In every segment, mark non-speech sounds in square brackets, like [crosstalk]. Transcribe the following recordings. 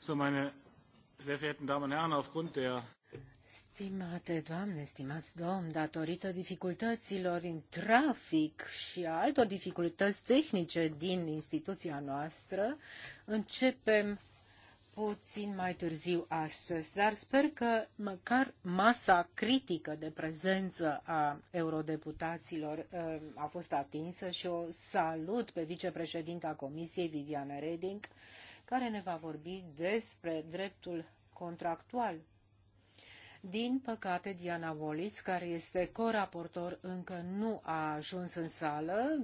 So, meine sehr verehrten Damen und Herren, aufgrund der Stimate doamne, stimați domn, datorită dificultăților în trafic și a altor dificultăți tehnice din instituția noastră, începem puțin mai târziu astăzi, dar sper că măcar masa critică de prezență a eurodeputaților uh, a fost atinsă și o salut pe vicepreședinta Comisiei, Viviane Reding, care ne va vorbi despre dreptul contractual. Din păcate, Diana Wallis, care este coraportor, încă nu a ajuns în sală.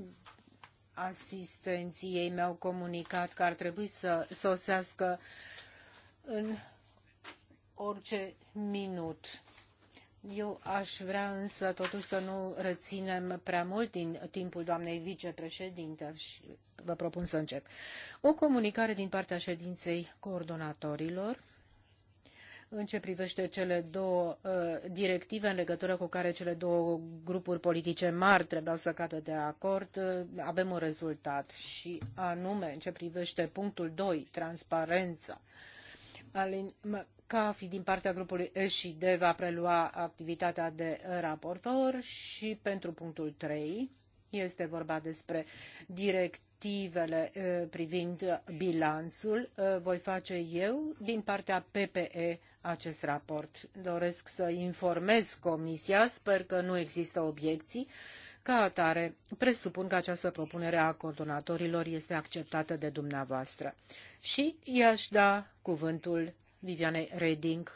Asistenții ei mi-au comunicat că ar trebui să sosească în orice minut. Eu aș vrea însă totuși să nu reinem prea mult din timpul doamnei vicepreedinte și vă propun să încep. O comunicare din partea edinei coordonatorilor în ce privete cele două uh, directive în legătură cu care cele două grupuri politice mari trebuiau să cadă de acord, uh, avem un rezultat și anume în ce privete punctul 2, transparența. Alin CAFI din partea grupului SD va prelua activitatea de raportor și pentru punctul 3 este vorba despre directivele eh, privind bilanțul. Eh, voi face eu din partea PPE acest raport. Doresc să informez Comisia, sper că nu există obiecții. Ca atare, presupun că această propunere a coordonatorilor este acceptată de dumneavoastră. Și i-aș da cuvântul Viviane Reding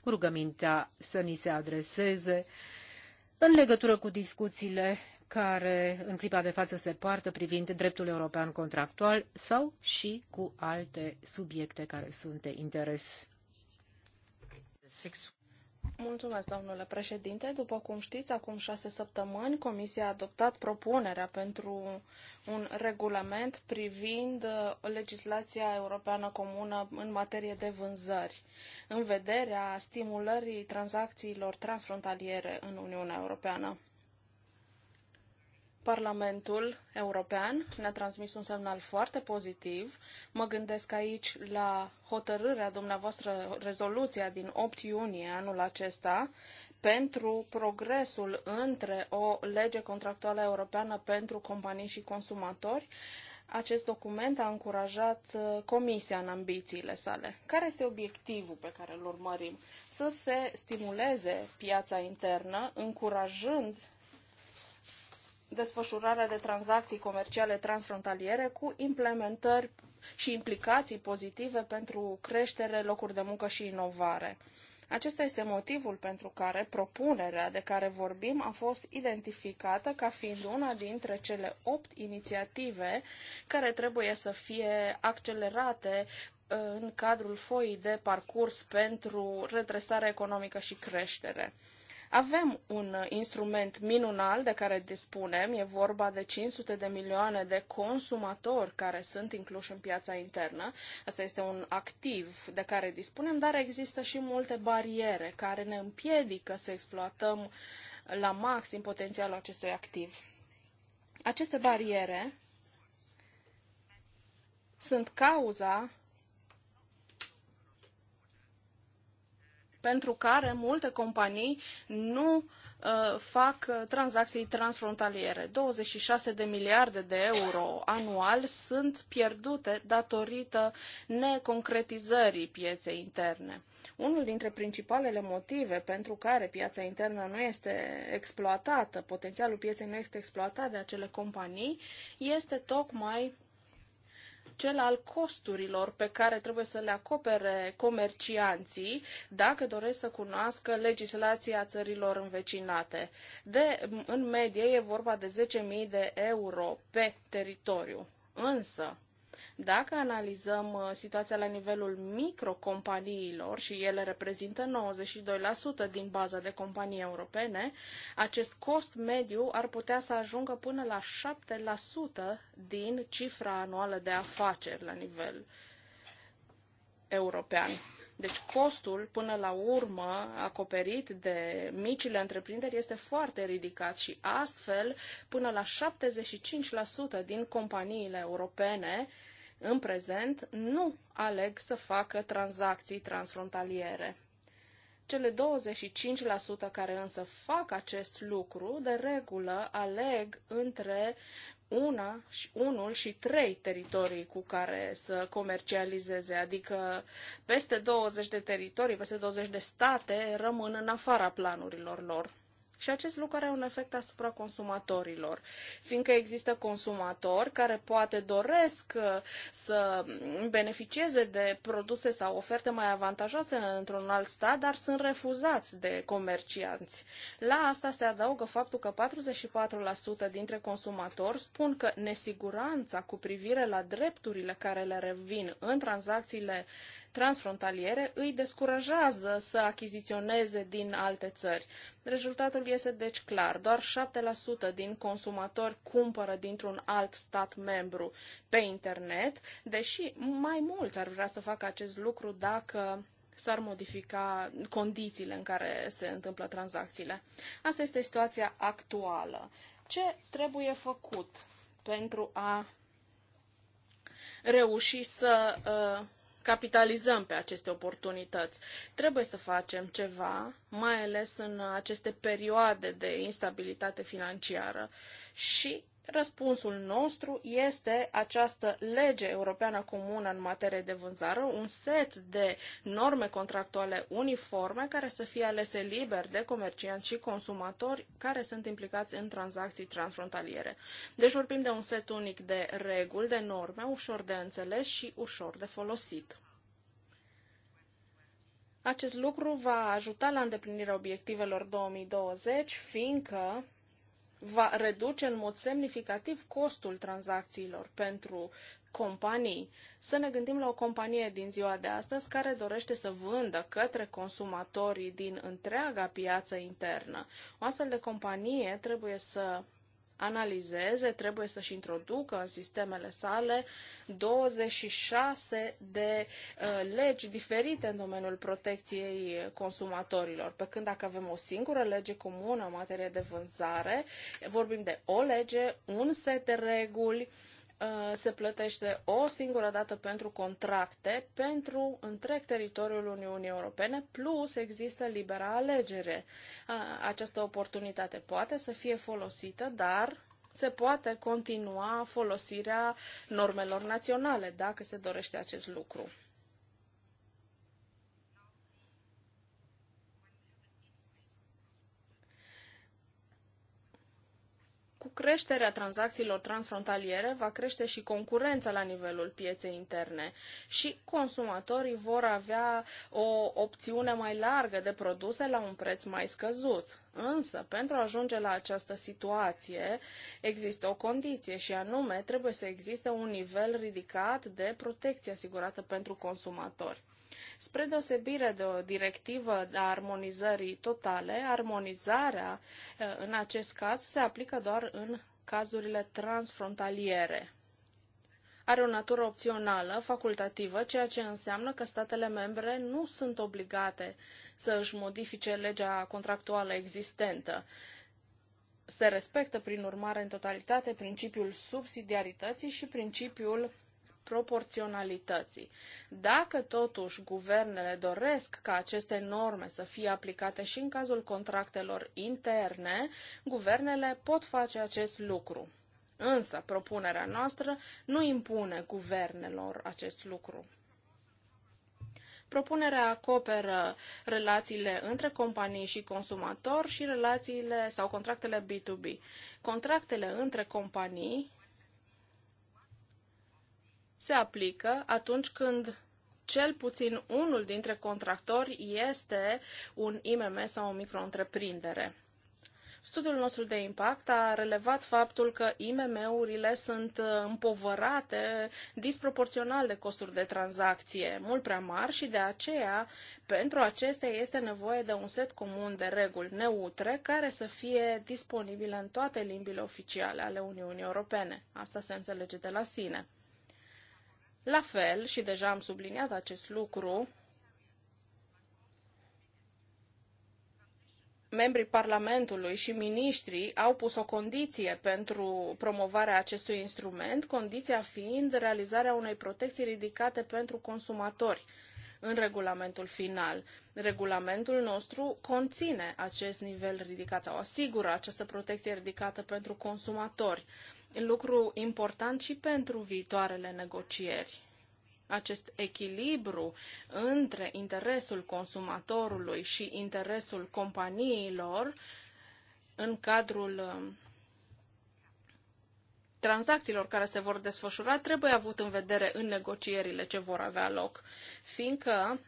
cu rugămintea să ni se adreseze în legătură cu discuțiile care în clipa de față se poartă privind dreptul european contractual sau și cu alte subiecte care sunt de interes. Mulțumesc, domnule președinte. După cum știți, acum șase săptămâni Comisia a adoptat propunerea pentru un regulament privind uh, legislația europeană comună în materie de vânzări, în vederea stimulării tranzacțiilor transfrontaliere în Uniunea Europeană. Parlamentul European ne-a transmis un semnal foarte pozitiv. Mă gândesc aici la hotărârea dumneavoastră, rezoluția din 8 iunie anul acesta, pentru progresul între o lege contractuală europeană pentru companii și consumatori. Acest document a încurajat uh, Comisia în ambițiile sale. Care este obiectivul pe care îl urmărim? Să se stimuleze piața internă, încurajând desfășurarea de tranzacții comerciale transfrontaliere cu implementări și implicații pozitive pentru creștere, locuri de muncă și inovare. Acesta este motivul pentru care propunerea de care vorbim a fost identificată ca fiind una dintre cele opt inițiative care trebuie să fie accelerate uh, în cadrul foii de parcurs pentru redresare economică și creștere. Avem un uh, instrument minunal de care dispunem, e vorba de 500 de milioane de consumatori care sunt incluși în piața internă. Asta este un activ de care dispunem, dar există și multe bariere care ne împiedică să exploatăm la maxim potențialul acestui activ. Aceste bariere sunt cauza pentru care multe companii nu uh, fac uh, tranzacții transfrontaliere. 26 de miliarde de euro anual sunt pierdute datorită neconcretizării pieței interne. Unul dintre principalele motive pentru care piața internă nu este exploatată, potențialul pieței nu este exploatat de acele companii, este tocmai cel al costurilor pe care trebuie să le acopere comercianții dacă doresc să cunoască legislația țărilor învecinate. De, în medie e vorba de 10.000 de euro pe teritoriu. Însă, dacă analizăm uh, situația la nivelul microcompaniilor și ele reprezintă 92% din baza de companii europene, acest cost mediu ar putea să ajungă până la 7% din cifra anuală de afaceri la nivel european. Deci costul, până la urmă, acoperit de micile întreprinderi este foarte ridicat și astfel, până la 75% din companiile europene în prezent nu aleg să facă tranzacții transfrontaliere. Cele 25% care însă fac acest lucru, de regulă aleg între una și unul și trei teritorii cu care să comercializeze, adică peste 20 de teritorii, peste 20 de state rămân în afara planurilor lor. Și acest lucru are un efect asupra consumatorilor, fiindcă există consumatori care poate doresc uh, să beneficieze de produse sau oferte mai avantajoase într-un alt stat, dar sunt refuzați de comercianți. La asta se adaugă faptul că 44% dintre consumatori spun că nesiguranța cu privire la drepturile care le revin în tranzacțiile transfrontaliere îi descurajează să achiziționeze din alte țări. Rezultatul este deci clar. Doar 7% din consumatori cumpără dintr-un alt stat membru pe internet, deși mai mulți ar vrea să facă acest lucru dacă s-ar modifica condițiile în care se întâmplă tranzacțiile. Asta este situația actuală. Ce trebuie făcut pentru a reuși să uh, capitalizăm pe aceste oportunități. Trebuie să facem ceva, mai ales în aceste perioade de instabilitate financiară și Răspunsul nostru este această lege europeană comună în materie de vânzare, un set de norme contractuale uniforme care să fie alese liber de comercianți și consumatori care sunt implicați în tranzacții transfrontaliere. Deci vorbim de un set unic de reguli, de norme, ușor de înțeles și ușor de folosit. Acest lucru va ajuta la îndeplinirea obiectivelor 2020, fiindcă va reduce în mod semnificativ costul tranzacțiilor pentru companii. Să ne gândim la o companie din ziua de astăzi care dorește să vândă către consumatorii din întreaga piață internă. O astfel de companie trebuie să analizeze, trebuie să-și introducă în sistemele sale 26 de uh, legi diferite în domeniul protecției consumatorilor. Pe când dacă avem o singură lege comună în materie de vânzare, vorbim de o lege, un set de reguli, Uh, se plătește o singură dată pentru contracte pentru întreg teritoriul Uniunii Europene, plus există libera alegere. Această oportunitate poate să fie folosită, dar se poate continua folosirea normelor naționale dacă se dorește acest lucru. Cu creșterea tranzacțiilor transfrontaliere va crește și concurența la nivelul pieței interne și consumatorii vor avea o opțiune mai largă de produse la un preț mai scăzut. Însă, pentru a ajunge la această situație, există o condiție și anume trebuie să existe un nivel ridicat de protecție asigurată pentru consumatori. Spre deosebire de o directivă de armonizării totale, armonizarea în acest caz se aplică doar în cazurile transfrontaliere. Are o natură opțională, facultativă, ceea ce înseamnă că statele membre nu sunt obligate să își modifice legea contractuală existentă. Se respectă, prin urmare, în totalitate principiul subsidiarității și principiul proporționalității. Dacă totuși guvernele doresc ca aceste norme să fie aplicate și în cazul contractelor interne, guvernele pot face acest lucru. Însă, propunerea noastră nu impune guvernelor acest lucru. Propunerea acoperă relațiile între companii și consumator și relațiile sau contractele B2B. Contractele între companii se aplică atunci când cel puțin unul dintre contractori este un IMM sau o micro-întreprindere. Studiul nostru de impact a relevat faptul că IMM-urile sunt împovărate disproporțional de costuri de tranzacție, mult prea mari și de aceea pentru acestea este nevoie de un set comun de reguli neutre care să fie disponibile în toate limbile oficiale ale Uniunii Europene. Asta se înțelege de la sine. La fel, și deja am subliniat acest lucru, membrii Parlamentului și miniștrii au pus o condiție pentru promovarea acestui instrument, condiția fiind realizarea unei protecții ridicate pentru consumatori în regulamentul final. Regulamentul nostru conține acest nivel ridicat sau asigură această protecție ridicată pentru consumatori lucru important și pentru viitoarele negocieri. Acest echilibru între interesul consumatorului și interesul companiilor în cadrul um, tranzacțiilor care se vor desfășura trebuie avut în vedere în negocierile ce vor avea loc, fiindcă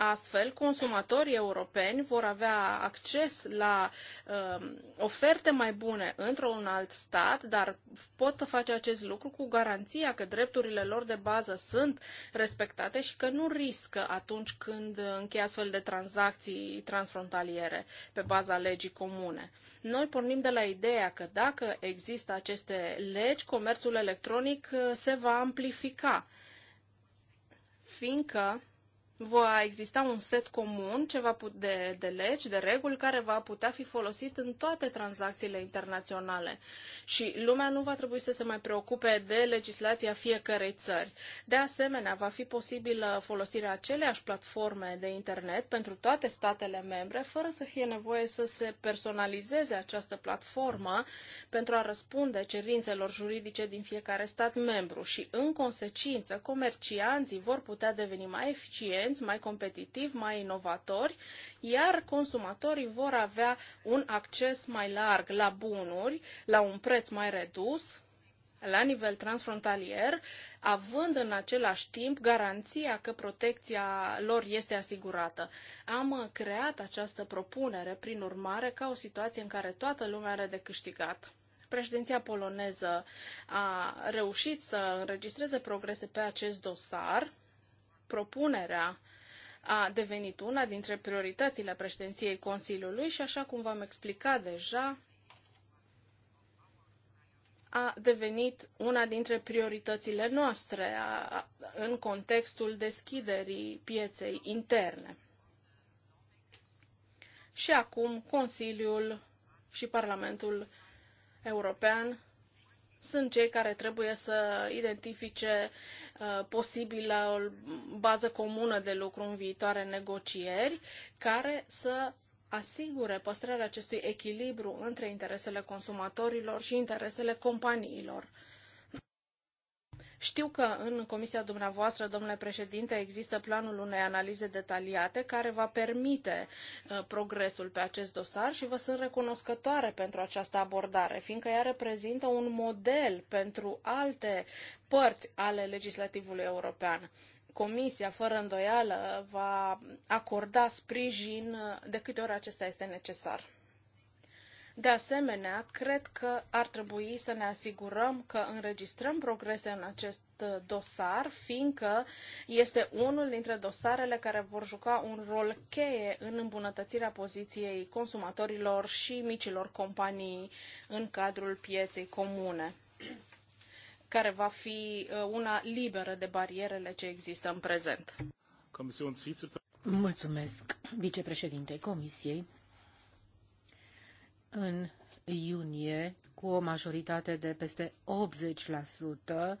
Astfel, consumatorii europeni vor avea acces la uh, oferte mai bune într-un alt stat, dar pot face acest lucru cu garanția că drepturile lor de bază sunt respectate și că nu riscă atunci când încheie astfel de tranzacții transfrontaliere pe baza legii comune. Noi pornim de la ideea că dacă există aceste legi, comerțul electronic uh, se va amplifica, fiindcă va exista un set comun ceva de, de legi, de reguli, care va putea fi folosit în toate tranzacțiile internaționale. Și lumea nu va trebui să se mai preocupe de legislația fiecărei țări. De asemenea, va fi posibilă folosirea aceleași platforme de internet pentru toate statele membre, fără să fie nevoie să se personalizeze această platformă pentru a răspunde cerințelor juridice din fiecare stat membru. Și, în consecință, comercianții vor putea deveni mai eficienți concurenți, mai competitivi, mai inovatori, iar consumatorii vor avea un acces mai larg la bunuri, la un preț mai redus, la nivel transfrontalier, având în același timp garanția că protecția lor este asigurată. Am creat această propunere, prin urmare, ca o situație în care toată lumea are de câștigat. Președinția poloneză a reușit să înregistreze progrese pe acest dosar, propunerea a devenit una dintre prioritățile președinției Consiliului și, așa cum v-am explicat deja, a devenit una dintre prioritățile noastre a, a, în contextul deschiderii pieței interne. Și acum Consiliul și Parlamentul European sunt cei care trebuie să identifice uh, posibilă o bază comună de lucru în viitoare negocieri, care să asigure păstrarea acestui echilibru între interesele consumatorilor și interesele companiilor. Știu că în comisia dumneavoastră, domnule președinte, există planul unei analize detaliate care va permite uh, progresul pe acest dosar și vă sunt recunoscătoare pentru această abordare, fiindcă ea reprezintă un model pentru alte părți ale legislativului european. Comisia, fără îndoială, va acorda sprijin uh, de câte ori acesta este necesar. De asemenea, cred că ar trebui să ne asigurăm că înregistrăm progrese în acest uh, dosar, fiindcă este unul dintre dosarele care vor juca un rol cheie în îmbunătățirea poziției consumatorilor și micilor companii în cadrul pieței comune care va fi uh, una liberă de barierele ce există în prezent. Mulțumesc, vicepreședinte Comisiei în iunie, cu o majoritate de peste 80%,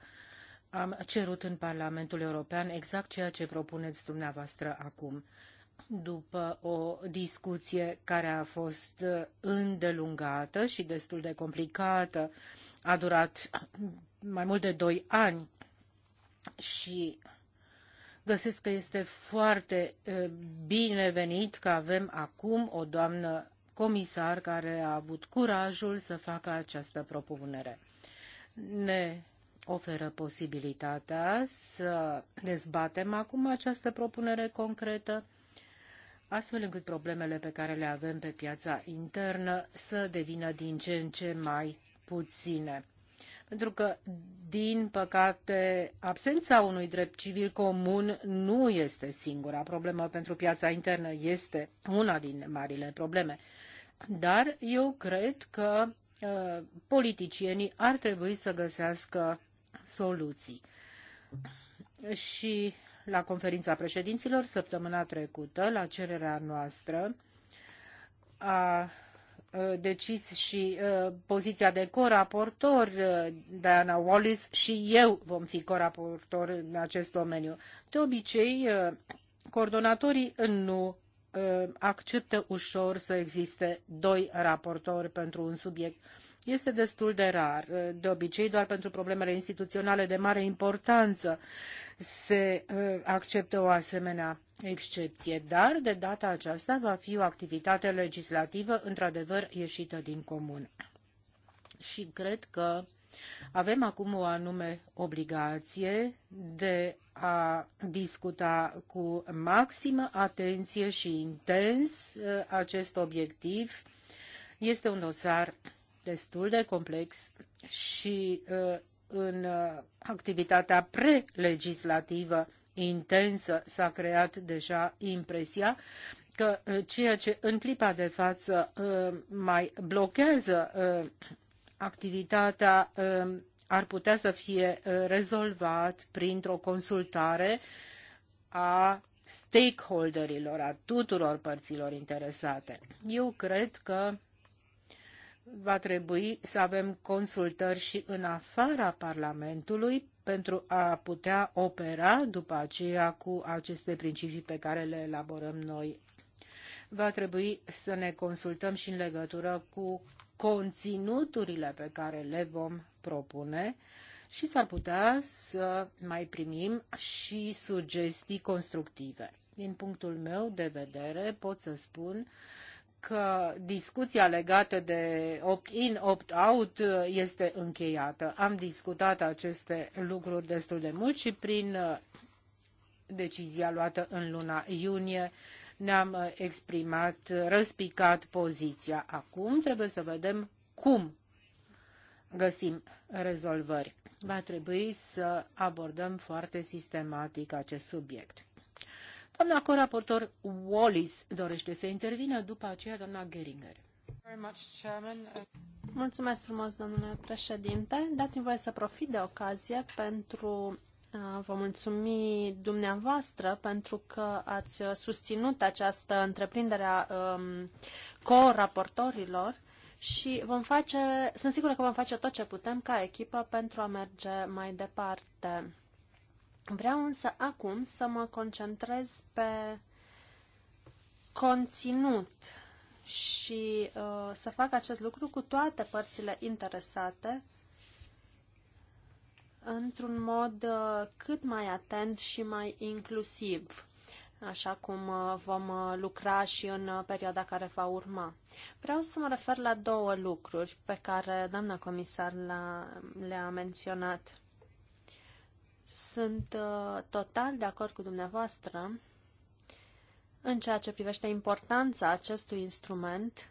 am cerut în Parlamentul European exact ceea ce propuneți dumneavoastră acum. După o discuție care a fost îndelungată și destul de complicată, a durat mai mult de doi ani și găsesc că este foarte eh, binevenit că avem acum o doamnă comisar care a avut curajul să facă această propunere. Ne oferă posibilitatea să dezbatem acum această propunere concretă, astfel încât problemele pe care le avem pe piața internă să devină din ce în ce mai puține. Pentru că, din păcate, absența unui drept civil comun nu este singura problemă pentru piața internă, este una din marile probleme dar eu cred că uh, politicienii ar trebui să găsească soluții. Și la conferința președinților săptămâna trecută, la cererea noastră, a uh, decis și uh, poziția de coraportor, Diana Wallis și eu vom fi coraportor în acest domeniu. De obicei, coordonatorii nu Uh, acceptă ușor să existe doi raportori pentru un subiect. Este destul de rar. Uh, de obicei, doar pentru problemele instituționale de mare importanță se uh, acceptă o asemenea excepție, dar de data aceasta va fi o activitate legislativă într-adevăr ieșită din comun. Și cred că avem acum o anume obligație de a discuta cu maximă atenție și intens uh, acest obiectiv. Este un dosar destul de complex și uh, în uh, activitatea prelegislativă intensă s-a creat deja impresia că ceea ce în clipa de față mai blochează activitatea um, ar putea să fie uh, rezolvat printr-o consultare a stakeholderilor, a tuturor părților interesate. Eu cred că va trebui să avem consultări și în afara Parlamentului pentru a putea opera după aceea cu aceste principii pe care le elaborăm noi. Va trebui să ne consultăm și în legătură cu conținuturile pe care le vom propune și s-ar putea să mai primim și sugestii constructive. Din punctul meu de vedere pot să spun că discuția legată de opt-in, opt-out este încheiată. Am discutat aceste lucruri destul de mult și prin uh, decizia luată în luna iunie ne-am uh, exprimat, uh, răspicat poziția. Acum trebuie să vedem cum găsim rezolvări. Va trebui să abordăm foarte sistematic acest subiect. Doamna coraportor Wallis dorește să intervină, după aceea doamna Geringer. Mulțumesc frumos, domnule președinte. Dați-mi voie să profit de ocazie pentru Uh, vă mulțumim dumneavoastră pentru că ați susținut această întreprindere a um, co-raportorilor și vom face, sunt sigură că vom face tot ce putem ca echipă pentru a merge mai departe. Vreau însă acum să mă concentrez pe conținut și uh, să fac acest lucru cu toate părțile interesate într-un mod uh, cât mai atent și mai inclusiv așa cum uh, vom uh, lucra și în perioada care va urma. Vreau să mă refer la două lucruri pe care doamna comisar le-a menționat. Sunt total de acord cu dumneavoastră în ceea ce privește importanța acestui instrument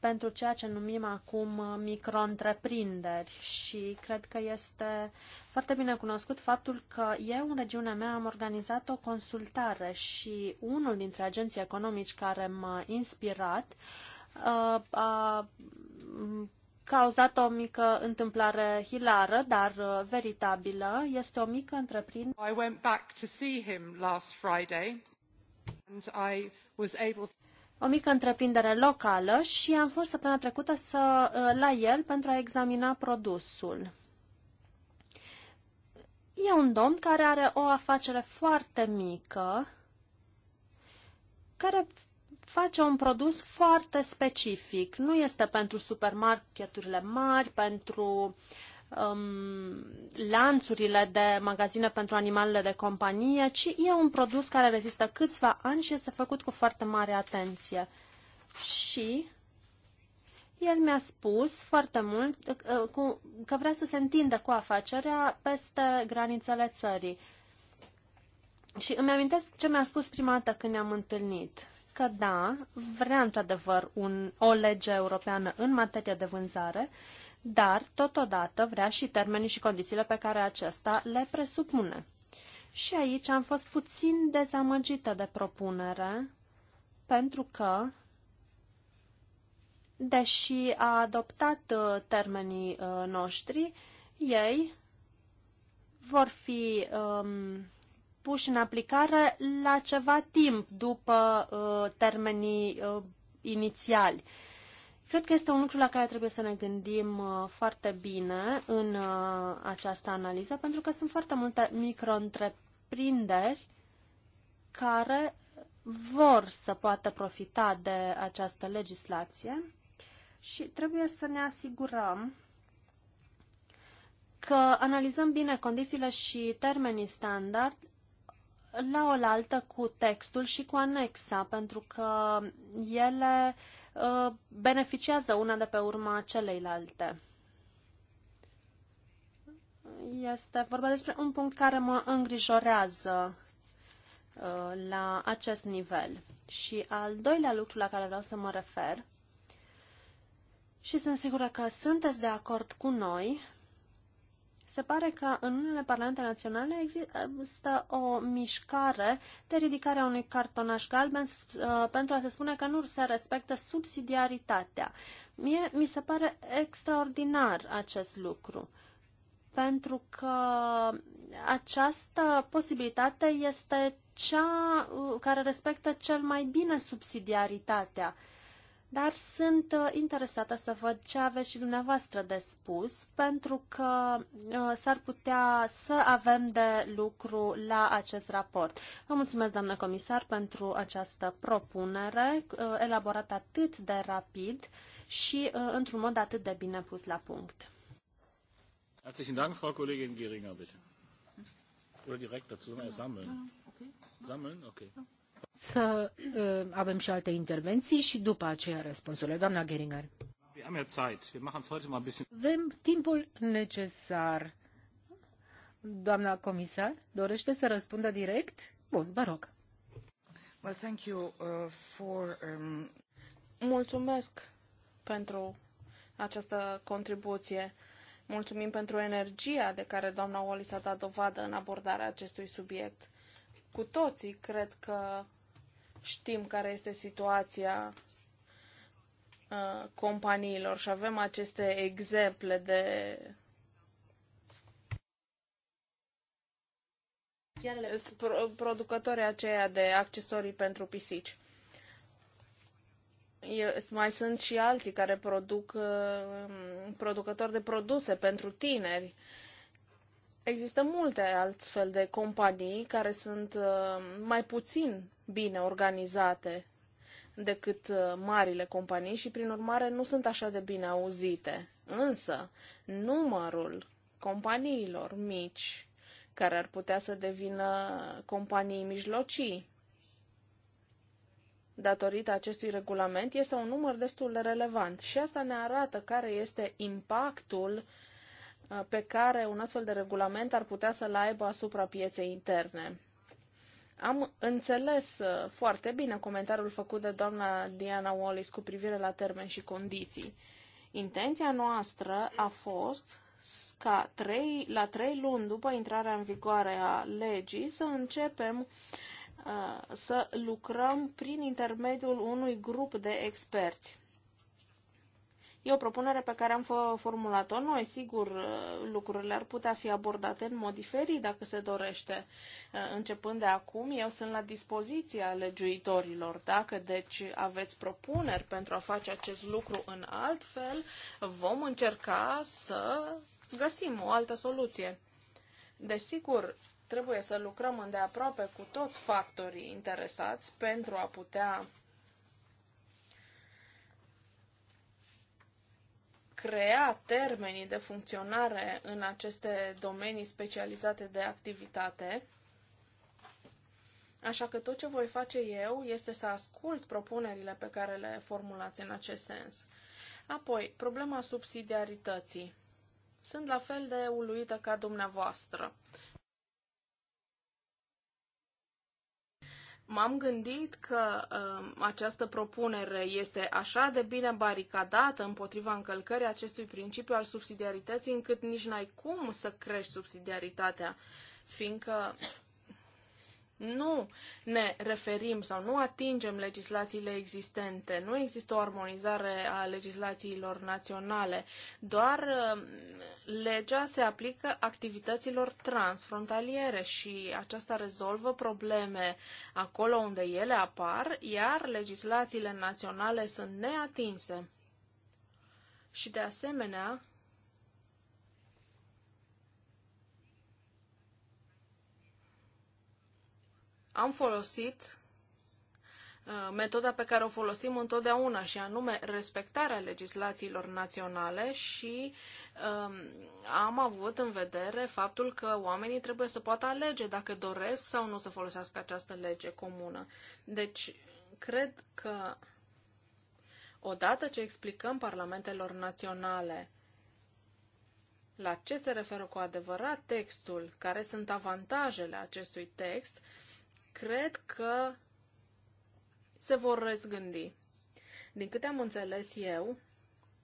pentru ceea ce numim acum uh, micro-întreprinderi și cred că este foarte bine cunoscut faptul că eu în regiunea mea am organizat o consultare și unul dintre agenții economici care m-a inspirat uh, a cauzat o mică întâmplare hilară, dar uh, veritabilă. Este o mică întreprindere. I went back to see him last Friday and I was able to o mică întreprindere locală și am fost săptămâna trecută să, uh, la el pentru a examina produsul. E un domn care are o afacere foarte mică, care face un produs foarte specific. Nu este pentru supermarketurile mari, pentru um, lanțurile de magazine pentru animalele de companie, ci e un produs care rezistă câțiva ani și este făcut cu foarte mare atenție. Și el mi-a spus foarte mult uh, uh, că vrea să se întindă cu afacerea peste granițele țării. Și îmi amintesc ce mi-a spus prima dată când ne-am întâlnit. Că da, vrea într-adevăr un, o lege europeană în materie de vânzare, uh, dar totodată vrea și termenii și condițiile pe care acesta le presupune. Și aici am fost puțin dezamăgită de propunere, pentru că, deși a adoptat uh, termenii uh, noștri, ei vor fi um, puși în aplicare la ceva timp după uh, termenii uh, inițiali. Cred că este un lucru la care trebuie să ne gândim uh, foarte bine în uh, această analiză, pentru că sunt foarte multe micro-întreprinderi care vor să poată profita de această legislație și trebuie să ne asigurăm că analizăm bine condițiile și termenii standard la oaltă cu textul și cu anexa, pentru că ele uh, Uh, beneficiază una de pe urma celeilalte. Este vorba despre un punct care mă îngrijorează uh, la acest nivel. Și al doilea lucru la care vreau să mă refer, și sunt sigură că sunteți de acord cu noi, se pare că în unele parlamente naționale există o mișcare de ridicare a unui cartonaș galben uh, pentru a se spune că nu se respectă subsidiaritatea. Mie mi se pare extraordinar acest lucru pentru că această posibilitate este cea uh, care respectă cel mai bine subsidiaritatea. Uh, dar sunt uh, interesată să văd ce aveți și dumneavoastră de spus, pentru că uh, s-ar putea să avem de lucru la acest raport. Vă mulțumesc, doamnă comisar, pentru această propunere uh, elaborată atât de rapid și într-un mod atât de bine pus la punct. Herzlichen Dank, Frau Kollegin Geringer, bitte. Oder direkt dazu, sammeln. Sammeln? Okay să uh, avem și alte intervenții și după aceea răspunsurile. Doamna Geringer. Avem timpul necesar. Doamna comisar, dorește să răspundă direct? Bun, vă rog. Well, thank you, uh, for, um... Mulțumesc pentru această contribuție. Mulțumim pentru energia de care doamna Wallis a dat dovadă în abordarea acestui subiect. Cu toții cred că știm care este situația uh, companiilor și avem aceste exemple de producătorii aceia de accesorii pentru pisici. mai sunt și alții care produc uh, producători de produse pentru tineri. Există multe altfel de companii care sunt uh, mai puțin bine organizate decât uh, marile companii și, prin urmare, nu sunt așa de bine auzite. Însă, numărul companiilor mici care ar putea să devină companii mijlocii datorită acestui regulament este un număr destul de relevant și asta ne arată care este impactul uh, Uh, pe care un astfel de regulament ar putea să-l aibă asupra pieței interne. Am înțeles uh, foarte bine comentariul făcut de doamna Diana Wallis cu privire la termeni și condiții. Intenția noastră a fost ca trei, la trei luni după intrarea în vigoare a legii să începem uh, să lucrăm prin intermediul unui grup de experți E o propunere pe care am formulat-o noi. Sigur, uh, lucrurile ar putea fi abordate în mod diferit dacă se dorește. Uh, începând de acum, eu sunt la dispoziția legiuitorilor. Dacă deci aveți propuneri pentru a face acest lucru în alt fel, vom încerca să găsim o altă soluție. Desigur, trebuie să lucrăm îndeaproape cu toți factorii interesați pentru a putea crea termenii de funcționare în aceste domenii specializate de activitate. Așa că tot ce voi face eu este să ascult propunerile pe care le formulați în acest sens. Apoi, problema subsidiarității. Sunt la fel de uluită ca dumneavoastră. Uh, M-am gândit că uh, această propunere este așa de bine baricadată împotriva încălcării acestui principiu al subsidiarității, încât nici n-ai cum să crești subsidiaritatea, fiindcă nu ne referim sau nu atingem legislațiile existente, nu există o armonizare a legislațiilor naționale, doar um, legea se aplică activităților transfrontaliere și aceasta rezolvă probleme acolo unde ele apar, iar legislațiile naționale sunt neatinse. Și de asemenea, am folosit uh, metoda pe care o folosim întotdeauna și anume respectarea legislațiilor naționale și um, am avut în vedere faptul că oamenii trebuie să poată alege dacă doresc sau nu să folosească această lege comună. Deci, cred că odată ce explicăm parlamentelor naționale la ce se referă cu adevărat textul, care sunt avantajele acestui text, uh, cred că se vor răzgândi. Din câte am înțeles eu,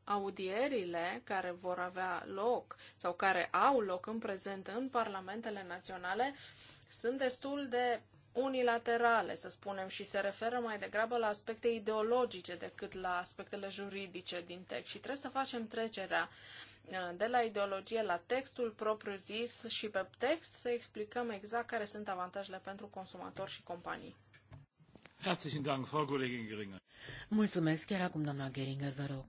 audierile care vor avea loc sau care au loc în prezent în parlamentele naționale sunt destul de unilaterale, să spunem, și se referă mai degrabă la aspecte ideologice decât la aspectele juridice din text. Și trebuie să facem trecerea uh, de la ideologie la textul propriu zis și pe text să explicăm exact care sunt avantajele pentru consumatori și companii. Herzlichen Dank, Frau Kollegin Geringer. Mulțumesc, chiar acum, doamna Geringer, vă rog.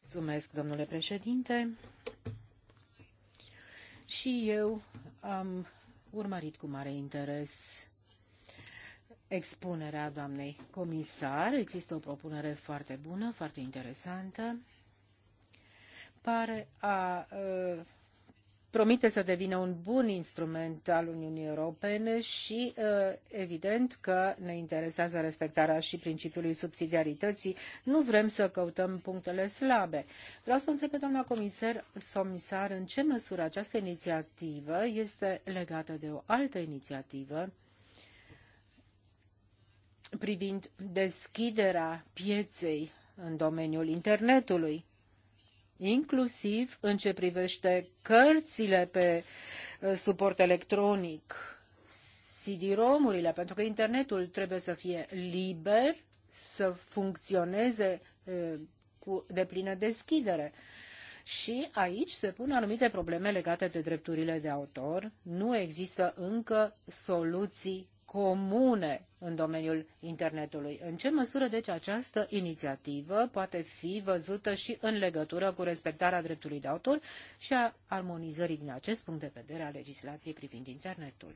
Mulțumesc, domnule președinte. Și eu am urmărit cu mare interes expunerea doamnei comisar. Există o propunere foarte bună, foarte interesantă. Pare a promite să devină un bun instrument al Uniunii Europene și evident că ne interesează respectarea și principiului subsidiarității. Nu vrem să căutăm punctele slabe. Vreau să întreb pe doamna comisar, comisar în ce măsură această inițiativă este legată de o altă inițiativă privind deschiderea pieței în domeniul internetului, inclusiv în ce privește cărțile pe uh, suport electronic, CD-ROM-urile, pentru că internetul trebuie să fie liber, să funcționeze uh, cu deplină deschidere. Și aici se pun anumite probleme legate de drepturile de autor. Nu există încă soluții comune în domeniul internetului. În ce măsură, deci, această inițiativă poate fi văzută și în legătură cu respectarea dreptului de autor și a armonizării din acest punct de vedere a legislației privind internetul?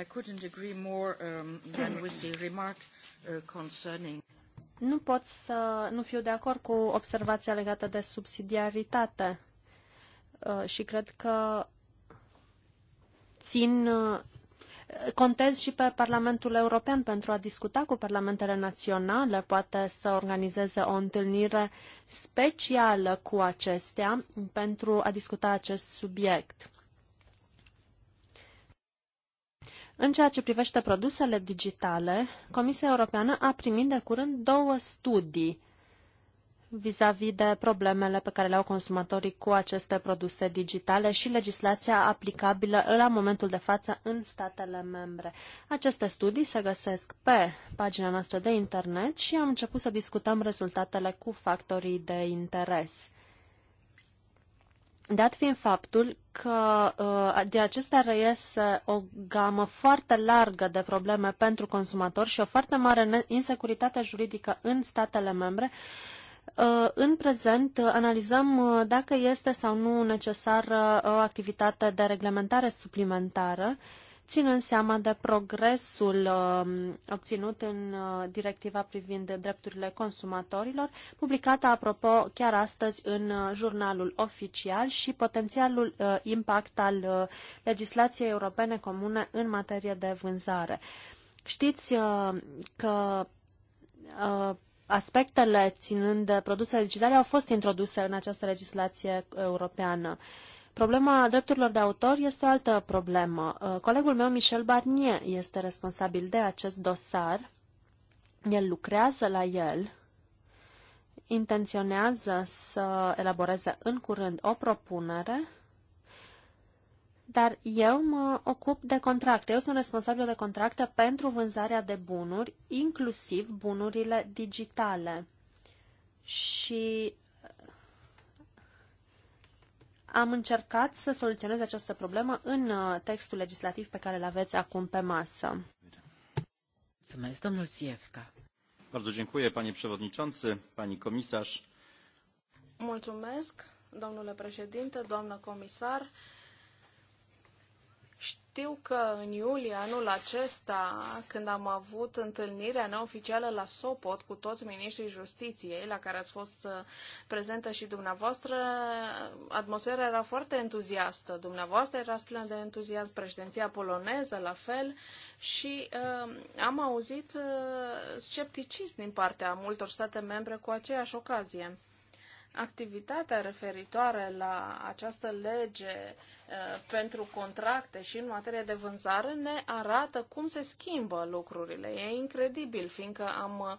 I couldn't agree more um, than with the remark uh, concerning nu pot să nu fiu de acord cu observația legată de subsidiaritate Uh, și cred că țin uh, contez și pe Parlamentul European pentru a discuta cu parlamentele naționale, poate să organizeze o întâlnire specială cu acestea pentru a discuta acest subiect. În ceea ce privește produsele digitale, Comisia Europeană a primit de curând două studii vis-a-vis de problemele pe care le au consumatorii cu aceste produse digitale și legislația aplicabilă la momentul de față în statele membre. Aceste studii se găsesc pe pagina noastră de internet și am început să discutăm rezultatele cu factorii de interes. Dat fiind faptul că uh, de acestea reiese o gamă foarte largă de probleme pentru consumatori și o foarte mare insecuritate juridică în statele membre, Uh, în prezent uh, analizăm uh, dacă este sau nu necesară o activitate de reglementare suplimentară, ținând seama de progresul um, obținut în directiva privind drepturile consumatorilor, publicată, apropo, chiar astăzi în jurnalul oficial și potențialul impact al legislației europene comune în materie de vânzare. Știți că aspectele ținând de produsele digitale au fost introduse în această legislație europeană. Problema drepturilor de autor este o altă problemă. Uh, colegul meu, Michel Barnier, este responsabil de acest dosar. El lucrează la el, intenționează să elaboreze în curând o propunere dar eu mă ocup de contracte. Eu sunt responsabil de contracte pentru vânzarea de bunuri, inclusiv bunurile digitale. Și am încercat să soluționez această problemă în uh, textul legislativ pe care îl aveți acum pe masă. Mulțumesc, domnul Țiefca. Bardzo dziękuję, panie przewodniczący, pani komisarz. Mulțumesc, domnule președinte, doamnă comisar. Știu că în iulie anul acesta, când am avut întâlnirea neoficială la Sopot cu toți miniștrii justiției, la care ați fost uh, prezentă și dumneavoastră, atmosfera era foarte entuziastă. Dumneavoastră era plină de entuziasm, președinția poloneză la fel și uh, am auzit uh, scepticism din partea multor state membre cu aceeași ocazie activitatea referitoare la această lege eh, pentru contracte și în materie de vânzare ne arată cum se schimbă lucrurile. E incredibil, fiindcă am eh,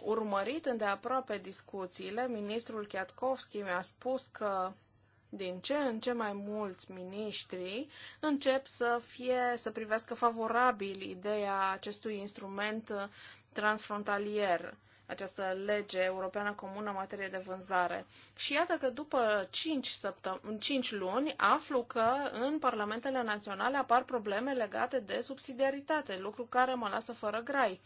urmărit îndeaproape discuțiile. Ministrul Chiatkovski mi-a spus că din ce în ce mai mulți miniștri încep să fie, să privească favorabil ideea acestui instrument eh, transfrontalier această lege europeană comună în materie de vânzare. Și iată că după 5, săptăm- 5 luni aflu că în parlamentele naționale apar probleme legate de subsidiaritate, lucru care mă lasă fără grai.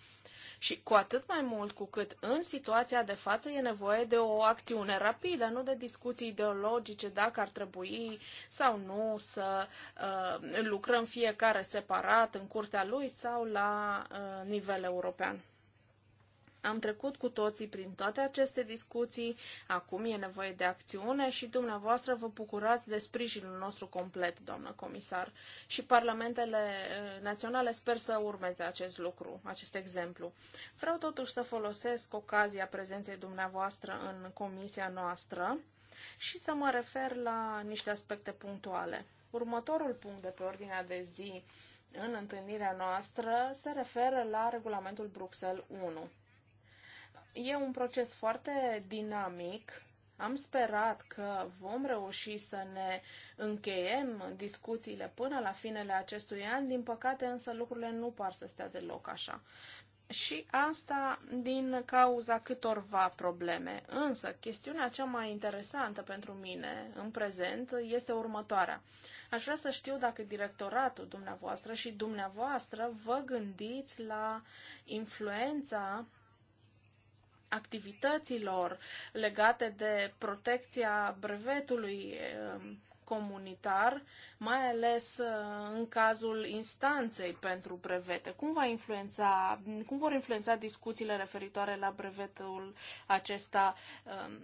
Și cu atât mai mult cu cât în situația de față e nevoie de o acțiune rapidă, nu de discuții ideologice dacă ar trebui sau nu să uh, lucrăm fiecare separat în curtea lui sau la uh, nivel european. Am trecut cu toții prin toate aceste discuții, acum e nevoie de acțiune și dumneavoastră vă bucurați de sprijinul nostru complet, doamnă comisar. Și parlamentele eh, naționale sper să urmeze acest lucru, acest exemplu. Vreau totuși să folosesc ocazia prezenței dumneavoastră în comisia noastră și să mă refer la niște aspecte punctuale. Următorul punct de pe ordinea de zi în întâlnirea noastră se referă la regulamentul Bruxelles 1. E un proces foarte dinamic. Am sperat că vom reuși să ne încheiem discuțiile până la finele acestui an, din păcate însă lucrurile nu par să stea deloc așa. Și asta din cauza câtorva probleme. Însă, chestiunea cea mai interesantă pentru mine în prezent este următoarea. Aș vrea să știu dacă directoratul dumneavoastră și dumneavoastră vă gândiți la influența activităților legate de protecția brevetului um, comunitar, mai ales uh, în cazul instanței pentru brevete. Cum, va influența, cum vor influența discuțiile referitoare la brevetul acesta um,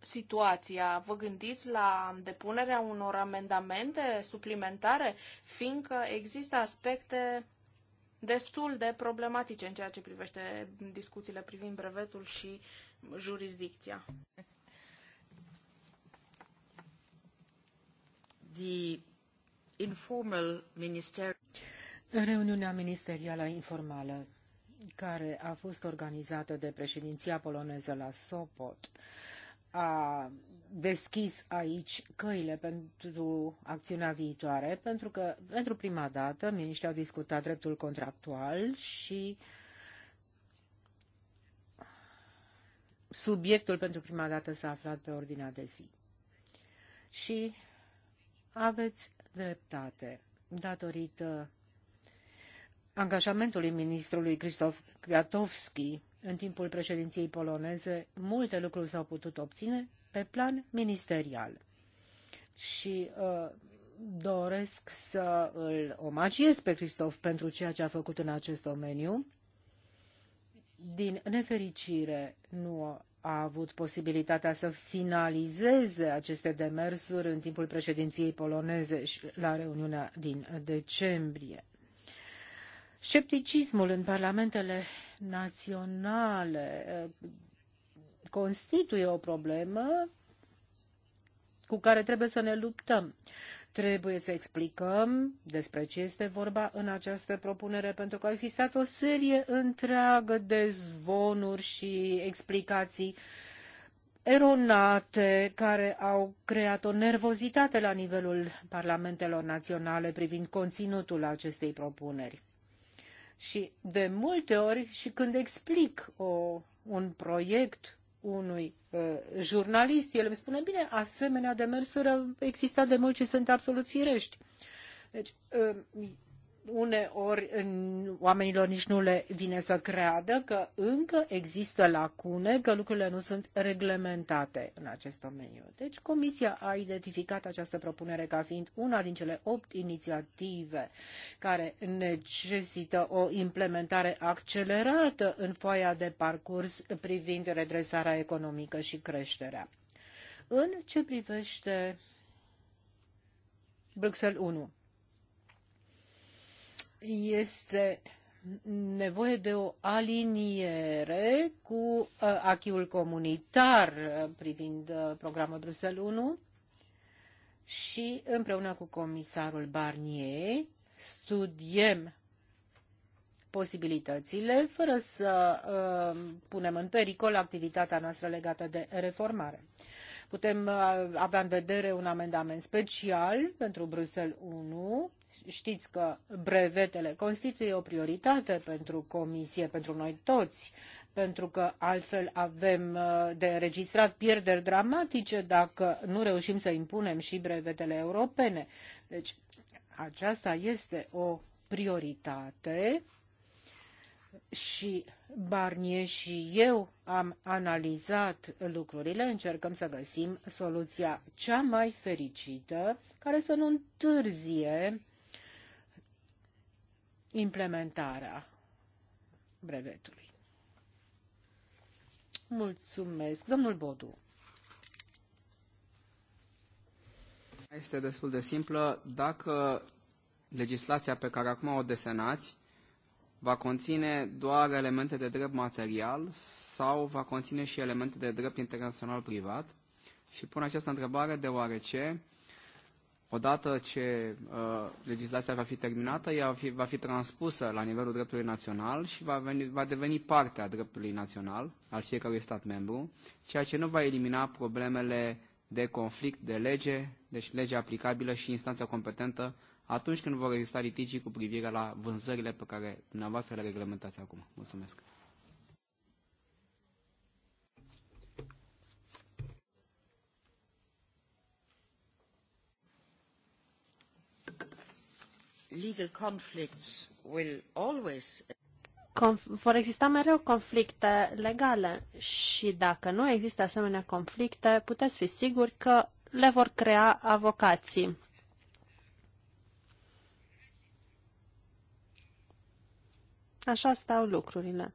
situația? Vă gândiți la depunerea unor amendamente suplimentare, fiindcă există aspecte destul de problematice în ceea ce privește discuțiile privind brevetul și jurisdicția. The informal minister... Reuniunea ministerială informală care a fost organizată de președinția poloneză la Sopot a deschis aici căile pentru acțiunea viitoare, pentru că pentru prima dată miniștrii au discutat dreptul contractual și subiectul pentru prima dată s-a aflat pe ordinea de zi. Și aveți dreptate. Datorită angajamentului ministrului Krzysztof Kwiatowski în timpul președinției poloneze, multe lucruri s-au putut obține pe plan ministerial. Și uh, doresc să îl omagiez pe Cristof pentru ceea ce a făcut în acest domeniu. Din nefericire, nu a avut posibilitatea să finalizeze aceste demersuri în timpul președinției poloneze și la reuniunea din decembrie. Scepticismul în parlamentele naționale constituie o problemă cu care trebuie să ne luptăm. Trebuie să explicăm despre ce este vorba în această propunere, pentru că a existat o serie întreagă de zvonuri și explicații eronate care au creat o nervozitate la nivelul parlamentelor naționale privind conținutul acestei propuneri. Și de multe ori, și când explic o, un proiect unui uh, jurnalist. El îmi spune, bine, asemenea demersuri existat de mult și sunt absolut firești. Deci, uh, uneori oamenilor nici nu le vine să creadă că încă există lacune, că lucrurile nu sunt reglementate în acest domeniu. Deci Comisia a identificat această propunere ca fiind una din cele opt inițiative care necesită o implementare accelerată în foaia de parcurs privind redresarea economică și creșterea. În ce privește Bruxelles 1, este nevoie de o aliniere cu uh, achiul comunitar uh, privind uh, programul Bruxelles 1 și împreună cu comisarul Barnier studiem posibilitățile fără să uh, punem în pericol activitatea noastră legată de reformare. Putem uh, avea în vedere un amendament special pentru Bruxelles I. Știți că brevetele constituie o prioritate pentru Comisie, pentru noi toți, pentru că altfel avem uh, de înregistrat pierderi dramatice dacă nu reușim să impunem și brevetele europene. Deci aceasta este o prioritate și Barnier și eu am analizat lucrurile, încercăm să găsim soluția cea mai fericită, care să nu întârzie implementarea brevetului. Mulțumesc. Domnul Bodu. Este destul de simplă. Dacă legislația pe care acum o desenați va conține doar elemente de drept material sau va conține și elemente de drept internațional privat? Și pun această întrebare deoarece, odată ce uh, legislația va fi terminată, ea va fi, va fi transpusă la nivelul dreptului național și va, veni, va deveni parte a dreptului național al fiecărui stat membru, ceea ce nu va elimina problemele de conflict de lege, deci lege aplicabilă și instanța competentă atunci când vor exista litigii cu privire la vânzările pe care dumneavoastră le reglementați acum. Mulțumesc. Legal conflicts will always vor exista mereu conflicte legale și dacă nu există asemenea conflicte, puteți fi siguri că le vor crea avocații. Așa stau lucrurile.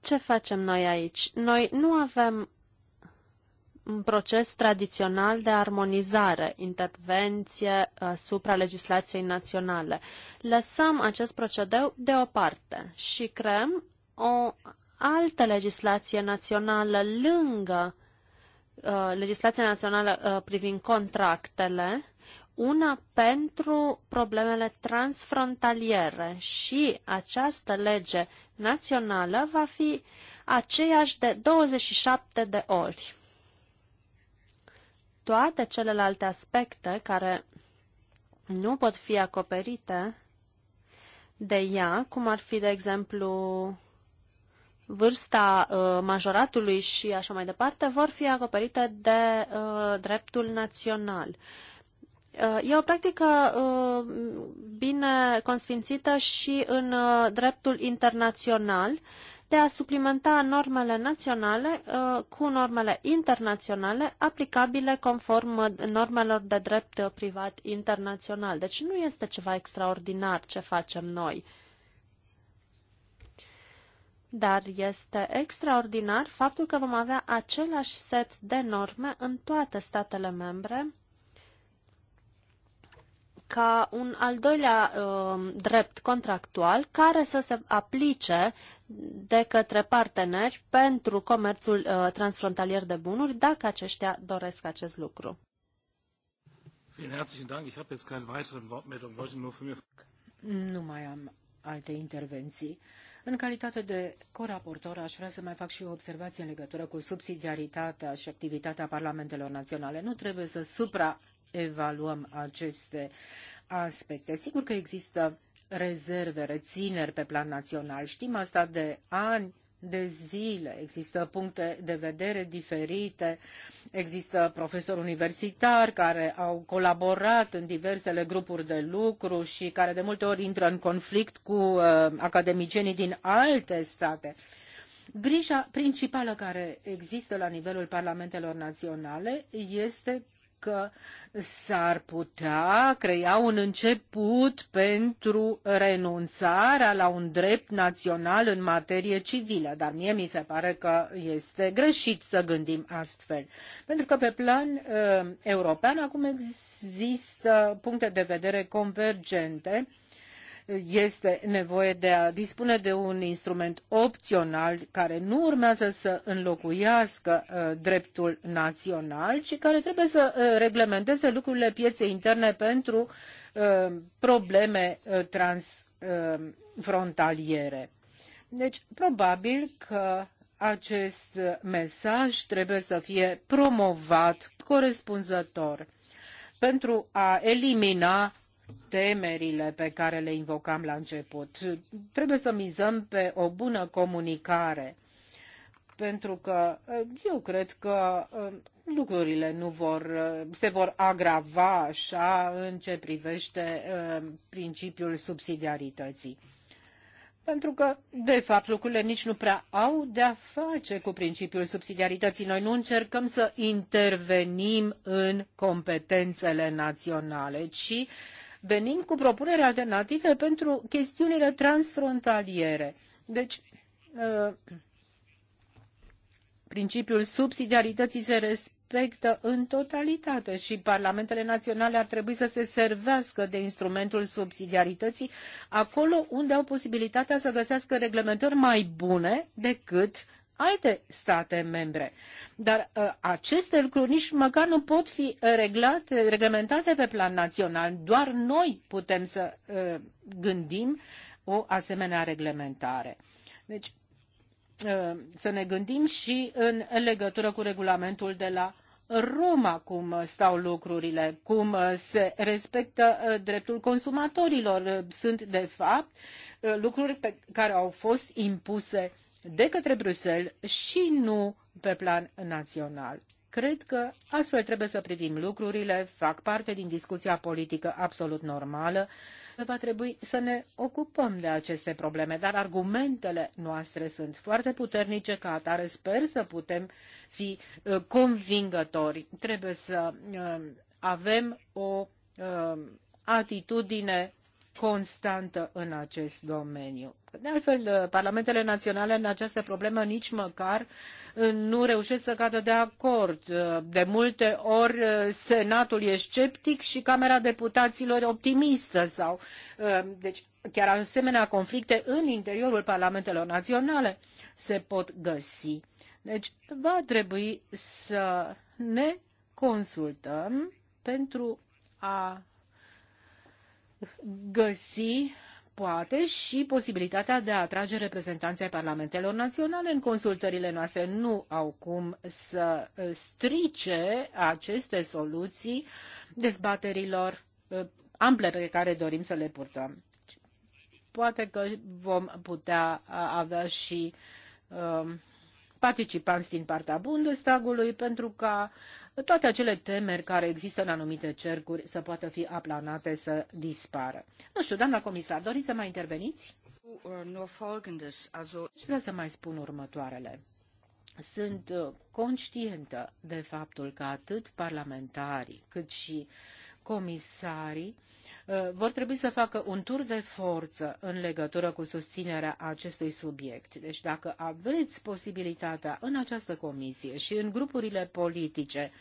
Ce facem noi aici? Noi nu avem un proces tradițional de armonizare, intervenție asupra uh, legislației naționale. Lăsăm acest procedeu deoparte și creăm o altă legislație națională lângă Uh, legislația națională uh, privind contractele, una pentru problemele transfrontaliere și această lege națională va fi aceeași de 27 de ori. Toate celelalte aspecte care nu pot fi acoperite de ea, cum ar fi, de exemplu, vârsta uh, majoratului și așa mai departe, vor fi acoperite de uh, dreptul național. Uh, e o practică bine consfințită și în dreptul internațional de a suplimenta normele naționale cu normele internaționale aplicabile conform normelor de drept privat internațional. Deci nu este ceva extraordinar ce facem noi. Dar este extraordinar faptul că vom avea același set de norme în toate statele membre ca un al doilea uh, drept contractual care să se aplice de către parteneri pentru comerțul uh, transfrontalier de bunuri, dacă aceștia doresc acest lucru. Nu mai am alte intervenții. În calitate de coraportor, aș vrea să mai fac și o observație în legătură cu subsidiaritatea și activitatea parlamentelor naționale. Nu trebuie să supraevaluăm aceste aspecte. Sigur că există rezerve, rețineri pe plan național. Știm asta de ani de zile. Există puncte de vedere diferite, există profesori universitari care au colaborat în diversele grupuri de lucru și care de multe ori intră în conflict cu uh, academicienii din alte state. Grija principală care există la nivelul parlamentelor naționale este că s-ar putea crea un început pentru renunțarea la un drept național în materie civilă, dar mie mi se pare că este greșit să gândim astfel. Pentru că pe plan uh, european acum există puncte de vedere convergente este nevoie de a dispune de un instrument opțional care nu urmează să înlocuiască uh, dreptul național, ci care trebuie să uh, reglementeze lucrurile pieței interne pentru uh, probleme transfrontaliere. Deci, probabil că acest mesaj trebuie să fie promovat corespunzător pentru a elimina temerile pe care le invocam la început. Trebuie să mizăm pe o bună comunicare, pentru că eh, eu cred că eh, lucrurile nu vor, eh, se vor agrava așa în ce privește principiul subsidiarității. Pentru că, de fapt, lucrurile nici nu prea au de-a face cu principiul subsidiarității. Noi nu încercăm să intervenim în competențele naționale, ci uh, venim cu propuneri alternative pentru chestiunile transfrontaliere. Deci, uh, principiul subsidiarității se respectă în totalitate și parlamentele naționale ar trebui să se servească de instrumentul subsidiarității acolo unde au posibilitatea să găsească reglementări mai bune decât uh, alte state membre. Dar uh, aceste lucruri nici măcar nu pot fi reglate, reglementate pe plan național. Doar noi putem să uh, gândim o asemenea reglementare. Deci, uh, să ne gândim și în legătură cu regulamentul de la Roma cum stau lucrurile, cum se respectă dreptul consumatorilor. Sunt, de fapt, lucruri pe care au fost impuse de către Bruxelles și nu pe plan național. Cred că astfel trebuie să privim lucrurile, fac parte din discuția politică absolut normală. Va trebui să ne ocupăm de aceste probleme, dar argumentele noastre sunt foarte puternice, ca atare sper să putem fi uh, convingători. Trebuie să uh, avem o uh, atitudine constantă în acest domeniu. De altfel, parlamentele naționale în această problemă nici măcar uh, nu reușesc să cadă de acord. Uh, de multe ori uh, Senatul e sceptic și Camera Deputaților optimistă sau deci chiar asemenea conflicte în interiorul parlamentelor naționale se pot găsi. Deci va trebui să ne consultăm pentru a găsi poate și posibilitatea de a atrage reprezentanții ai parlamentelor naționale în consultările noastre. Nu au cum să strice aceste soluții dezbaterilor eh, ample pe care dorim să le purtăm. Poate că vom putea eh, avea și eh, participanți din partea Bundestagului pentru ca toate acele temeri care există în anumite cercuri să poată fi aplanate, să dispară. Nu știu, doamna comisar, doriți să mai interveniți? Și uh, deci vreau să mai spun următoarele. Sunt uh, conștientă de faptul că atât parlamentarii cât și uh, comisarii uh, vor trebui să facă un tur de forță în legătură cu susținerea acestui subiect. Deci dacă aveți posibilitatea în această comisie și în grupurile politice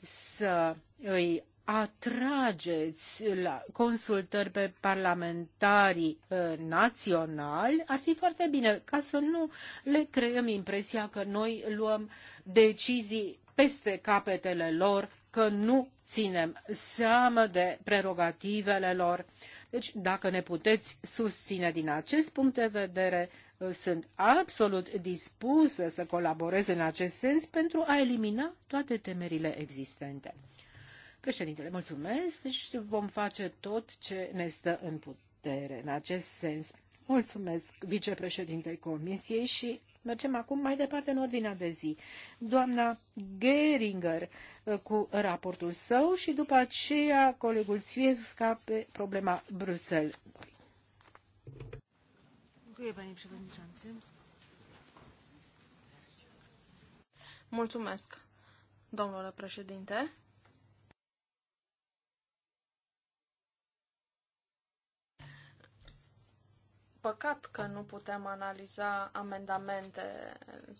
să îi atrageți la consultări pe parlamentarii uh, naționali, ar fi foarte bine ca să nu le creăm impresia că noi luăm decizii peste capetele lor că nu ținem seamă de prerogativele lor. Deci, dacă ne puteți susține din acest punct de vedere, uh, sunt absolut dispusă să colaborez în acest sens pentru a elimina toate temerile existente. Președintele, mulțumesc și deci, vom face tot ce ne stă în putere în acest sens. Mulțumesc vicepreședintei Comisiei și Mergem acum mai departe în ordinea de zi. Doamna Geringer uh, cu raportul său și după aceea colegul Svievska pe problema Bruxelles. Mulțumesc, domnule președinte. păcat că nu putem analiza amendamente,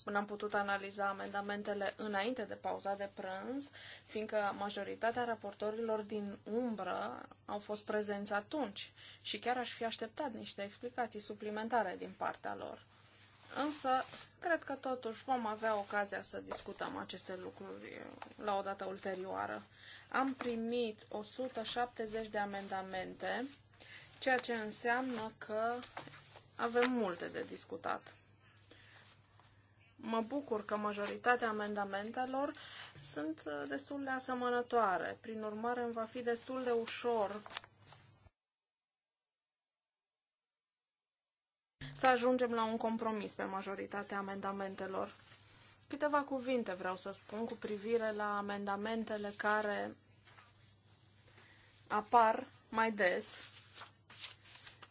n-am putut analiza amendamentele înainte de pauza de prânz, fiindcă majoritatea raportorilor din umbră au fost prezenți atunci și chiar aș fi așteptat niște explicații suplimentare din partea lor. Însă, cred că totuși vom avea ocazia să discutăm aceste lucruri la o dată ulterioară. Am primit 170 de amendamente ceea ce înseamnă că avem multe de discutat. Mă bucur că majoritatea amendamentelor sunt uh, destul de asemănătoare. Prin urmare, îmi va fi destul de ușor să ajungem la un compromis pe majoritatea amendamentelor. Câteva cuvinte vreau să spun cu privire la amendamentele care apar mai des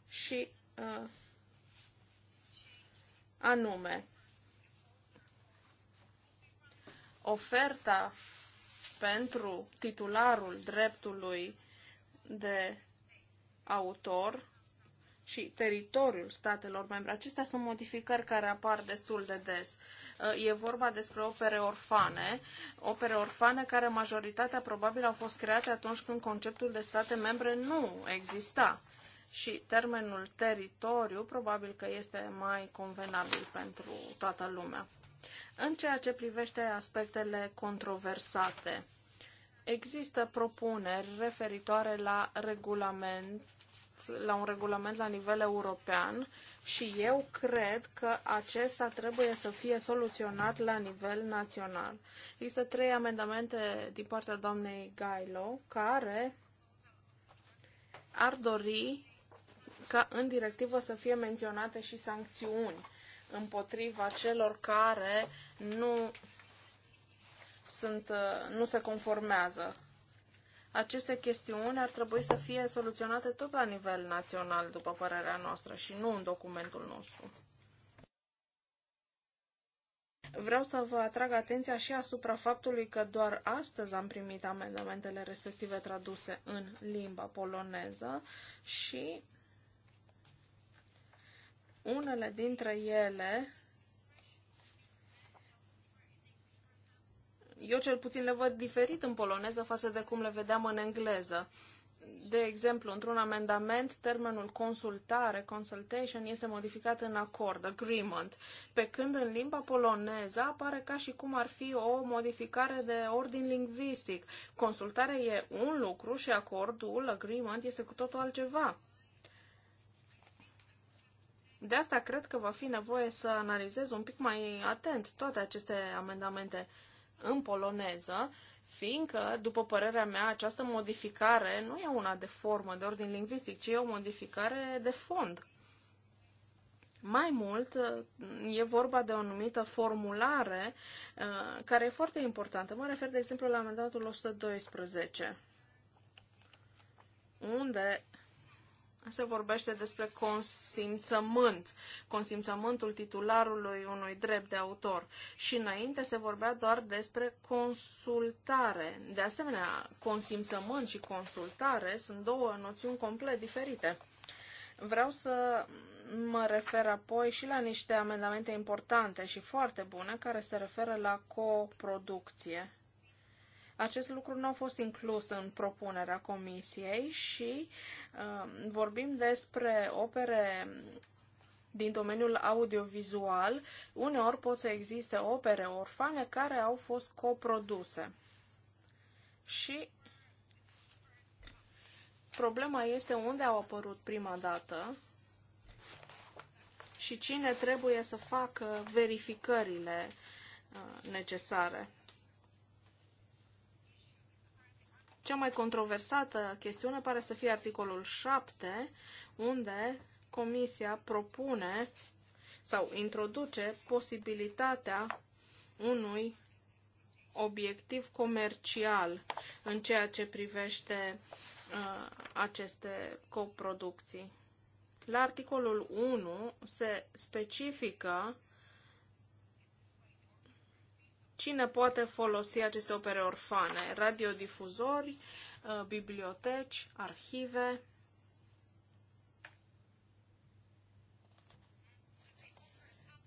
și uh, anume oferta pentru titularul dreptului de autor și teritoriul statelor membre. Acestea sunt modificări care apar destul de des. Uh, e vorba despre opere orfane, opere orfane care majoritatea probabil au fost create atunci când conceptul de state membre nu exista și termenul teritoriu probabil că este mai convenabil pentru toată lumea. În ceea ce privește aspectele controversate, există propuneri referitoare la regulament, la un regulament la nivel european și eu cred că acesta trebuie să fie soluționat la nivel național. Există trei amendamente din partea doamnei Gailo care ar dori ca în directivă să fie menționate și sancțiuni împotriva celor care nu, sunt, uh, nu se conformează. Aceste chestiuni ar trebui să fie soluționate tot la nivel național, după părerea noastră, și nu în documentul nostru. Vreau să vă atrag atenția și asupra faptului că doar astăzi am primit amendamentele respective traduse în limba poloneză și unele dintre ele, eu cel puțin le văd diferit în poloneză față de cum le vedeam în engleză. De exemplu, într-un amendament, termenul consultare, consultation, este modificat în acord, agreement, pe când în limba poloneză apare ca și cum ar fi o modificare de ordin lingvistic. Consultare e un lucru și acordul, agreement, este cu totul altceva. De asta cred că va fi nevoie să analizez un pic mai atent toate aceste amendamente în poloneză, fiindcă, după părerea mea, această modificare nu e una de formă, de ordin lingvistic, ci e o modificare de fond. Mai mult, e vorba de o anumită formulare uh, care e foarte importantă. Mă refer, de exemplu, la amendatul 112, unde se vorbește despre consimțământ, consimțământul titularului unui drept de autor. Și înainte se vorbea doar despre consultare. De asemenea, consimțământ și consultare sunt două noțiuni complet diferite. Vreau să mă refer apoi și la niște amendamente importante și foarte bune care se referă la coproducție. Acest lucru nu a fost inclus în propunerea comisiei și uh, vorbim despre opere din domeniul audiovizual. Uneori pot să existe opere orfane care au fost coproduse. Și problema este unde au apărut prima dată și cine trebuie să facă verificările uh, necesare. Cea mai controversată chestiune pare să fie articolul 7, unde Comisia propune sau introduce posibilitatea unui obiectiv comercial în ceea ce privește uh, aceste coproducții. La articolul 1 se specifică Cine poate folosi aceste opere orfane? Radiodifuzori, uh, biblioteci, arhive.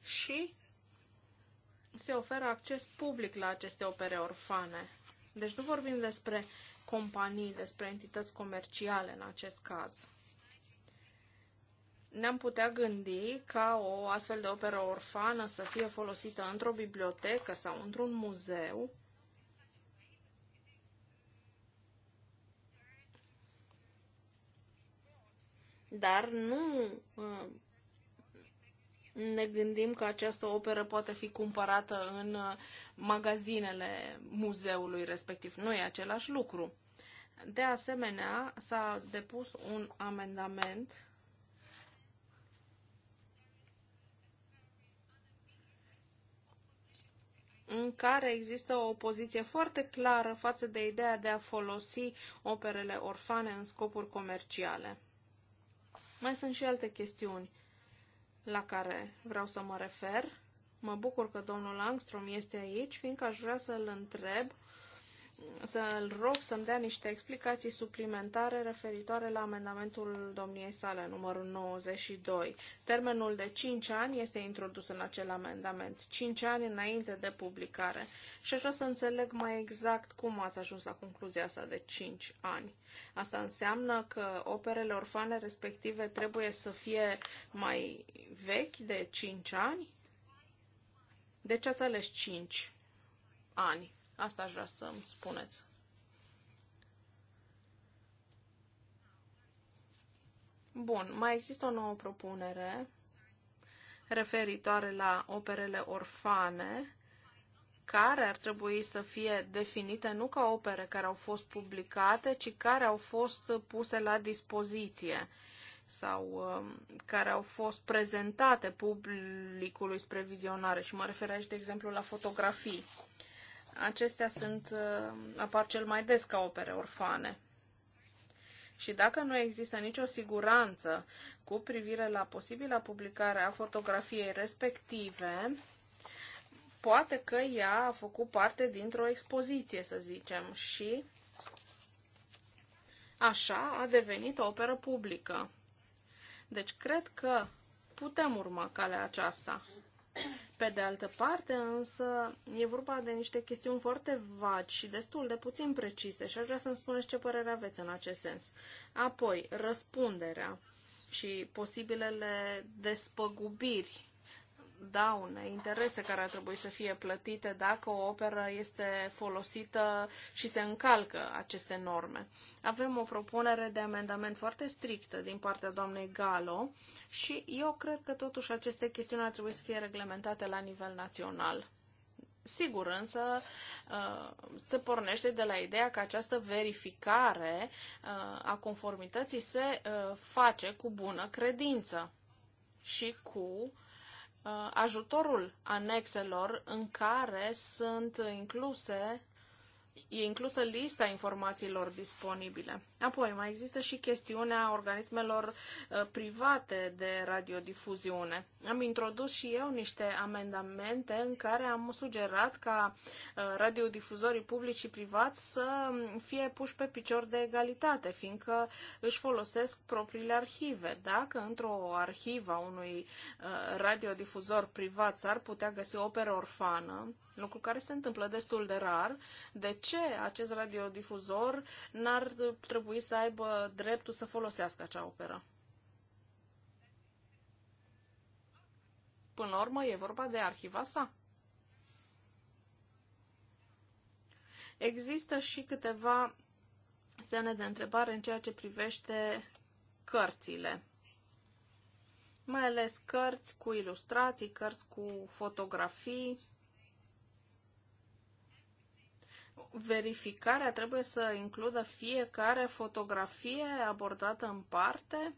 Și se oferă acces public la aceste opere orfane. Deci nu vorbim despre companii, despre entități comerciale în acest caz ne-am putea gândi ca o astfel de operă orfană să fie folosită într-o bibliotecă sau într-un muzeu. Dar nu uh, ne gândim că această operă poate fi cumpărată în uh, magazinele muzeului respectiv. Nu e același lucru. De asemenea, s-a depus un amendament în care există o opoziție foarte clară față de ideea de a folosi operele orfane în scopuri comerciale. Mai sunt și alte chestiuni la care vreau să mă refer. Mă bucur că domnul Langstrom este aici, fiindcă aș vrea să-l întreb să-l rog să-mi dea niște explicații suplimentare referitoare la amendamentul domniei sale, numărul 92. Termenul de 5 ani este introdus în acel amendament, 5 ani înainte de publicare. Și aș vrea să înțeleg mai exact cum ați ajuns la concluzia asta de 5 ani. Asta înseamnă că operele orfane respective trebuie să fie mai vechi de 5 ani? De ce ați ales 5 ani? Asta aș vrea să îmi spuneți. Bun, mai există o nouă propunere referitoare la operele orfane, care ar trebui să fie definite nu ca opere care au fost publicate, ci care au fost puse la dispoziție sau um, care au fost prezentate publicului spre vizionare. Și mă refer aici, de exemplu, la fotografii acestea sunt, uh, apar cel mai des ca opere orfane. Și dacă nu există nicio siguranță cu privire la posibilă publicare a fotografiei respective, poate că ea a făcut parte dintr-o expoziție, să zicem, și așa a devenit o operă publică. Deci cred că putem urma calea aceasta. Pe de altă parte, însă, e vorba de niște chestiuni foarte vagi și destul de puțin precise și aș vrea să-mi spuneți ce părere aveți în acest sens. Apoi, răspunderea și posibilele despăgubiri daune, interese care ar trebui să fie plătite dacă o operă este folosită și se încalcă aceste norme. Avem o propunere de amendament foarte strictă din partea doamnei Galo și eu cred că totuși aceste chestiuni ar trebui să fie reglementate la nivel național. Sigur, însă uh, se pornește de la ideea că această verificare uh, a conformității se uh, face cu bună credință și cu Uh, ajutorul anexelor în care sunt incluse e inclusă lista informațiilor disponibile. Apoi, mai există și chestiunea organismelor uh, private de radiodifuziune. Am introdus și eu niște amendamente în care am sugerat ca uh, radiodifuzorii publici și privați să fie puși pe picior de egalitate, fiindcă își folosesc propriile arhive. Dacă într-o arhivă a unui uh, radiodifuzor privat s-ar putea găsi o operă orfană, lucru care se întâmplă destul de rar, de ce acest radiodifuzor n-ar trebui să aibă dreptul să folosească acea operă? Până la urmă, e vorba de arhiva sa. Există și câteva semne de întrebare în ceea ce privește cărțile. Mai ales cărți cu ilustrații, cărți cu fotografii verificarea trebuie să includă fiecare fotografie abordată în parte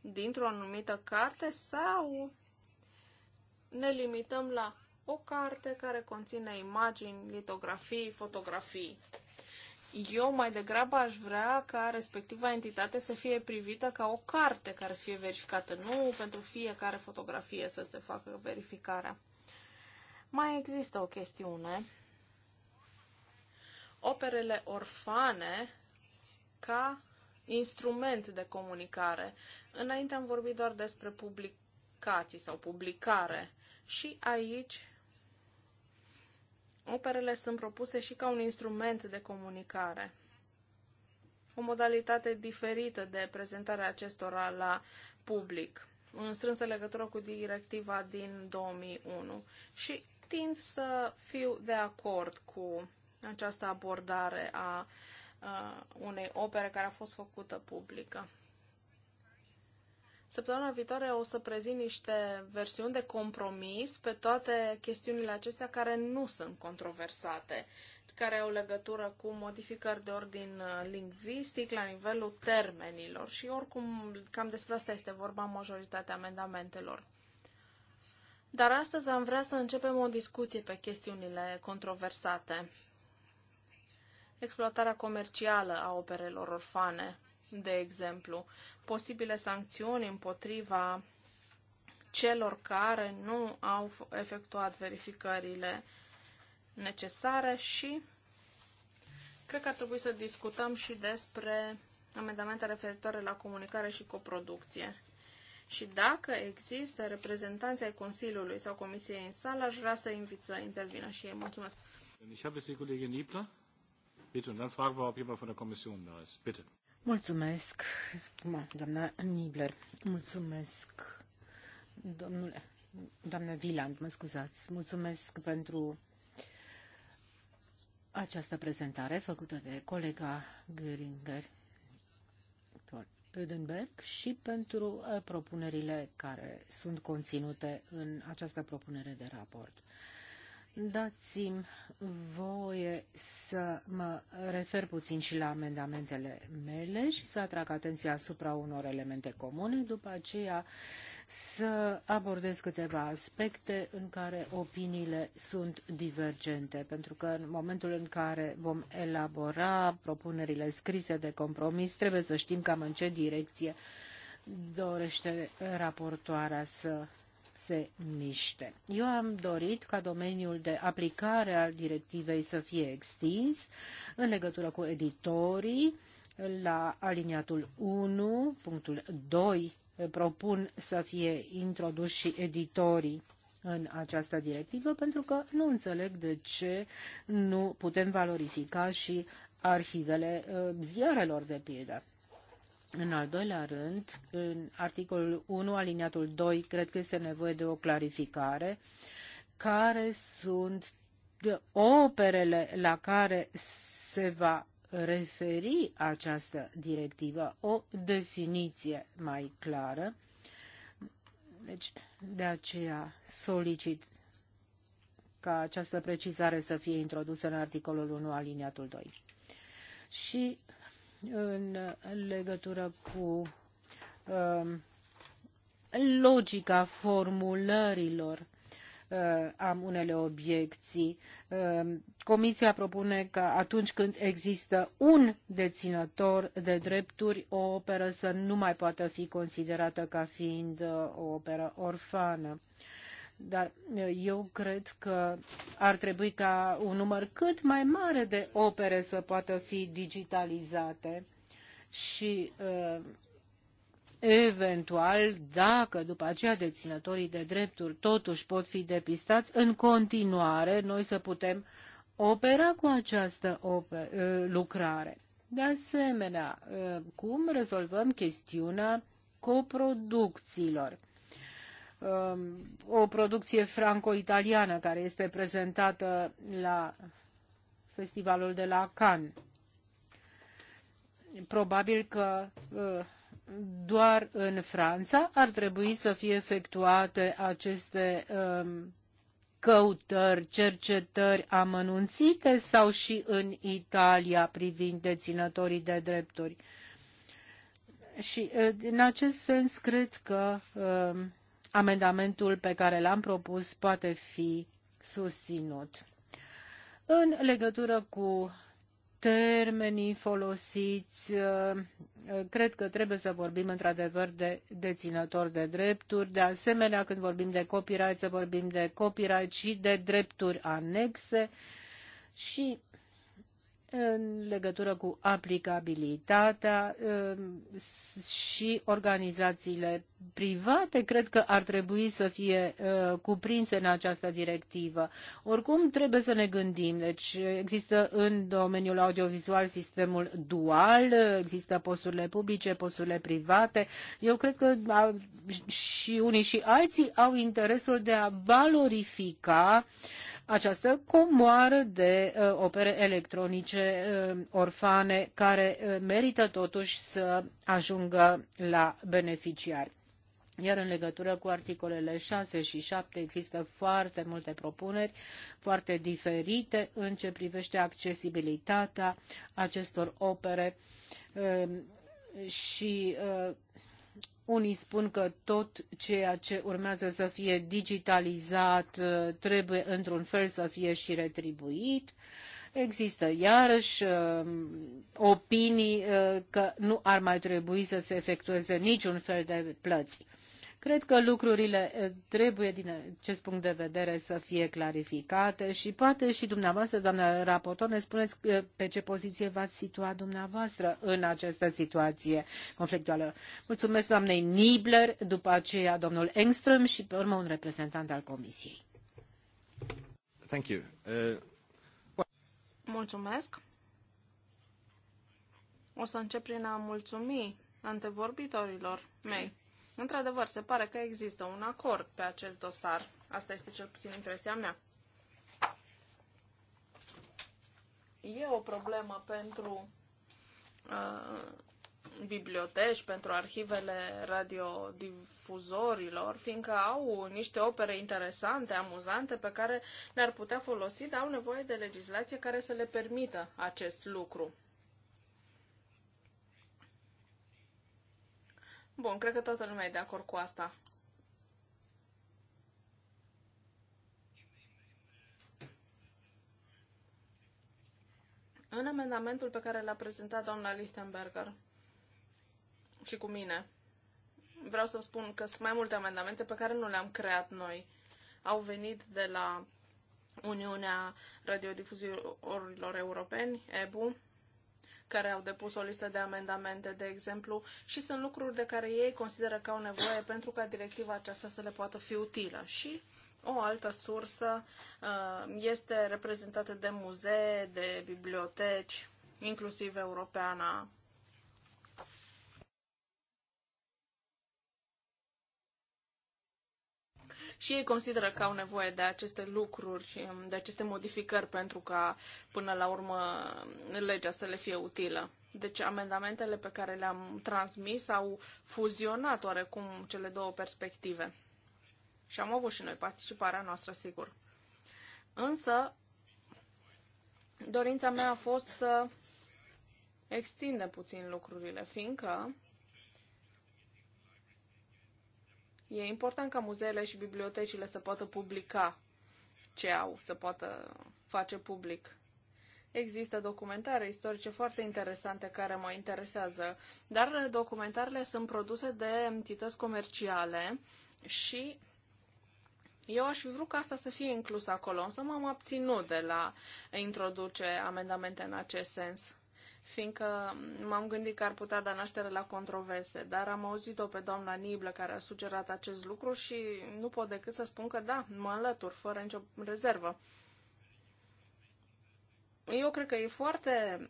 dintr-o anumită carte sau ne limităm la o carte care conține imagini, litografii, fotografii. Eu mai degrabă aș vrea ca respectiva entitate să fie privită ca o carte care să fie verificată, nu pentru fiecare fotografie să se facă verificarea. Mai există o chestiune operele orfane ca instrument de comunicare. Înainte am vorbit doar despre publicații sau publicare și aici operele sunt propuse și ca un instrument de comunicare. O modalitate diferită de prezentare acestora la public, în strânsă legătură cu directiva din 2001. Și tind să fiu de acord cu această abordare a unei opere care a fost făcută publică. Săptămâna viitoare o să prezint niște versiuni de compromis pe toate chestiunile acestea care nu sunt controversate, care au legătură cu modificări de ordin uh, lingvistic la nivelul termenilor și oricum cam despre asta este vorba în majoritatea amendamentelor. Dar astăzi am vrea să începem o discuție pe chestiunile controversate exploatarea comercială a operelor orfane, de exemplu, posibile sancțiuni împotriva celor care nu au efectuat verificările necesare și cred că ar trebui să discutăm și despre amendamente referitoare la comunicare și coproducție. Și dacă există reprezentanții ai Consiliului sau Comisiei în sală, aș vrea să invit să intervină și ei. Mulțumesc. Ich habe Sie, Kollegin Niebler. Bitte, und dann fragen wir, ob jemand von der Kommission da ist. Bitte. Mulțumesc, doamna Nibler. Mulțumesc, domnule, doamna Viland, mă scuzați. Mulțumesc pentru această prezentare făcută de colega Göringer Ödenberg și pentru uh, propunerile care sunt conținute în această propunere de raport. Dați-mi voie să mă refer puțin și la amendamentele mele și să atrag atenția asupra unor elemente comune, după aceea să abordez câteva aspecte în care opiniile sunt divergente, pentru că în momentul în care vom elabora propunerile scrise de compromis, trebuie să știm cam în ce direcție dorește raportoarea să se miște. Eu am dorit ca domeniul de aplicare al directivei să fie extins în legătură cu editorii la aliniatul 1, punctul 2, propun să fie introduși și editorii în această directivă, pentru că nu înțeleg de ce nu putem valorifica și arhivele uh, ziarelor de pildă. În al doilea rând, în articolul 1, aliniatul 2, cred că este nevoie de o clarificare. Care sunt operele la care se va referi această directivă? O definiție mai clară. Deci, de aceea solicit ca această precizare să fie introdusă în articolul 1, aliniatul 2. Și în legătură cu um, logica formulărilor uh, am unele obiecții. Um, Comisia propune că atunci când există un deținător de drepturi, o operă să nu mai poată fi considerată ca fiind uh, o operă orfană. Dar eu cred că ar trebui ca un număr cât mai mare de opere să poată fi digitalizate și eventual, dacă după aceea deținătorii de drepturi totuși pot fi depistați, în continuare noi să putem opera cu această lucrare. De asemenea, cum rezolvăm chestiunea coproducțiilor? Um, o producție franco-italiană care este prezentată la festivalul de la Cannes. Probabil că uh, doar în Franța ar trebui să fie efectuate aceste um, căutări, cercetări amănunțite sau și în Italia privind deținătorii de drepturi. Și uh, în acest sens cred că um, amendamentul pe care l-am propus poate fi susținut. În legătură cu termenii folosiți, uh, cred că trebuie să vorbim într-adevăr de deținători de drepturi. De asemenea, când vorbim de copyright, să vorbim de copyright și de drepturi anexe și în legătură cu aplicabilitatea um, și organizațiile private cred că ar trebui să fie uh, cuprinse în această directivă. Oricum trebuie să ne gândim, deci există în domeniul audiovizual sistemul dual, există posturile publice, posturile private. Eu cred că și unii și alții au interesul de a valorifica uh, această comoară de uh, opere electronice uh, orfane care uh, merită totuși să ajungă la beneficiari. Iar în legătură cu articolele 6 și 7 există foarte multe propuneri, foarte diferite în ce privește accesibilitatea acestor opere uh, și uh, unii spun că tot ceea ce urmează să fie digitalizat uh, trebuie într-un fel să fie și retribuit. Există iarăși um, opinii uh, că nu ar mai trebui să se efectueze niciun fel de plăți. Cred că lucrurile eh, trebuie, din acest punct de vedere, să fie clarificate și poate și dumneavoastră, doamnă raportor, ne spuneți eh, pe ce poziție v-ați situa dumneavoastră în această situație conflictuală. Mulțumesc doamnei Nibler, după aceea domnul Engström și pe urmă un reprezentant al Comisiei. Thank you. Uh... Mulțumesc. O să încep prin a mulțumi antevorbitorilor mei. Într-adevăr, se pare că există un acord pe acest dosar. Asta este cel puțin impresia mea. E o problemă pentru uh, biblioteci, pentru arhivele radiodifuzorilor, fiindcă au niște opere interesante, amuzante, pe care le-ar putea folosi, dar au nevoie de legislație care să le permită acest lucru. Bun, cred că toată lumea e de acord cu asta. În amendamentul pe care l-a prezentat doamna Lichtenberger și cu mine, vreau să spun că sunt mai multe amendamente pe care nu le-am creat noi. Au venit de la Uniunea Radiodifuzorilor Europeni, EBU, care au depus o listă de amendamente, de exemplu, și sunt lucruri de care ei consideră că au nevoie pentru ca directiva aceasta să le poată fi utilă. Și o altă sursă uh, este reprezentată de muzee, de biblioteci, inclusiv europeana și ei consideră că au nevoie de aceste lucruri, de aceste modificări pentru ca până la urmă legea să le fie utilă. Deci amendamentele pe care le-am transmis au fuzionat oarecum cele două perspective. Și am avut și noi participarea noastră, sigur. Însă, dorința mea a fost să extindem puțin lucrurile, fiindcă E important ca muzeele și bibliotecile să poată publica ce au, să poată face public. Există documentare istorice foarte interesante care mă interesează, dar documentarele sunt produse de entități comerciale și eu aș fi vrut ca asta să fie inclus acolo, însă m-am abținut de la introduce amendamente în acest sens fiindcă m-am gândit că ar putea da naștere la controverse, dar am auzit-o pe doamna Niblă care a sugerat acest lucru și nu pot decât să spun că da, mă alătur, fără nicio rezervă. Eu cred că e foarte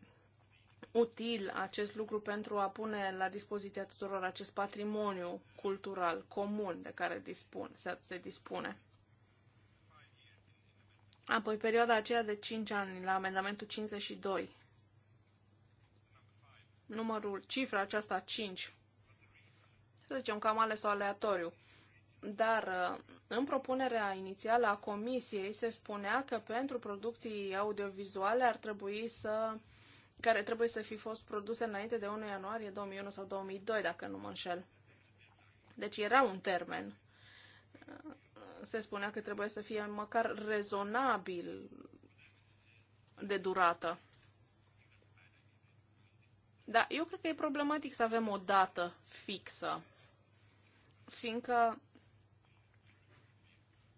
util acest lucru pentru a pune la dispoziția tuturor acest patrimoniu cultural comun de care dispun, se, se dispune. Apoi perioada aceea de 5 ani la amendamentul 52 numărul, cifra aceasta 5. Să zicem că am ales o aleatoriu. Dar uh, în propunerea inițială a comisiei se spunea că pentru producții audiovizuale ar trebui să care trebuie să fi fost produse înainte de 1 ianuarie 2001 sau 2002, dacă nu mă înșel. Deci era un termen. Uh, se spunea că trebuie să fie măcar rezonabil de durată. Da, eu cred că e problematic să avem o dată fixă, fiindcă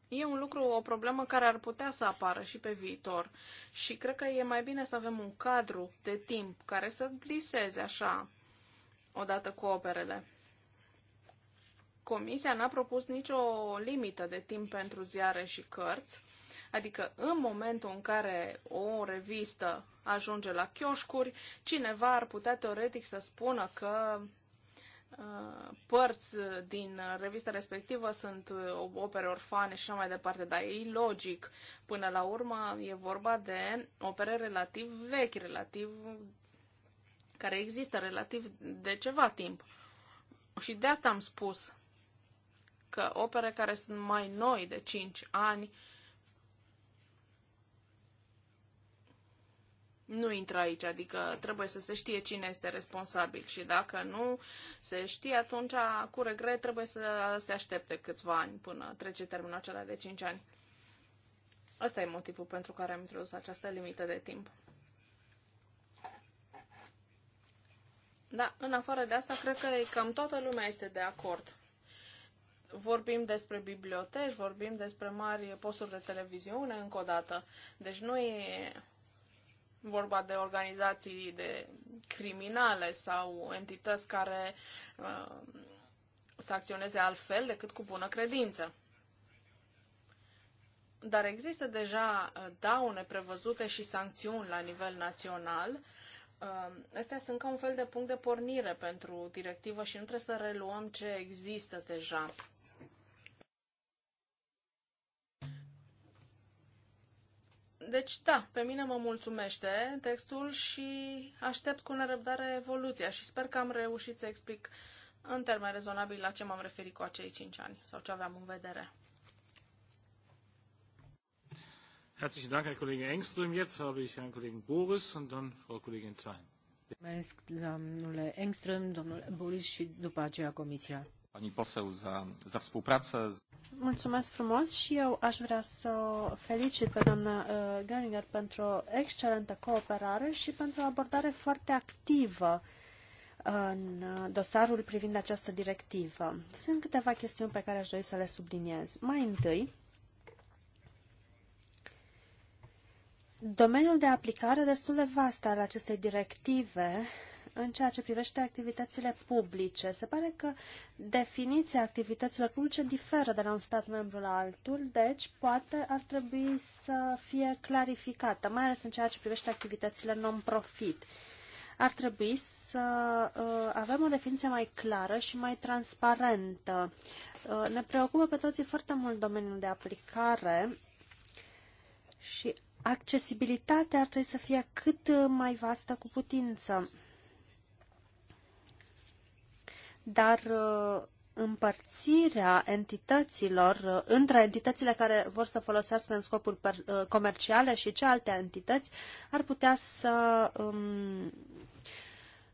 e un lucru, o problemă care ar putea să apară și pe viitor. Și cred că e mai bine să avem un cadru de timp care să gliseze așa odată cu operele. Comisia n-a propus nicio limită de timp pentru ziare și cărți, Adică în momentul în care o revistă ajunge la chioșcuri, cineva ar putea teoretic să spună că uh, părți din revista respectivă sunt uh, opere orfane și așa mai departe, dar e logic. Până la urmă e vorba de opere relativ vechi, relativ care există relativ de ceva timp. Și de asta am spus că opere care sunt mai noi de 5 ani nu intră aici, adică trebuie să se știe cine este responsabil și dacă nu se știe, atunci cu regret trebuie să se aștepte câțiva ani până trece termenul acela de 5 ani. Ăsta e motivul pentru care am introdus această limită de timp. Da, în afară de asta, cred că cam toată lumea este de acord. Vorbim despre biblioteci, vorbim despre mari posturi de televiziune, încă o dată. Deci nu e vorba de organizații de criminale sau entități care uh, să acționeze altfel decât cu bună credință. Dar există deja uh, daune prevăzute și sancțiuni la nivel național. Uh, astea sunt ca un fel de punct de pornire pentru directivă și nu trebuie să reluăm ce există deja. Deci, da, pe mine mă mulțumește textul și aștept cu nerăbdare evoluția și sper că am reușit să explic în termen rezonabil la ce m-am referit cu acei 5 ani sau ce aveam în vedere. Herzlichen Dank, Herr Kollege Engström. Jetzt habe ich Herrn Kollegen Boris und dann Frau Kollegin Thein. Mulțumesc, domnule Engström, domnule Boris și după aceea Comisia. Pani za, za współpracę. Mulțumesc frumos și eu aș vrea să felicit pe doamna Gönninger pentru o excelentă cooperare și pentru o abordare foarte activă în dosarul privind această directivă. Sunt câteva chestiuni pe care aș dori să le subliniez. Mai întâi, domeniul de aplicare destul de vast al acestei directive în ceea ce privește activitățile publice. Se pare că definiția activităților publice diferă de la un stat membru la altul, deci poate ar trebui să fie clarificată, mai ales în ceea ce privește activitățile non-profit. Ar trebui să uh, avem o definiție mai clară și mai transparentă. Uh, ne preocupă pe toții foarte mult domeniul de aplicare și accesibilitatea ar trebui să fie cât mai vastă cu putință dar uh, împărțirea entităților uh, între entitățile care vor să folosească în scopuri uh, comerciale și ce alte entități ar putea să um,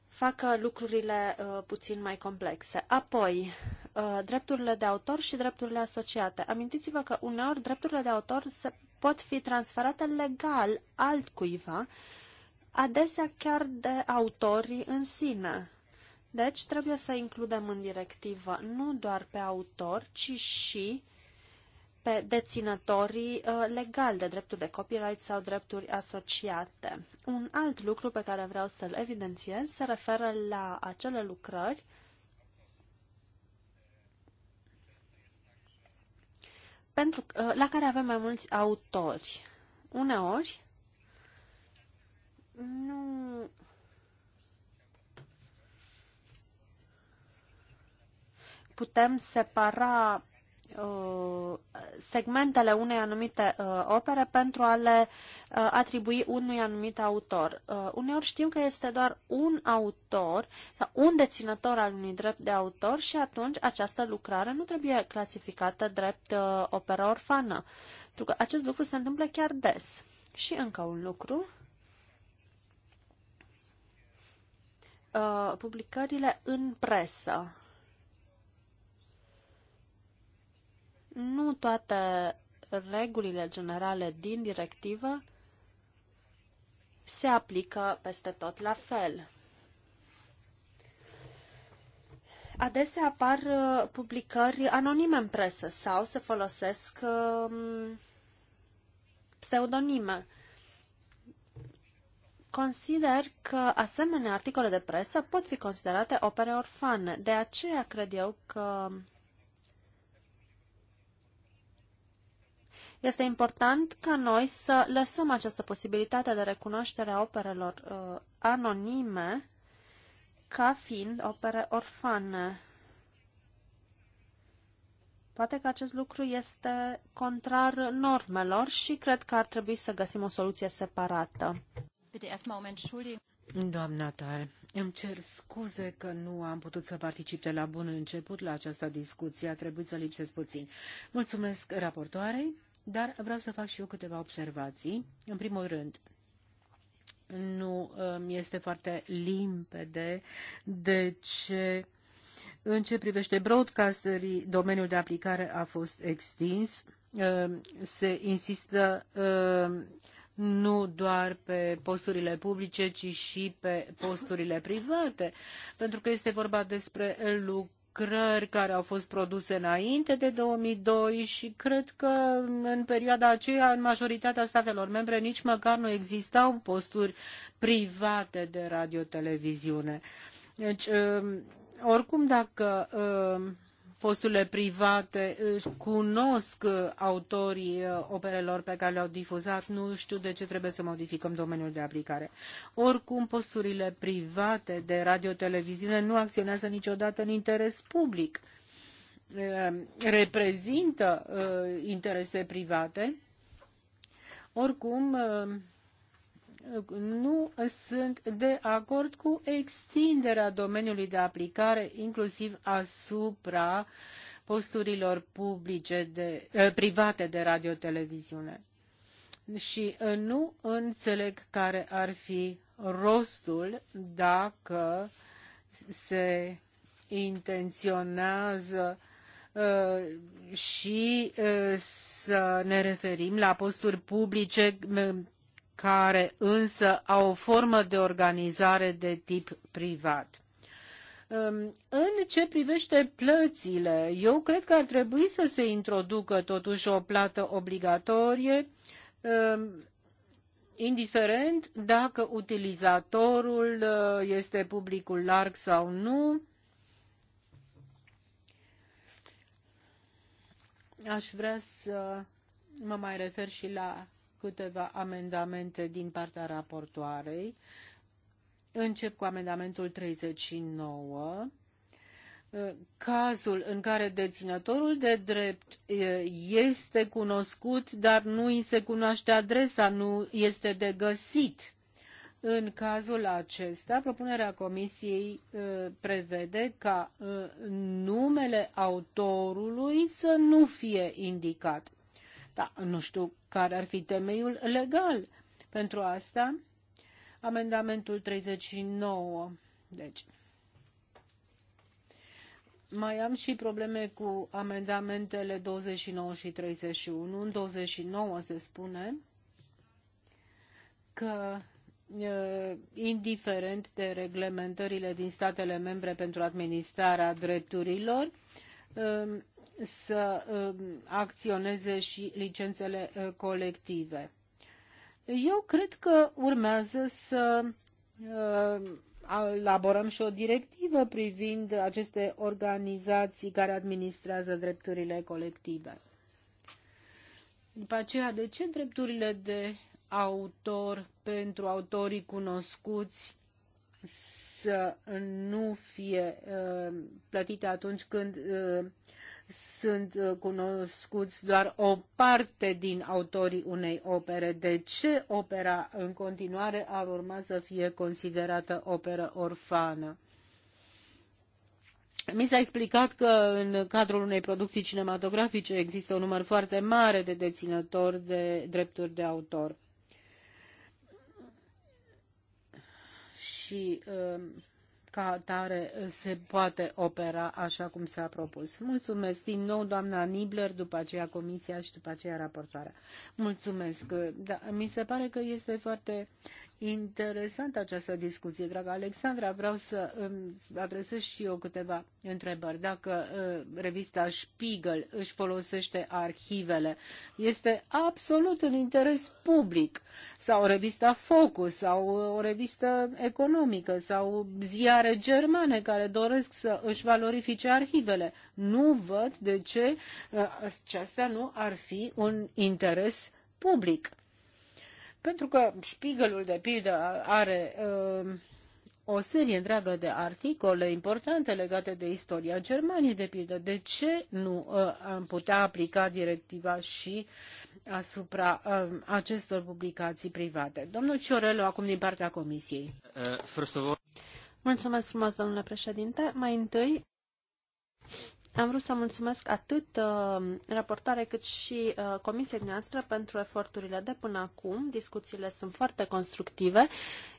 facă lucrurile uh, puțin mai complexe. Apoi, uh, drepturile de autor și drepturile asociate. Amintiți-vă că uneori drepturile de autor se pot fi transferate legal altcuiva, adesea chiar de autorii în sine. Deci trebuie să includem în directivă nu doar pe autor, ci și pe deținătorii uh, legali de drepturi de copyright sau drepturi asociate. Un alt lucru pe care vreau să-l evidențiez se referă la acele lucrări pentru, uh, la care avem mai mulți autori. Uneori, nu putem separa uh, segmentele unei anumite uh, opere pentru a le uh, atribui unui anumit autor. Uh, uneori știm că este doar un autor sau un deținător al unui drept de autor și atunci această lucrare nu trebuie clasificată drept uh, operă orfană. Pentru că acest lucru se întâmplă chiar des. Și încă un lucru. Uh, publicările în presă nu toate regulile generale din directivă se aplică peste tot la fel. Adesea apar uh, publicări anonime în presă sau se folosesc um, pseudonime. Consider că asemenea articole de presă pot fi considerate opere orfane. De aceea cred eu că Este important ca noi să lăsăm această posibilitate de recunoaștere a operelor uh, anonime ca fiind opere orfane. Poate că acest lucru este contrar normelor și cred că ar trebui să găsim o soluție separată. Um Doamna Tare, îmi cer scuze că nu am putut să particip de la bun început la această discuție. A trebuit să lipsesc puțin. Mulțumesc raportoarei dar vreau să fac și eu câteva observații. În primul rând, nu um, este foarte limpede de ce în ce privește broadcasterii, domeniul de aplicare a fost extins. Um, se insistă um, nu doar pe posturile publice, ci și pe posturile private, pentru că este vorba despre lucruri lucrări care au fost produse înainte de 2002 și cred că în perioada aceea în majoritatea statelor membre nici măcar nu existau posturi private de radio-televiziune. Deci, um, oricum dacă um, fosturile private cunosc autorii uh, operelor pe care le-au difuzat, nu știu de ce trebuie să modificăm domeniul de aplicare. Oricum, posturile private de radio-televiziune nu acționează niciodată în interes public. Uh, reprezintă uh, interese private. Oricum, nu sunt de acord cu extinderea domeniului de aplicare inclusiv asupra posturilor publice de, eh, private de radio-televiziune. Și eh, nu înțeleg care ar fi rostul dacă se intenționează eh, și să ne referim la posturi publice care însă au o formă de organizare de tip privat. În ce privește plățile, eu cred că ar trebui să se introducă totuși o plată obligatorie, um, indiferent dacă utilizatorul uh, este publicul larg sau nu. Aș vrea să mă mai refer și la câteva amendamente din partea raportoarei. Încep cu amendamentul 39. Cazul în care deținătorul de drept este cunoscut, dar nu îi se cunoaște adresa, nu este de găsit. În cazul acesta, propunerea Comisiei prevede ca numele autorului să nu fie indicat. Da, nu știu care ar fi temeiul legal pentru asta. Amendamentul 39. Deci, mai am și probleme cu amendamentele 29 și 31. În 29 se spune că indiferent de reglementările din statele membre pentru administrarea drepturilor, să um, acționeze și licențele uh, colective. Eu cred că urmează să uh, elaborăm și o directivă privind aceste organizații care administrează drepturile colective. După aceea, de ce drepturile de autor pentru autorii cunoscuți să nu fie uh, plătite atunci când uh, sunt uh, cunoscuți doar o parte din autorii unei opere. De ce opera în continuare ar urma să fie considerată operă orfană? Mi s-a explicat că în cadrul unei producții cinematografice există un număr foarte mare de deținători de drepturi de autor și um, ca atare se poate opera așa cum s-a propus. Mulțumesc din nou, doamna Nibler, după aceea comisia și după aceea raportoarea. Mulțumesc. Da, mi se pare că este foarte uh, interesantă această discuție. Dragă Alexandra, vreau să îmi adresez și eu câteva întrebări. Dacă ă, revista Spiegel își folosește arhivele, este absolut în interes public. Sau revista Focus, sau ă, o revistă economică, sau ziare germane care doresc să își valorifice arhivele. Nu văd de ce ă, aceasta nu ar fi un interes public pentru că Spiegelul, de pildă, are uh, o serie întreagă de articole importante legate de istoria Germaniei, de pildă. De ce nu uh, am putea aplica directiva și asupra uh, acestor publicații private? Domnul Ciorelu, acum din partea Comisiei. Uh, Mulțumesc frumos, domnule președinte. Mai întâi, am vrut să mulțumesc atât uh, raportare cât și uh, comisiei noastre pentru eforturile de până acum. Discuțiile sunt foarte constructive,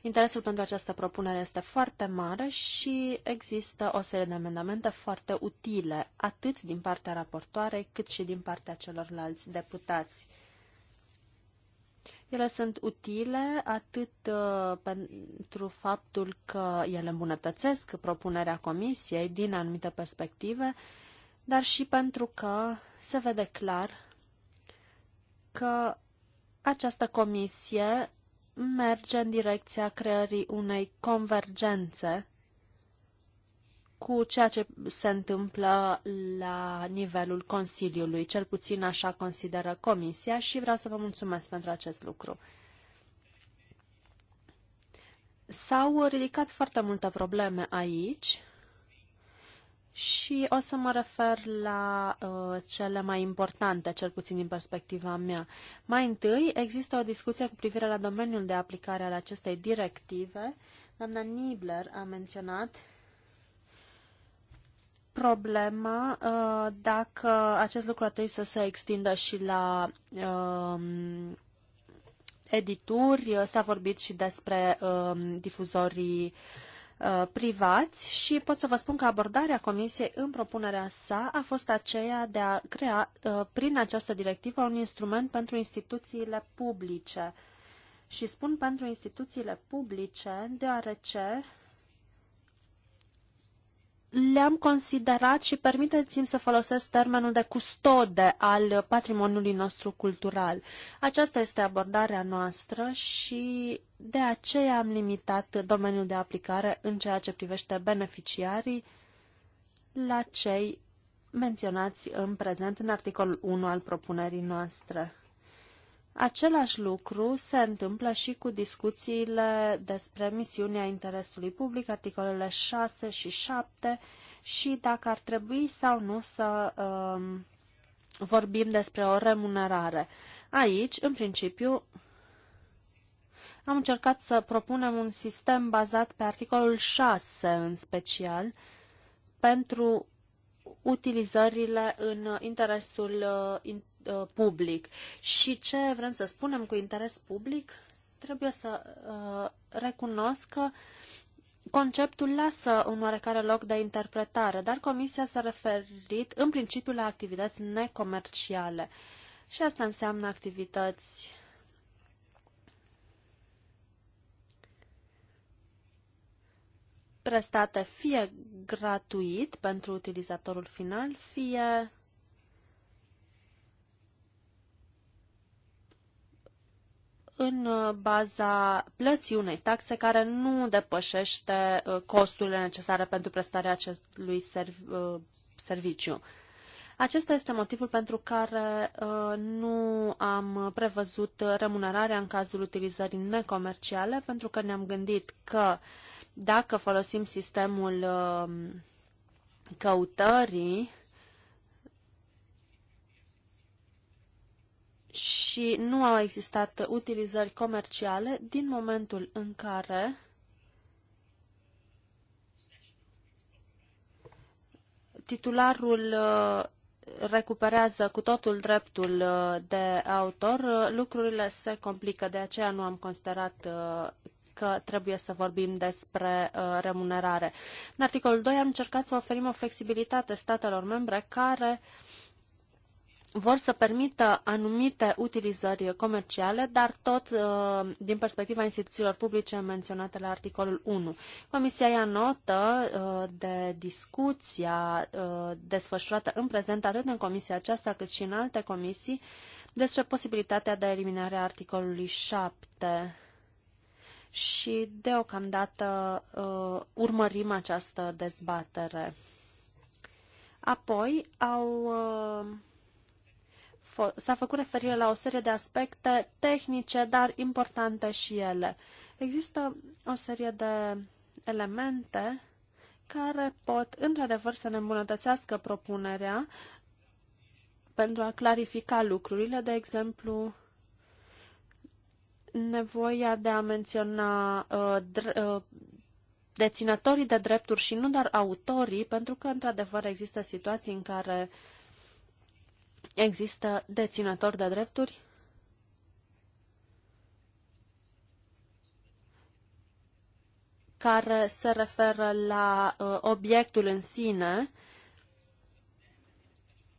interesul pentru această propunere este foarte mare și există o serie de amendamente foarte utile, atât din partea raportoarei cât și din partea celorlalți deputați. Ele sunt utile atât uh, pentru faptul că ele îmbunătățesc propunerea Comisiei din anumite perspective, uh, dar și pentru că se vede clar că această comisie merge în direcția creării unei convergențe cu ceea ce se întâmplă la nivelul Consiliului, cel puțin așa consideră Comisia și vreau să vă mulțumesc pentru acest lucru. S-au ridicat foarte multe probleme aici și o să mă refer la uh, cele mai importante, cel puțin din perspectiva mea. Mai întâi, există o discuție cu privire la domeniul de aplicare al acestei directive. Doamna Nibler a menționat problema uh, dacă acest lucru ar trebui să se extindă și la uh, edituri. S-a vorbit și despre uh, difuzorii uh, Uh, privați și pot să vă spun că abordarea Comisiei în propunerea sa a fost aceea de a crea uh, prin această directivă un instrument pentru instituțiile publice. Și spun pentru instituțiile publice deoarece le-am considerat și permiteți-mi să folosesc termenul de custode al patrimoniului nostru cultural. Aceasta este abordarea noastră și de aceea am limitat domeniul de aplicare în ceea ce privește beneficiarii la cei menționați în prezent în articolul 1 al propunerii noastre. Același lucru se întâmplă și cu discuțiile despre misiunea interesului public, articolele 6 și 7, și dacă ar trebui sau nu să um, vorbim despre o remunerare. Aici, în principiu, am încercat să propunem un sistem bazat pe articolul 6 în special pentru utilizările în interesul uh, Uh, public. Și ce vrem să spunem cu interes public? Trebuie să uh, recunosc că conceptul lasă un oarecare loc de interpretare, dar Comisia s-a referit în principiu la activități necomerciale. Și asta înseamnă activități prestate fie gratuit pentru utilizatorul final, fie în uh, baza plății unei taxe care nu depășește uh, costurile necesare pentru prestarea acestui uh, serviciu. Acesta este motivul pentru care nu am prevăzut remunerarea în cazul utilizării necomerciale, pentru că ne-am gândit că dacă folosim sistemul căutării, și nu au existat utilizări comerciale din momentul în care titularul uh, recuperează cu totul dreptul uh, de autor, uh, lucrurile se complică, de aceea nu am considerat că trebuie să vorbim despre remunerare. În articolul 2 am încercat să oferim o flexibilitate statelor membre care uh, vor să permită anumite utilizări comerciale, dar tot uh, din perspectiva instituțiilor publice menționate la articolul 1. Comisia ia notă uh, de discuția uh, desfășurată în prezent atât în comisia aceasta cât și în alte comisii despre posibilitatea de eliminare a articolului 7 și deocamdată uh, urmărim această dezbatere. Apoi au uh, s-a făcut referire la o serie de aspecte tehnice, dar importante și ele. Există o serie de elemente care pot, într-adevăr, să ne îmbunătățească propunerea pentru a clarifica lucrurile, de exemplu, nevoia de a menționa uh, uh, deținătorii de drepturi și nu doar autorii, pentru că, într-adevăr, există situații în care uh, există deținători de drepturi care se referă la uh, obiectul în sine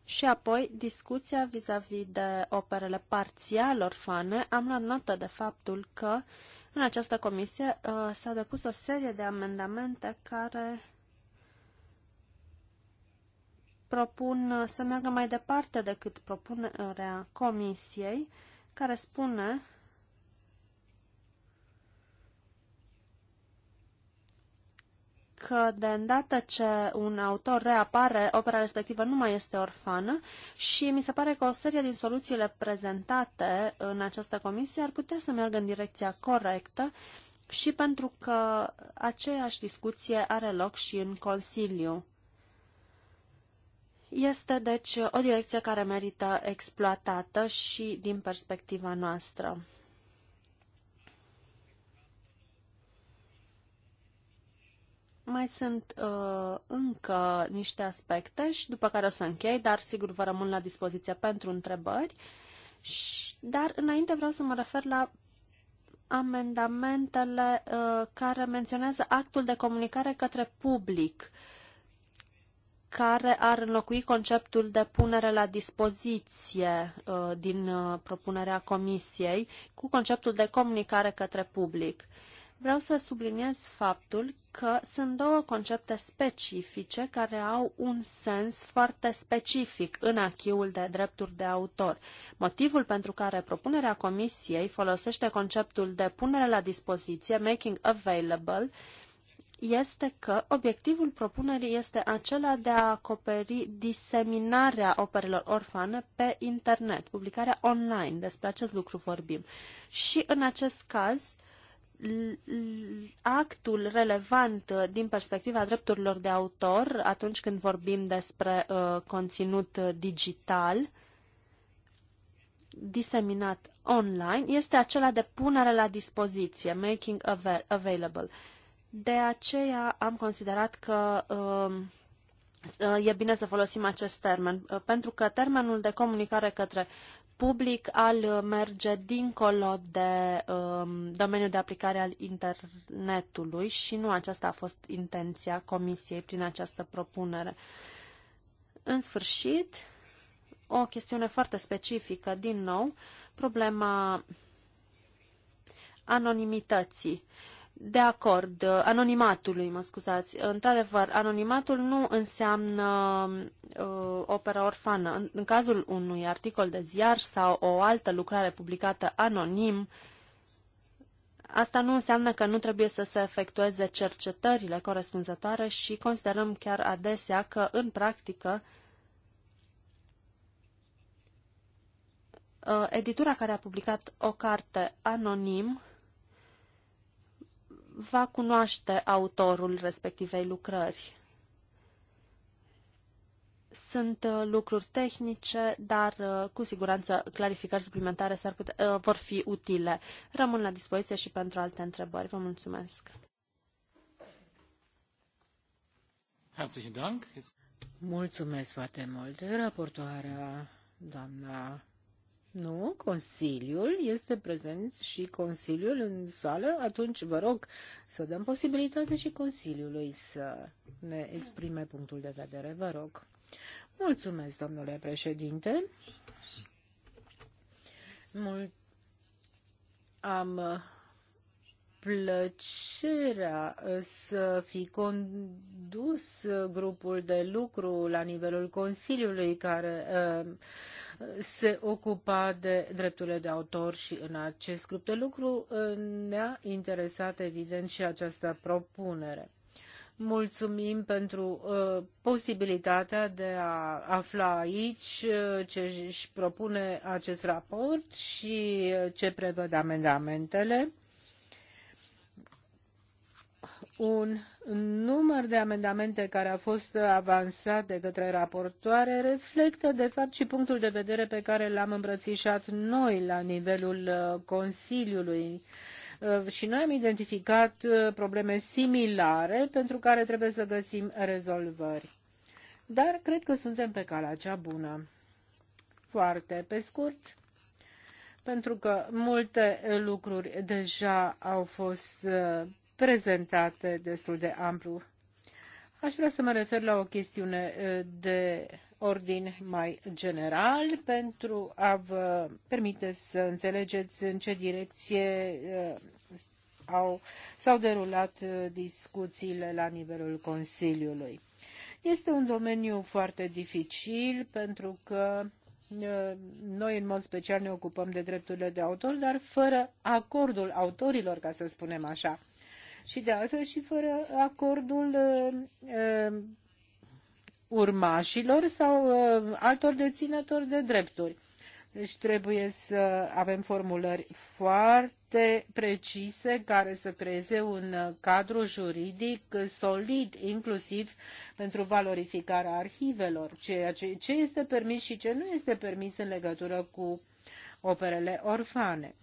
și apoi discuția vis-a-vis -vis de operele parțial orfane. Am luat notă de faptul că în această comisie uh, s-a depus o serie de amendamente care propun uh, să meargă mai departe decât propunerea Comisiei, care spune că de îndată ce un autor reapare, opera respectivă nu mai este orfană și mi se pare că o serie din soluțiile prezentate în această comisie ar putea să meargă în direcția corectă și pentru că aceeași discuție are loc și în Consiliu. Este, deci, o direcție care merită exploatată și din perspectiva noastră. Mai sunt uh, încă niște aspecte și după care o să închei, dar sigur vă rămân la dispoziție pentru întrebări. Și, dar înainte vreau să mă refer la amendamentele uh, care menționează actul de comunicare către public. Uh, care ar înlocui conceptul de punere la dispoziție uh, din uh, propunerea Comisiei cu conceptul de comunicare către public. Vreau să subliniez faptul că sunt două concepte specifice care au un sens foarte specific în achiul de drepturi de autor. Motivul pentru care propunerea Comisiei folosește conceptul de punere la dispoziție, making available, este că obiectivul propunerii este acela de a acoperi diseminarea operelor orfane pe internet, publicarea online, despre acest lucru vorbim. Și în acest caz, actul relevant din perspectiva drepturilor de autor, atunci când vorbim despre uh, conținut digital, diseminat online, este acela de punere la dispoziție, making available. Uh, de aceea am considerat că um, e bine să folosim acest termen, uh, pentru că termenul de comunicare către public al uh, merge dincolo de um, domeniul de aplicare al internetului și nu aceasta a fost intenția Comisiei prin această propunere. În sfârșit, o chestiune foarte specifică, din nou, problema anonimității. Uh, de acord, uh, anonimatului, mă scuzați. Într-adevăr, anonimatul nu înseamnă uh, opera orfană. În, în cazul unui articol de ziar sau o altă lucrare publicată anonim, asta nu înseamnă că nu trebuie să se efectueze cercetările corespunzătoare și considerăm chiar adesea că, în practică, uh, editura care a publicat o carte anonim va cunoaște autorul respectivei lucrări. Sunt uh, lucruri tehnice, dar uh, cu siguranță clarificări suplimentare s-ar putea, uh, vor fi utile. Rămân la dispoziție și pentru alte întrebări. Vă mulțumesc! Mulțumesc foarte mult, raportoarea doamna nu, Consiliul este prezent și Consiliul în sală, atunci vă rog să dăm posibilitate și Consiliului să ne exprime punctul de vedere, vă rog. Mulțumesc, domnule președinte. Mult am plăcerea să fi condus grupul de lucru la nivelul Consiliului care uh, se ocupa de drepturile de autor și în acest grup de lucru uh, ne-a interesat evident și această propunere. Mulțumim pentru uh, posibilitatea de a afla aici uh, ce își propune acest raport și uh, ce prevăd amendamentele. Un număr de amendamente care a fost avansat de către raportoare reflectă, de fapt, și punctul de vedere pe care l-am îmbrățișat noi la nivelul uh, Consiliului. Uh, și noi am identificat uh, probleme similare pentru care trebuie să găsim rezolvări. Dar cred că suntem pe calea cea bună. Foarte pe scurt, pentru că multe lucruri deja au fost prezentate destul de amplu. Aș vrea să mă refer la o chestiune de ordin mai general pentru a vă permite să înțelegeți în ce direcție au, s-au derulat discuțiile la nivelul Consiliului. Este un domeniu foarte dificil pentru că noi în mod special ne ocupăm de drepturile de autor, dar fără acordul autorilor, ca să spunem așa și de altfel și fără acordul uh, uh, urmașilor sau uh, altor deținători de drepturi. Deci trebuie să avem formulări foarte precise care să creeze un uh, cadru juridic solid, inclusiv pentru valorificarea arhivelor, ceea ce, ce este permis și ce nu este permis în legătură cu operele orfane.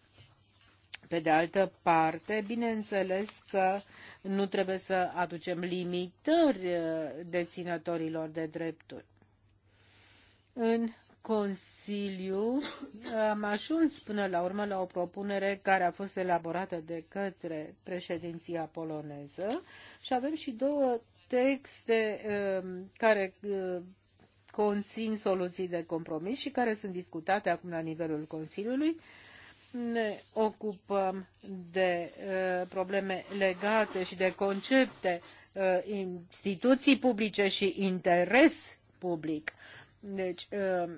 Pe de altă parte, bineînțeles că nu trebuie să aducem limitări uh, deținătorilor de drepturi. În Consiliu uh, am ajuns până la urmă la o propunere care a fost elaborată de către președinția poloneză și avem și două texte um, care uh, conțin soluții de compromis și care sunt discutate acum la nivelul Consiliului ne ocupăm de uh, probleme legate și de concepte uh, instituții publice și interes public. Deci, uh,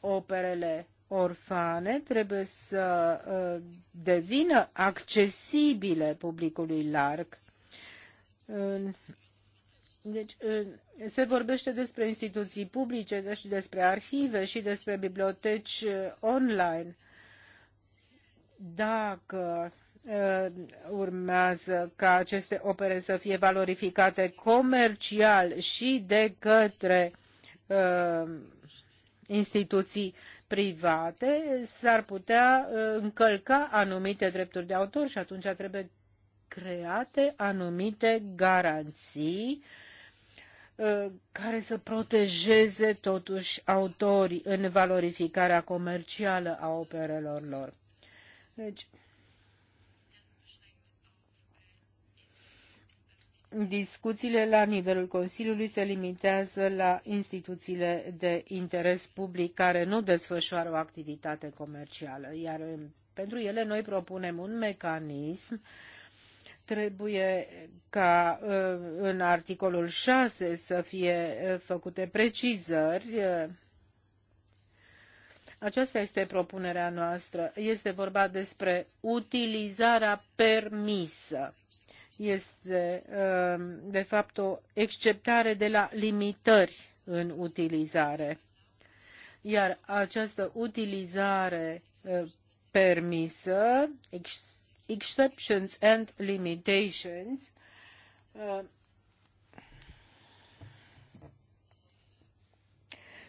operele orfane trebuie să devină accesibile publicului larg. Deci, se vorbește despre instituții publice, și despre arhive și despre biblioteci online dacă uh, urmează ca aceste opere să fie valorificate comercial și de către uh, instituții private, s-ar putea uh, încălca anumite drepturi de autor și atunci trebuie create anumite garanții care să protejeze totuși autorii în valorificarea comercială a operelor lor. Deci, discuțiile la nivelul Consiliului se limitează la instituțiile de interes public care nu desfășoară o activitate comercială, iar pentru ele noi propunem un mecanism trebuie ca uh, în articolul 6 să fie uh, făcute precizări uh, aceasta este propunerea noastră. Este vorba despre utilizarea permisă. Este, um, de fapt, o exceptare de la limitări în utilizare. Iar această utilizare uh, permisă, exceptions and limitations, uh,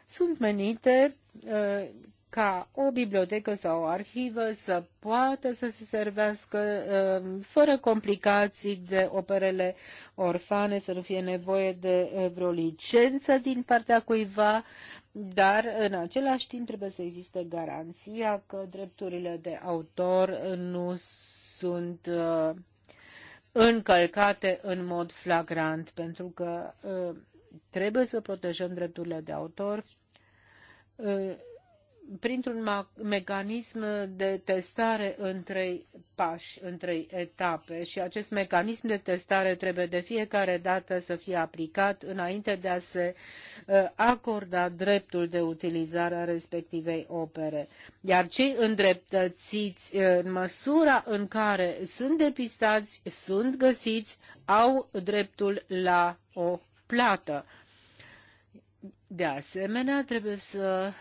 sunt menite uh, ca o bibliotecă sau o arhivă să poată să se servească uh, fără complicații de operele orfane, să nu fie nevoie de uh, vreo licență din partea cuiva, dar în același timp trebuie să existe garanția că drepturile de autor nu sunt uh, încălcate în mod flagrant, pentru că trebuie să protejăm drepturile de autor printr-un mecanism de testare în trei pași, în trei etape și acest mecanism de testare trebuie de fiecare dată să fie aplicat înainte de a se uh, acorda dreptul de utilizare a respectivei opere. Iar cei îndreptățiți uh, în măsura în care sunt depistați, sunt găsiți, au dreptul la o plată. De asemenea, trebuie să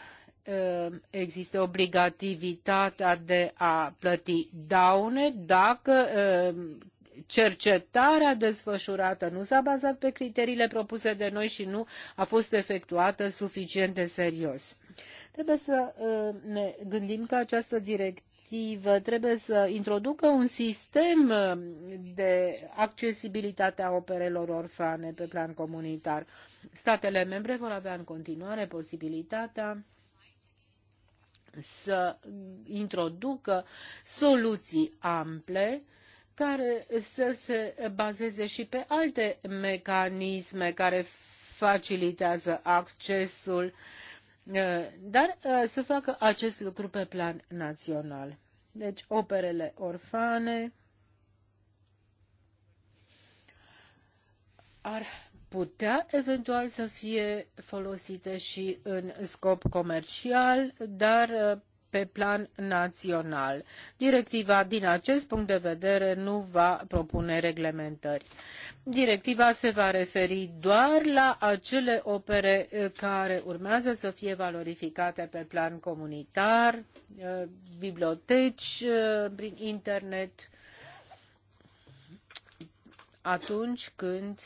Ehm, existe obligativitatea de a plăti daune dacă ehm, cercetarea desfășurată nu s-a bazat pe criteriile propuse de noi și nu a fost efectuată suficient de serios. Trebuie să ehm, ne gândim că această directivă trebuie să introducă un sistem de accesibilitate a operelor orfane pe plan comunitar. Statele membre vor avea în continuare posibilitatea să introducă soluții ample care să se bazeze și pe alte mecanisme care facilitează accesul, eh, dar eh, să facă acest lucru pe plan național. Deci, operele orfane ar putea eventual să fie folosite și în scop comercial, dar uh, pe plan național. Directiva, din acest punct de vedere, nu va propune reglementări. Directiva se va referi doar la acele opere uh, care urmează să fie valorificate pe plan comunitar, uh, biblioteci prin internet, atunci când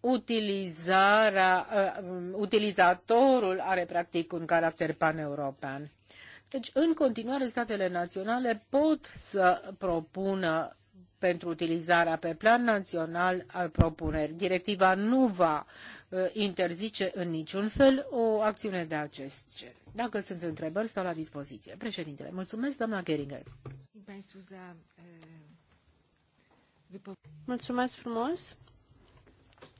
utilizarea, uh, utilizatorul are practic un caracter paneuropean. Deci, în continuare, statele naționale pot să propună pentru utilizarea pe plan național al propuneri. Directiva nu va uh, interzice în niciun fel o acțiune de acest gen. Dacă sunt întrebări, stau la dispoziție. Președintele, mulțumesc, doamna Geringer. Mulțumesc frumos.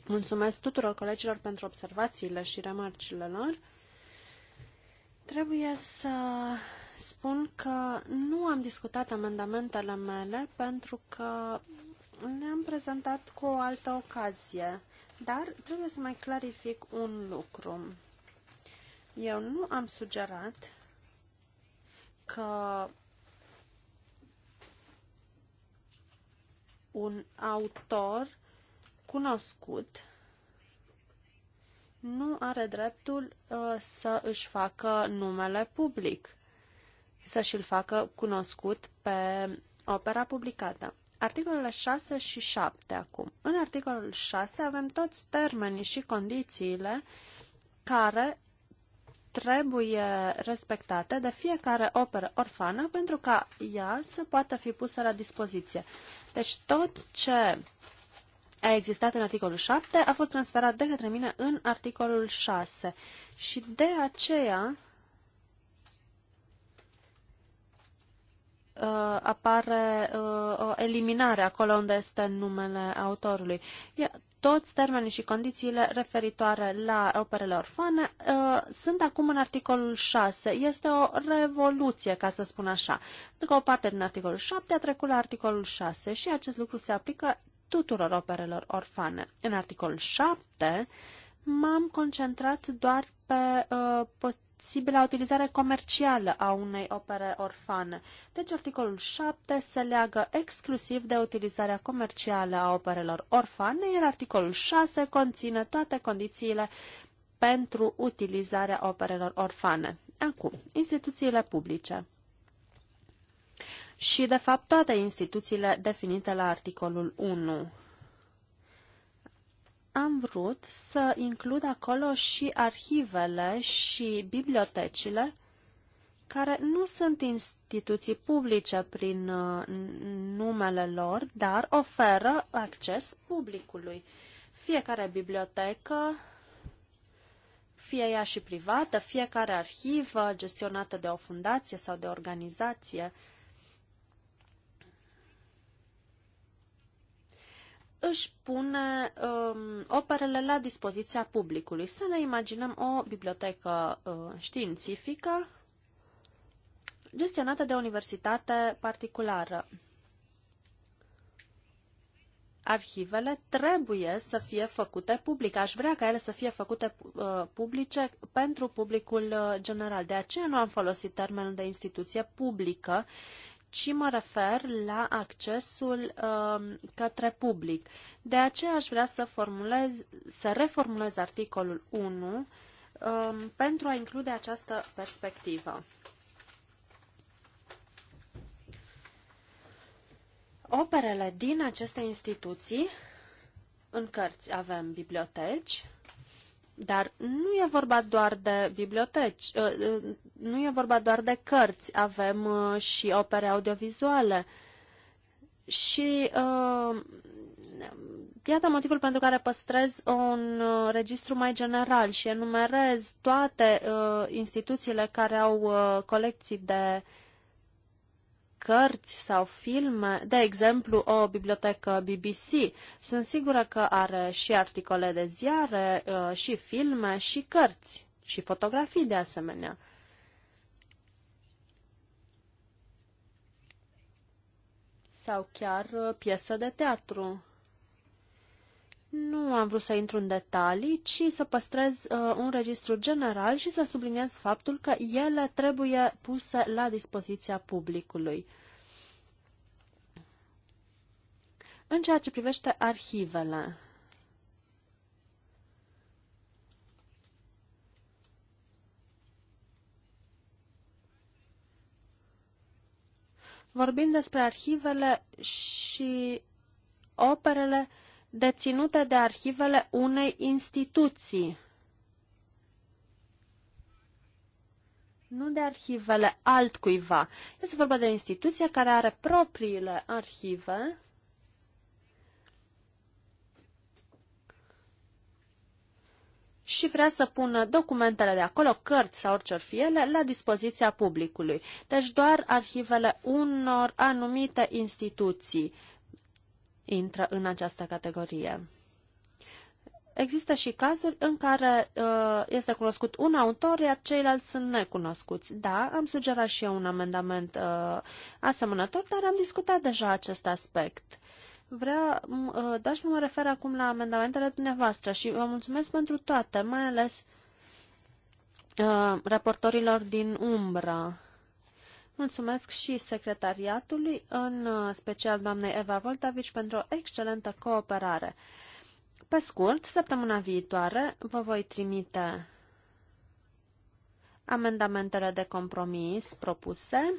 Mulțumesc tuturor colegilor pentru observațiile și remarcile lor. Trebuie să spun că nu am discutat amendamentele mele pentru că le-am prezentat cu o altă ocazie, dar trebuie să mai clarific un lucru. Eu nu am sugerat că un autor cunoscut nu are dreptul uh, să își facă numele public, să și-l facă cunoscut pe opera publicată. Articolele 6 și 7 acum. În articolul 6 avem toți termenii și condițiile care trebuie respectate de fiecare operă orfană pentru ca ea să poată fi pusă la dispoziție. Deci tot ce a existat în articolul 7 a fost transferat de către mine în articolul 6. Și de aceea uh, apare uh, o eliminare acolo unde este numele autorului. Ia, toți termenii și condițiile referitoare la operele orfane uh, sunt acum în articolul 6. Este o revoluție, ca să spun așa. Pentru că o parte din articolul 7 a trecut la articolul 6 și acest lucru se aplică tuturor operelor orfane. În articolul 7 m-am concentrat doar pe uh, posibilă utilizare comercială a unei opere orfane. Deci articolul 7 se leagă exclusiv de utilizarea comercială a operelor orfane, iar articolul 6 conține toate condițiile pentru utilizarea operelor orfane. Acum, instituțiile publice și, de fapt, toate instituțiile definite la articolul 1. Am vrut să includ acolo și arhivele și bibliotecile care nu sunt instituții publice prin uh, numele lor, dar oferă acces publicului. Fiecare bibliotecă, fie ea și privată, fiecare arhivă gestionată de o fundație sau de o organizație, își pune um, operele la dispoziția publicului. Să ne imaginăm o bibliotecă uh, științifică gestionată de o universitate particulară. Arhivele trebuie să fie făcute publice. Aș vrea ca ele să fie făcute uh, publice pentru publicul uh, general. De aceea nu am folosit termenul de instituție publică, uh, ci mă refer la accesul uh, către public. De aceea aș vrea să, formulez, să reformulez articolul 1 uh, um, pentru a include această perspectivă. Operele din aceste instituții, în cărți avem biblioteci, dar nu e vorba doar de biblioteci, ă, ă, nu e vorba doar de cărți, avem ă, și opere audiovizuale. Și uh, iată motivul pentru care păstrez un registru mai general și enumerez toate uh, instituțiile care au uh, colecții de uh, cărți sau filme, de exemplu o bibliotecă BBC. Sunt sigură că are și articole de ziare, uh, și filme, și cărți, și fotografii de asemenea. Sau chiar uh, piesă de teatru. Nu am vrut să intru în detalii, ci să păstrez uh, un registru general și să subliniez faptul că ele trebuie puse la dispoziția publicului. În ceea ce privește arhivele, vorbim despre arhivele și operele uh, deținute de arhivele unei instituții, nu de arhivele altcuiva. Este vorba de o instituție care are propriile arhive și vrea să pună documentele de acolo, cărți sau orice fie, ele, la dispoziția publicului. Deci doar arhivele unor anumite instituții intră în această categorie. Există și cazuri în care uh, este cunoscut un autor, iar ceilalți sunt necunoscuți. Da, am sugerat și eu un amendament uh, asemănător, dar am discutat deja acest aspect. Vreau uh, doar să mă refer acum la amendamentele dumneavoastră și vă mulțumesc pentru toate, mai ales uh, raportorilor din umbră. Mulțumesc și secretariatului, în uh, special doamnei Eva Voltavici, pentru o excelentă cooperare. Pe scurt, săptămâna viitoare vă voi trimite amendamentele de compromis propuse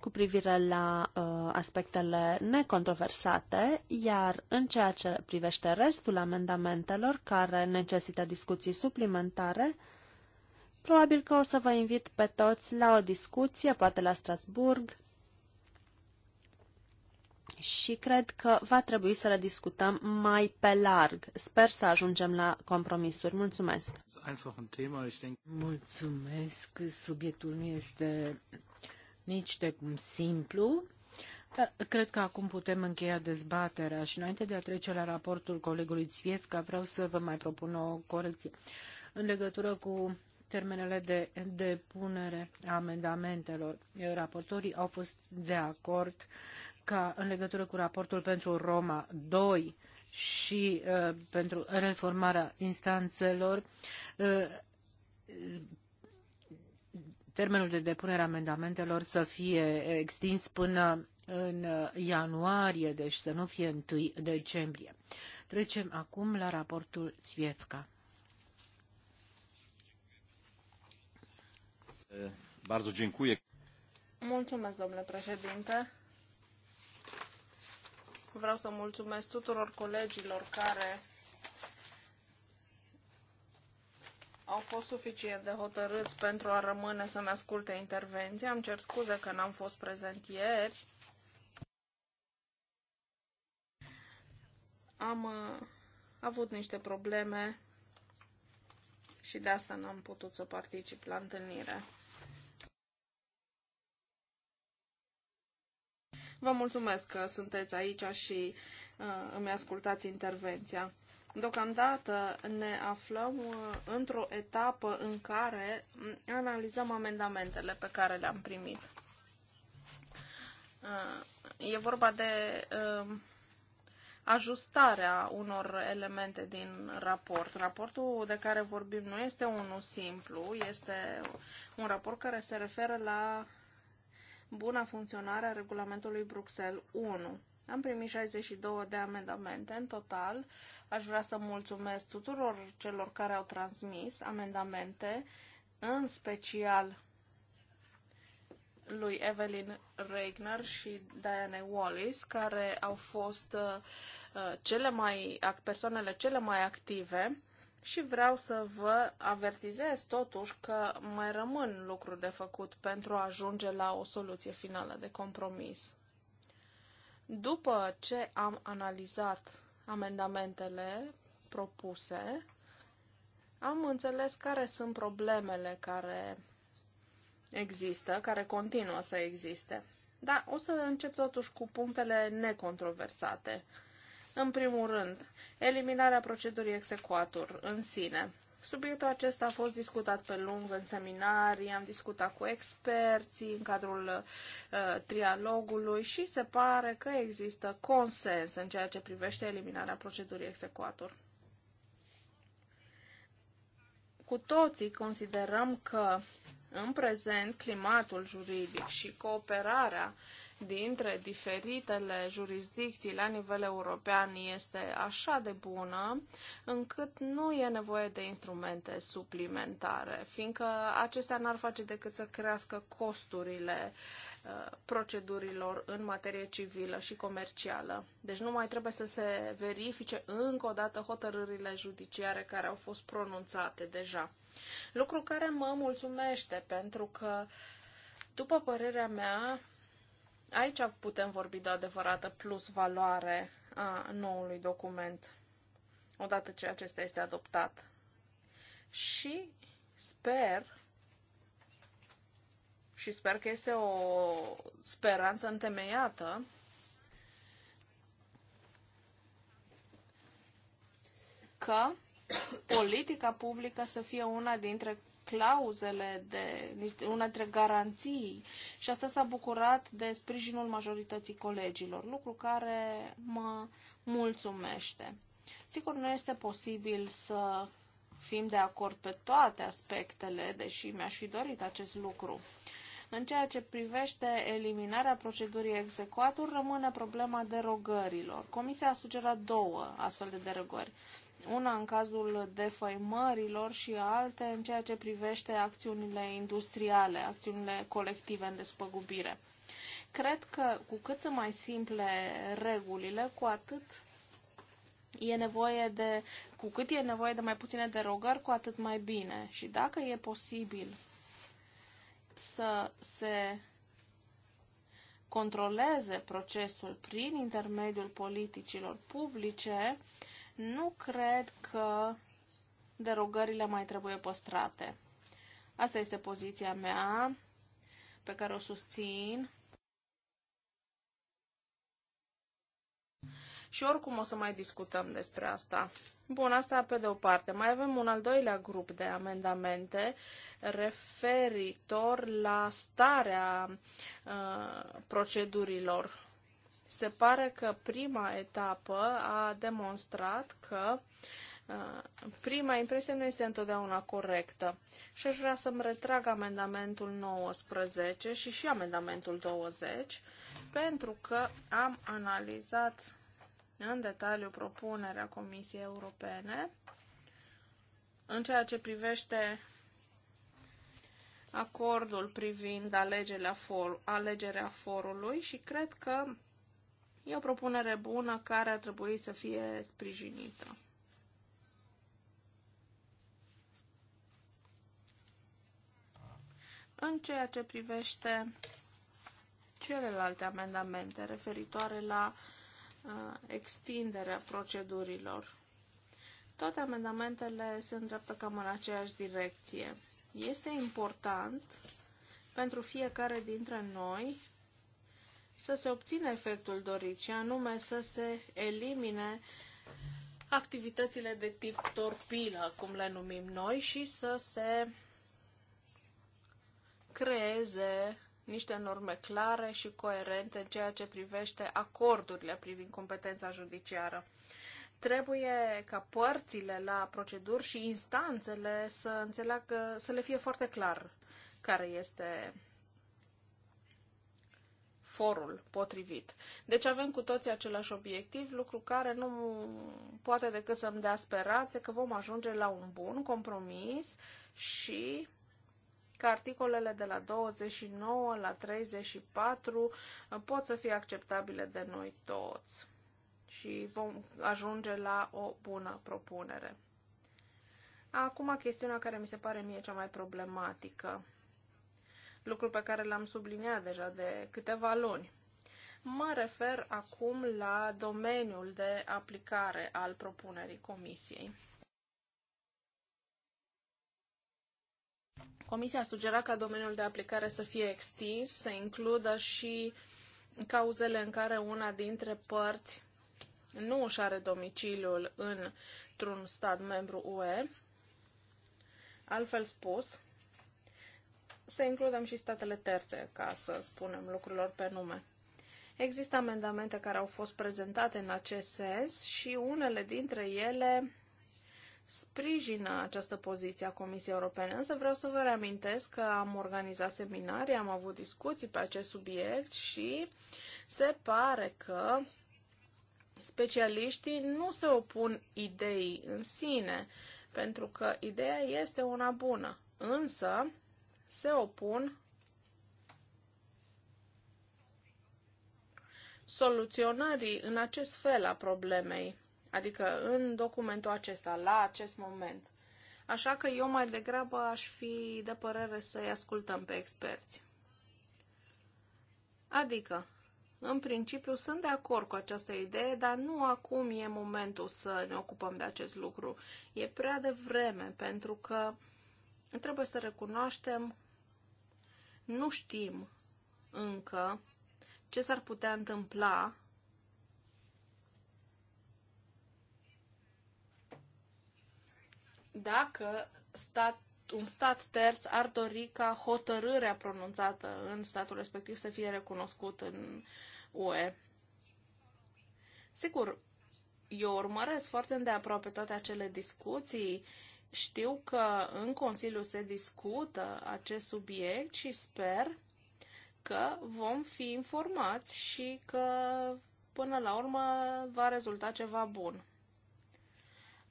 cu privire la uh, aspectele necontroversate, iar în ceea ce privește restul amendamentelor care necesită discuții suplimentare, Probabil că o să vă invit pe toți la o discuție, poate la Strasburg, și cred că va trebui să le discutăm mai pe larg. Sper să ajungem la compromisuri. Mulțumesc! Mulțumesc! Subiectul nu este nici de cum simplu. cred că acum putem încheia dezbaterea și înainte de a trece la raportul colegului Țviefca, vreau să vă mai propun o corecție. În legătură cu termenele de depunere a amendamentelor. Raportorii au fost de acord ca în legătură cu raportul pentru Roma 2 și uh, pentru reformarea instanțelor, uh, termenul de depunere a amendamentelor să fie extins până în ianuarie, deci să nu fie 1 decembrie. Trecem acum la raportul Svievka. Mulțumesc, domnule președinte. Vreau să mulțumesc tuturor colegilor care au fost suficient de hotărâți pentru a rămâne să-mi asculte intervenția. Am cer scuze că n-am fost prezent ieri. Am uh, avut niște probleme și de asta n-am putut să particip la întâlnire. Vă mulțumesc că sunteți aici și uh, îmi ascultați intervenția. Deocamdată ne aflăm uh, într-o etapă în care analizăm amendamentele pe care le-am primit. Uh, e vorba de uh, ajustarea unor elemente din raport. Raportul de care vorbim nu este unul simplu, este un raport care se referă la buna funcționare a regulamentului Bruxelles 1. Am primit 62 de amendamente în total. Aș vrea să mulțumesc tuturor celor care au transmis amendamente, în special lui Evelyn Regner și Diane Wallis, care au fost uh, cele mai, persoanele cele mai active și vreau să vă avertizez totuși că mai rămân lucruri de făcut pentru a ajunge la o soluție finală de compromis. După ce am analizat amendamentele propuse, am înțeles care sunt problemele care există, care continuă să existe. Dar o să încep totuși cu punctele necontroversate. În primul rând, eliminarea procedurii execuator în sine. Subiectul acesta a fost discutat pe lung în seminarii, am discutat cu experții în cadrul uh, trialogului și se pare că există consens în ceea ce privește eliminarea procedurii execuator. Cu toții considerăm că în prezent climatul juridic și cooperarea uh, dintre diferitele jurisdicții la nivel european este așa de bună încât nu e nevoie de instrumente suplimentare, fiindcă acestea n-ar face decât să crească costurile uh, procedurilor în materie civilă și comercială. Deci nu mai trebuie să se verifice încă o dată hotărârile judiciare care au fost pronunțate deja. Lucru care mă mulțumește pentru că, după părerea mea, Aici putem vorbi de adevărată plus valoare a noului document, odată ce acesta este adoptat. Și sper și sper că este o speranță întemeiată că politica publică să fie una dintre clauzele, de una dintre garanții și asta s-a bucurat de sprijinul majorității colegilor, lucru care mă mulțumește. Sigur, nu este posibil să fim de acord pe toate aspectele, deși mi-aș fi dorit acest lucru. În ceea ce privește eliminarea procedurii executor, rămâne problema derogărilor. Comisia a sugerat două astfel de derogări. Una în cazul defăimărilor și alte în ceea ce privește acțiunile industriale, acțiunile colective în despăgubire. Cred că cu cât sunt mai simple regulile, cu atât e nevoie de, cu cât e nevoie de mai puține derogări, cu atât mai bine. Și dacă e posibil să se controleze procesul prin intermediul politicilor publice, uh, nu cred că derogările mai trebuie păstrate. Asta este poziția mea pe care o susțin. Și oricum o să mai discutăm despre asta. Bun, asta pe de o parte. Mai avem un al doilea grup de amendamente referitor la starea uh, procedurilor se pare că prima etapă a demonstrat că uh, prima impresie nu este întotdeauna corectă. Și aș vrea să-mi retrag amendamentul 19 și și amendamentul 20, pentru că am analizat în detaliu propunerea Comisiei Europene în ceea ce privește acordul privind alegerea, alegerea forului și cred că E o propunere bună care ar trebui să fie sprijinită. În ceea ce privește celelalte amendamente referitoare la uh, extinderea procedurilor, toate amendamentele se îndreaptă cam în aceeași direcție. Este important pentru fiecare dintre noi să se obțină efectul dorit și anume să se elimine activitățile de tip torpilă, cum le numim noi, și să se creeze niște norme clare și coerente în ceea ce privește acordurile privind competența judiciară. Trebuie ca părțile la proceduri și instanțele să înțeleagă, să le fie foarte clar care este forul potrivit. Deci avem cu toții același obiectiv, lucru care nu poate decât să-mi dea speranțe că vom ajunge la un bun compromis și că articolele de la 29 la 34 pot să fie acceptabile de noi toți și vom ajunge la o bună propunere. Acum, chestiunea care mi se pare mie cea mai problematică lucru pe care l-am subliniat deja de câteva luni. Mă refer acum la domeniul de aplicare al propunerii Comisiei. Comisia a sugerat ca domeniul de aplicare să fie extins, să includă și cauzele în care una dintre părți nu își are domiciliul într-un stat membru UE. Altfel spus, să includem și statele terțe, ca să spunem lucrurilor pe nume. Există amendamente care au fost prezentate în acest sens și unele dintre ele sprijină această poziție a Comisiei Europene, însă vreau să vă reamintesc că am organizat seminarii, am avut discuții pe acest subiect și se pare că specialiștii nu se opun ideii în sine, pentru că ideea este una bună. Însă, se opun soluționării în acest fel a problemei, adică în documentul acesta, la acest moment. Așa că eu mai degrabă aș fi de părere să-i ascultăm pe experți. Adică, în principiu sunt de acord cu această idee, dar nu acum e momentul să ne ocupăm de acest lucru. E prea devreme, pentru că trebuie să recunoaștem, nu știm încă ce s-ar putea întâmpla dacă stat, un stat terț ar dori ca hotărârea pronunțată în statul respectiv să fie recunoscut în UE. Sigur, eu urmăresc foarte îndeaproape toate acele discuții știu că în Consiliu se discută acest subiect și sper că vom fi informați și că până la urmă va rezulta ceva bun.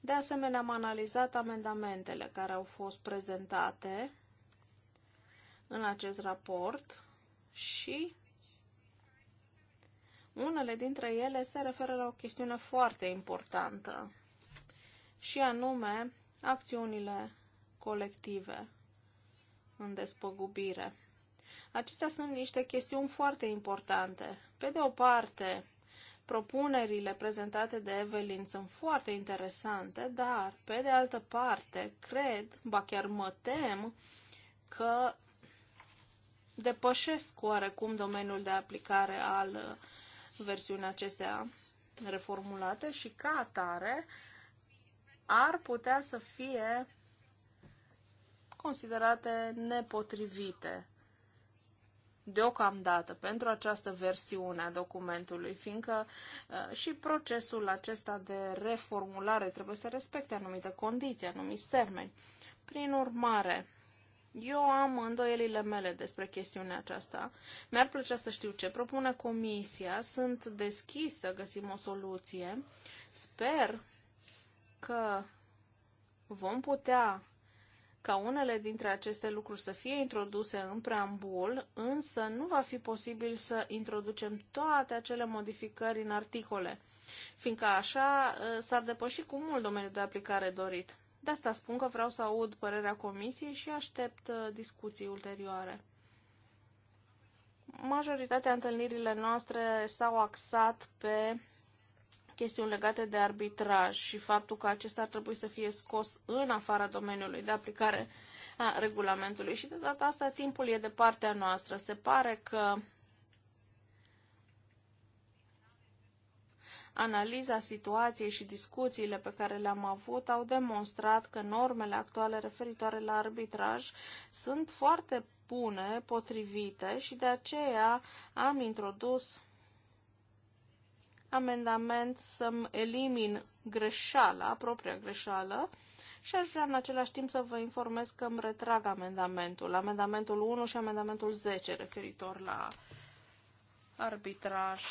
De asemenea, am analizat amendamentele care au fost prezentate în acest raport și unele dintre ele se referă la o chestiune foarte importantă și anume acțiunile colective în despăgubire. Acestea sunt niște chestiuni foarte importante. Pe de o parte, propunerile prezentate de Evelyn sunt foarte interesante, dar, pe de altă parte, cred, ba chiar mă tem, că depășesc oarecum domeniul de aplicare al versiunii acestea reformulate și, ca atare, ar putea să fie considerate nepotrivite deocamdată pentru această versiune a documentului, fiindcă uh, și procesul acesta de reformulare trebuie să respecte anumite condiții, anumite termeni. Prin urmare, eu am îndoielile mele despre chestiunea aceasta. Mi-ar plăcea să știu ce propune comisia. Sunt deschis să găsim o soluție. Sper că vom putea ca unele dintre aceste lucruri să fie introduse în preambul, însă nu va fi posibil să introducem toate acele modificări în articole, fiindcă așa ă, s-ar depăși cu mult domeniul de aplicare dorit. De asta spun că vreau să aud părerea comisiei și aștept ă, discuții ulterioare. Majoritatea întâlnirile noastre s-au axat pe chestiuni legate de arbitraj și faptul că acesta ar trebui să fie scos în afara domeniului de aplicare a regulamentului. Și de data asta timpul e de partea noastră. Se pare că Analiza situației și discuțiile pe care le-am avut au demonstrat că normele actuale referitoare la arbitraj sunt foarte bune, potrivite și de aceea am introdus amendament să-mi elimin greșeala, propria greșeală, și aș vrea în același timp să vă informez că îmi retrag amendamentul, amendamentul 1 și amendamentul 10 referitor la arbitraj.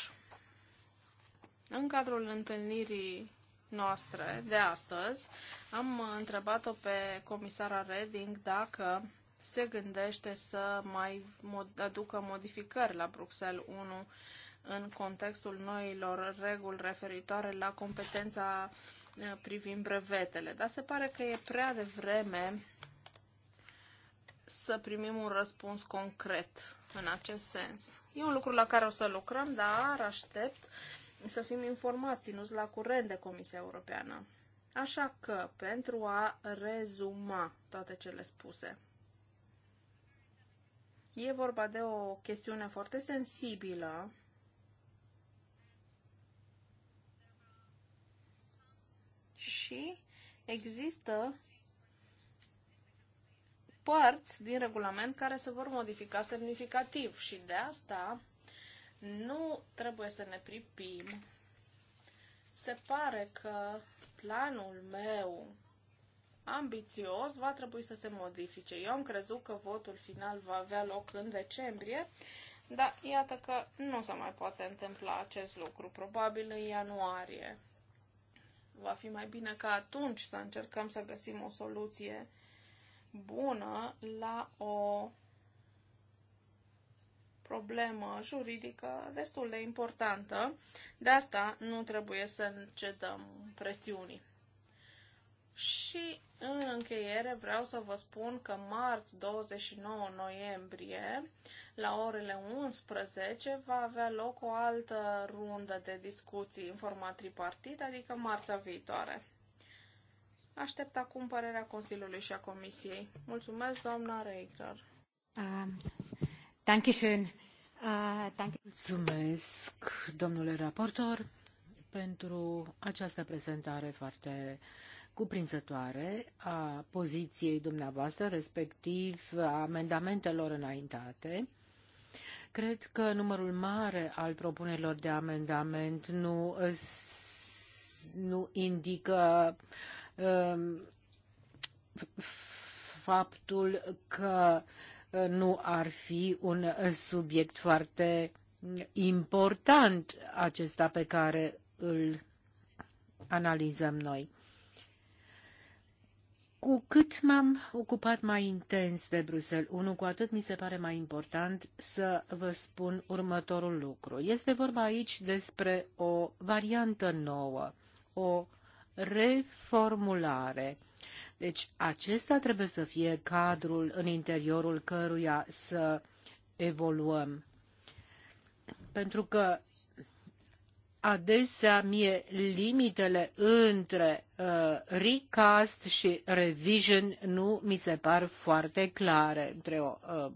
În cadrul întâlnirii noastre de astăzi, am întrebat-o pe comisara Reding dacă se gândește să mai mod- aducă modificări la Bruxelles 1 în contextul noilor reguli referitoare la competența eh, privind brevetele. Dar se pare că e prea devreme să primim un răspuns concret în acest sens. E un lucru la care o să lucrăm, dar aștept să fim informați, nu la curent de Comisia Europeană. Așa că, pentru a rezuma toate cele spuse, e vorba de o chestiune foarte sensibilă și există părți din regulament care se vor modifica semnificativ și de asta nu trebuie să ne pripim. Se pare că planul meu ambițios va trebui să se modifice. Eu am crezut că votul final va avea loc în decembrie, dar iată că nu se mai poate întâmpla acest lucru, probabil în ianuarie va fi mai bine ca atunci să încercăm să găsim o soluție bună la o problemă juridică destul de importantă. De asta nu trebuie să cedăm presiunii. Și în încheiere vreau să vă spun că marți 29 noiembrie, la orele 11, va avea loc o altă rundă de discuții în format tripartit, adică marțea viitoare. Aștept acum părerea Consiliului și a Comisiei. Mulțumesc, doamna Reigler. Uh, Uh, Mulțumesc, domnule raportor, pentru această prezentare foarte uh, cuprinzătoare a poziției dumneavoastră, respectiv a amendamentelor înaintate. Cred că numărul mare al propunerilor de amendament nu, nu indică um, faptul că uh, nu ar fi un subiect foarte important acesta pe care îl analizăm noi cu cât m-am ocupat mai intens de Bruxelles 1, cu atât mi se pare mai important să vă spun următorul lucru. Este vorba aici despre o variantă nouă, o reformulare. Deci acesta trebuie să fie cadrul în interiorul căruia să evoluăm. Pentru că adesea mie limitele între uh, recast și revision nu mi se par foarte clare, între o uh,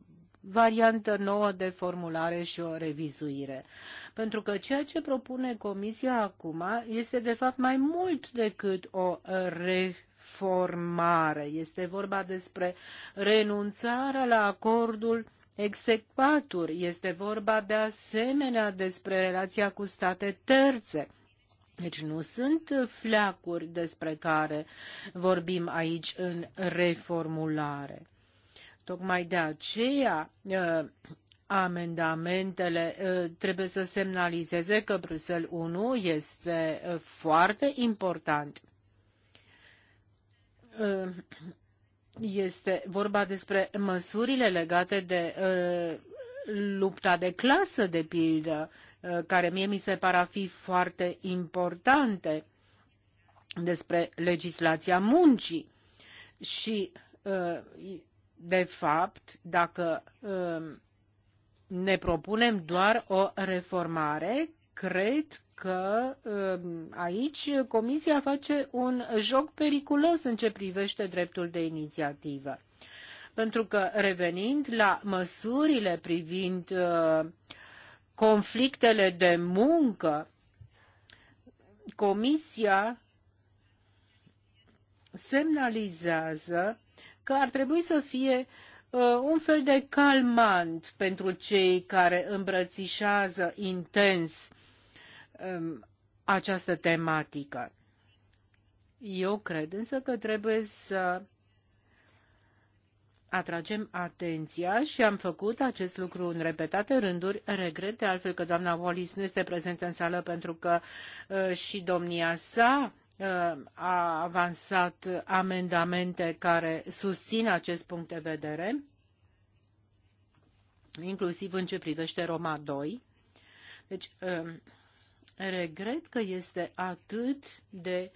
variantă nouă de formulare și o revizuire. Pentru că ceea ce propune Comisia acum este de fapt mai mult decât o uh, reformare. Este vorba despre renunțarea la acordul execvatur. Este vorba de asemenea despre relația cu state terțe. Deci nu sunt fleacuri despre care vorbim aici în reformulare. Tocmai de aceea ă, amendamentele ă, trebuie să semnalizeze că Bruxelles 1 este ă, foarte important este vorba despre măsurile legate de uh, lupta de clasă, de pildă, uh, care mie mi se par a fi foarte importante despre legislația muncii. Și, uh, de fapt, dacă ne propunem doar o reformare cred că um, aici Comisia face un joc periculos în ce privește dreptul de inițiativă. Pentru că revenind la măsurile privind uh, conflictele de muncă, Comisia semnalizează că ar trebui să fie uh, un fel de calmant pentru cei care îmbrățișează intens uh, Um, această tematică. Eu cred însă că trebuie să atragem atenția și am făcut acest lucru în repetate rânduri. Regret de altfel că doamna Wallis nu este prezentă în sală pentru că uh, și domnia sa uh, a avansat amendamente care susțin acest punct de vedere, inclusiv în ce privește Roma 2. Deci, um, regret că este atât de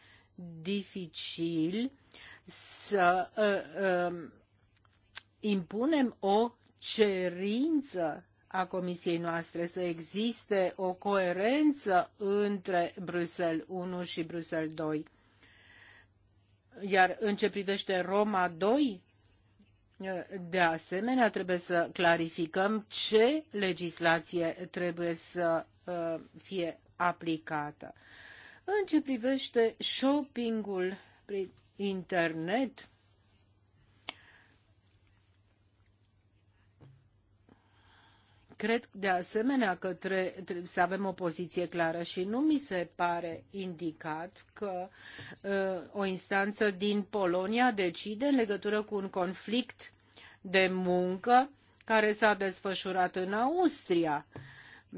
dificil să uh, uh, impunem o cerință a comisiei noastre să existe o coerență între Bruxelles 1 și Bruxelles 2. Iar în ce privește Roma 2, uh, de asemenea, trebuie să clarificăm ce legislație trebuie să uh, fie aplicată. În ce privește shoppingul prin internet, Cred de asemenea că trebuie să avem o poziție clară și nu mi se pare indicat că uh, o instanță din Polonia decide în legătură cu un conflict de muncă care s-a desfășurat în Austria. Uh,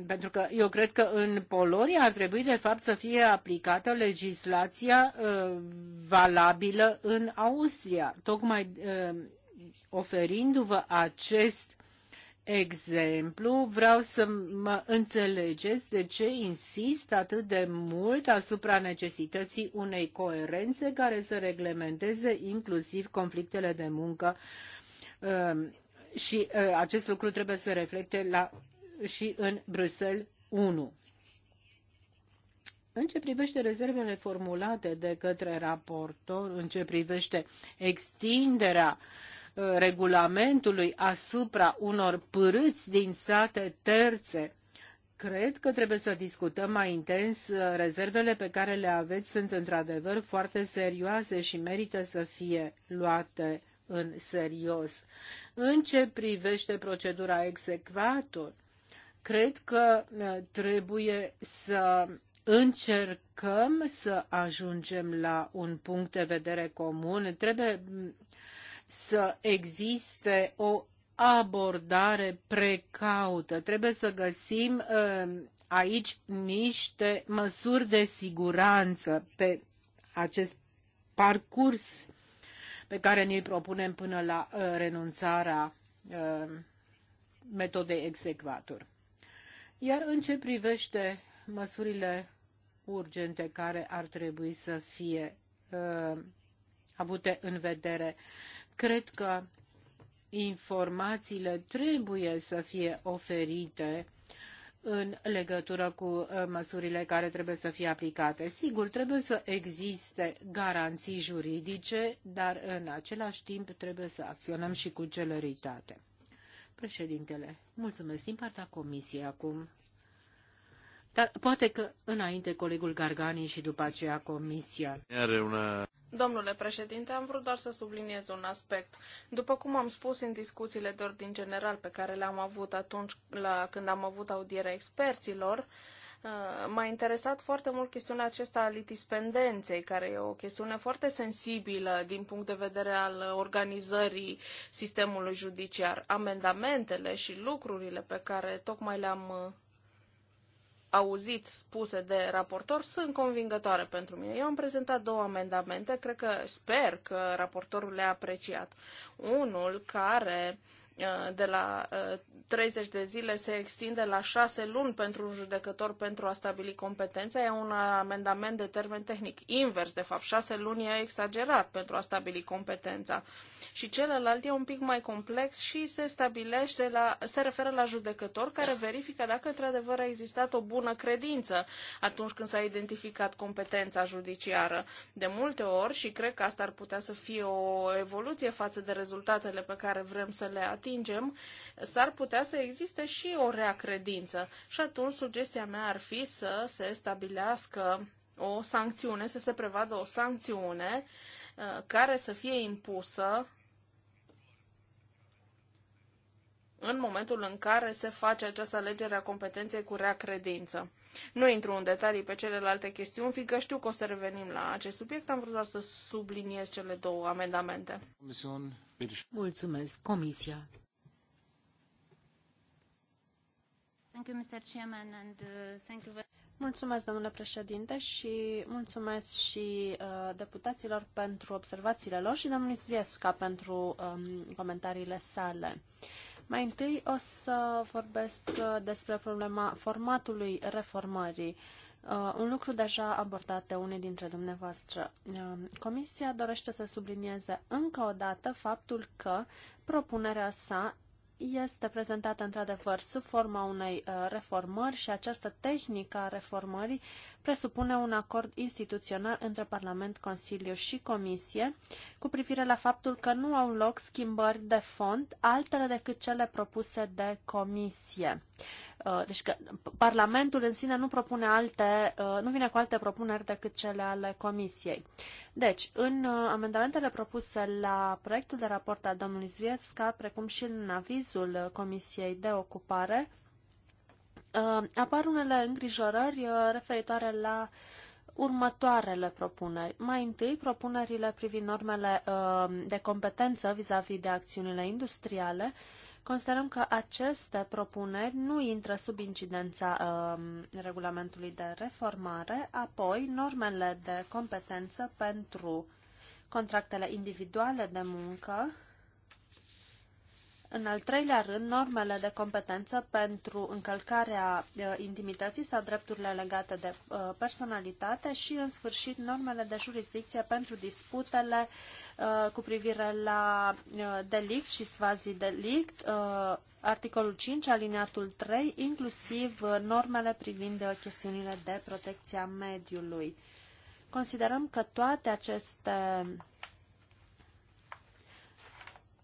pentru că eu cred că în Polonia ar trebui, de fapt, să fie aplicată legislația uh, valabilă în Austria, tocmai uh, oferindu-vă acest exemplu, vreau să mă înțelegeți de ce insist atât de mult asupra necesității unei coerențe care să reglementeze inclusiv conflictele de muncă uh, și uh, acest lucru trebuie să reflecte la și în Bruxelles 1. În ce privește rezervele formulate de către raportor, în ce privește extinderea uh, regulamentului asupra unor pârâți din state terțe, cred că trebuie să discutăm mai intens. Uh, rezervele pe care le aveți sunt într-adevăr foarte serioase și merită să fie luate în serios. În ce privește procedura execvator, Cred că uh, trebuie să încercăm să ajungem la un punct de vedere comun. Trebuie mm, să existe o abordare precaută. Trebuie să găsim uh, aici niște măsuri de siguranță pe acest parcurs pe care ne-l propunem până la uh, renunțarea metodei execvator. Iar în ce privește măsurile urgente care ar trebui să fie uh, avute în vedere, cred că informațiile trebuie să fie oferite în legătură cu uh, măsurile care trebuie să fie aplicate. Sigur, trebuie să existe garanții juridice, dar în același timp trebuie să acționăm și cu celeritate. Președintele, mulțumesc din partea comisiei acum. Dar poate că înainte colegul Gargani și după aceea comisia. Are una... Domnule președinte, am vrut doar să subliniez un aspect. După cum am spus în discuțiile de ordin general pe care le-am avut atunci la, când am avut audierea experților, uh, Uh, m-a interesat foarte mult chestiunea aceasta a litispendenței, care e o chestiune foarte sensibilă din punct de vedere al organizării sistemului judiciar. Amendamentele și lucrurile pe care tocmai le-am uh, auzit spuse de raportor sunt convingătoare pentru mine. Eu am prezentat două amendamente, cred că sper că raportorul le-a apreciat. Unul care uh, Uh, de la 30 uh, de zile se extinde la 6 luni pentru un judecător pentru a stabili competența. E un amendament de termen tehnic. Invers, de fapt, 6 luni e exagerat pentru a stabili competența. Și celălalt e un pic mai complex și se stabilește la, se referă la judecător care verifică dacă într-adevăr a existat o bună credință atunci când s-a identificat competența judiciară. De multe ori, și cred că asta ar putea să fie o evoluție față de rezultatele pe care vrem să le atingem, atingem, s-ar putea să existe și o reacredință, Și atunci sugestia mea ar fi să se stabilească o sancțiune, să se prevadă o sancțiune uh, care să fie impusă în momentul în care se face această alegere a competenței cu rea credință. Nu intru în detalii pe celelalte chestiuni, fiindcă știu că o să revenim la acest subiect, am vrut doar să subliniez cele două amendamente. Comisiune Mulțumesc. Comisia. Uh, mulțumesc, domnule președinte, și mulțumesc și uh, deputaților pentru observațiile lor și domnului Zviesca pentru um, comentariile sale. Mai întâi o să vorbesc uh, despre problema formatului reformării. Uh, Uh, un lucru deja abordat de unii dintre dumneavoastră. Uh, Comisia dorește să sublinieze încă o dată faptul că propunerea sa este prezentată într-adevăr sub forma unei uh, reformări și această tehnică a reformării presupune un acord instituțional între Parlament, Consiliu și Comisie cu privire la faptul că nu au loc schimbări de fond altele decât cele propuse de Comisie. Uh, Uh, deci că Parlamentul în sine nu propune alte, uh, nu vine cu alte propuneri decât cele ale Comisiei. Deci, în uh, amendamentele propuse la proiectul de raport al domnului Zviefska, precum și în avizul Comisiei de Ocupare, apar unele îngrijorări referitoare la următoarele propuneri. Mai întâi, propunerile privind normele de competență vis-a-vis -vis de acțiunile industriale, Considerăm că aceste propuneri nu intră sub incidența uh, regulamentului de reformare, apoi normele de competență pentru contractele individuale de muncă în al treilea rând, normele de competență pentru încălcarea intimității sau drepturile legate de personalitate și, în sfârșit, normele de jurisdicție pentru disputele cu privire la delict și svazi-delict, articolul 5, aliniatul 3, inclusiv normele privind chestiunile de protecția mediului. Considerăm că toate aceste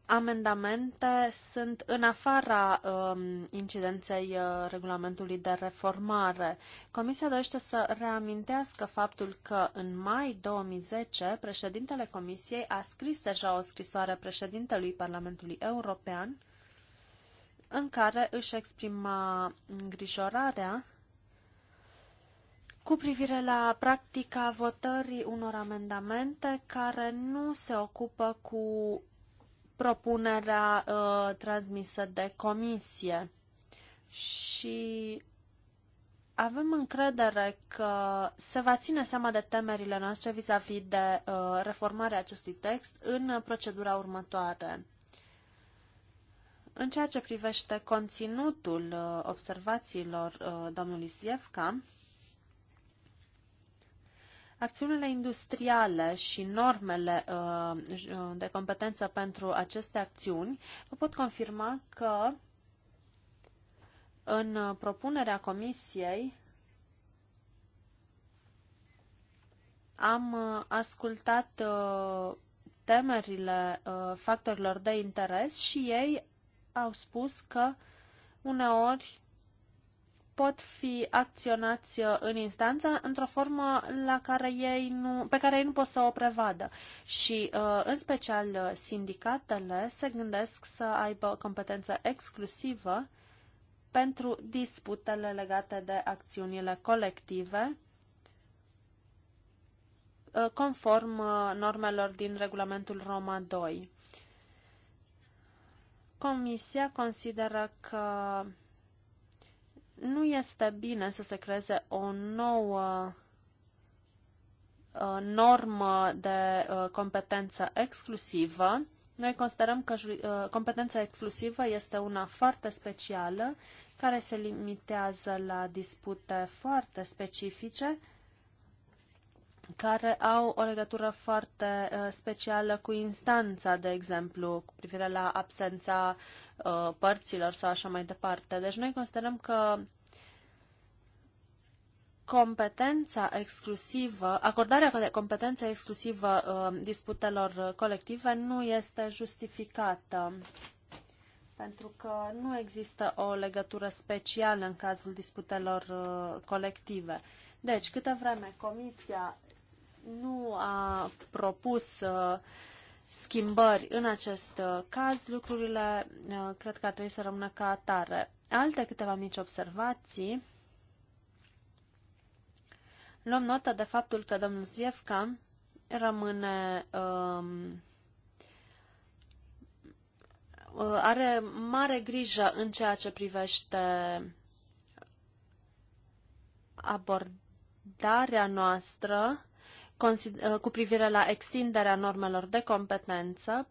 amendamente sunt în afara um, incidenței uh, regulamentului de reformare. Comisia dorește să reamintească faptul că în mai 2010 președintele Comisiei a scris deja o scrisoare președintelui Parlamentului European în care își exprima îngrijorarea cu privire la practica votării unor amendamente care nu se ocupă cu propunerea uh, transmisă de comisie și avem încredere că se va ține seama de temerile noastre vis-a-vis -vis de uh, reformarea acestui text în procedura următoare. În ceea ce privește conținutul uh, observațiilor uh, domnului Zievca, Acțiunile industriale și normele uh, uh, de competență pentru aceste acțiuni vă pot confirma că în uh, propunerea Comisiei am ascultat temerile factorilor de interes și ei au spus că uneori pot fi acționați uh, în instanță într-o formă la care ei nu, pe care ei nu pot să o prevadă. Și, uh, în special, uh, sindicatele se gândesc să aibă competență exclusivă pentru disputele legate de acțiunile colective, conform normelor din regulamentul Roma 2. Comisia consideră că nu este bine să se creeze o nouă uh, normă de uh, competență exclusivă. Noi considerăm că uh, competența exclusivă este una foarte specială, care se limitează la dispute foarte specifice, care au o legătură foarte specială cu instanța, de exemplu, cu privire la absența Uh, părților sau așa mai departe. Deci noi considerăm că competența exclusivă, acordarea de competență exclusivă uh, disputelor colective nu este justificată pentru că nu există o legătură specială în cazul disputelor uh, colective. Deci, câtă vreme Comisia nu a propus uh, schimbări în acest uh, caz, lucrurile uh, cred că ar trebui să rămână ca atare. Alte câteva mici observații. Luăm notă de faptul că domnul Zviefka rămâne um, uh, are mare grijă în ceea ce privește abordarea noastră Uh, cu privire la extinderea normelor de competență.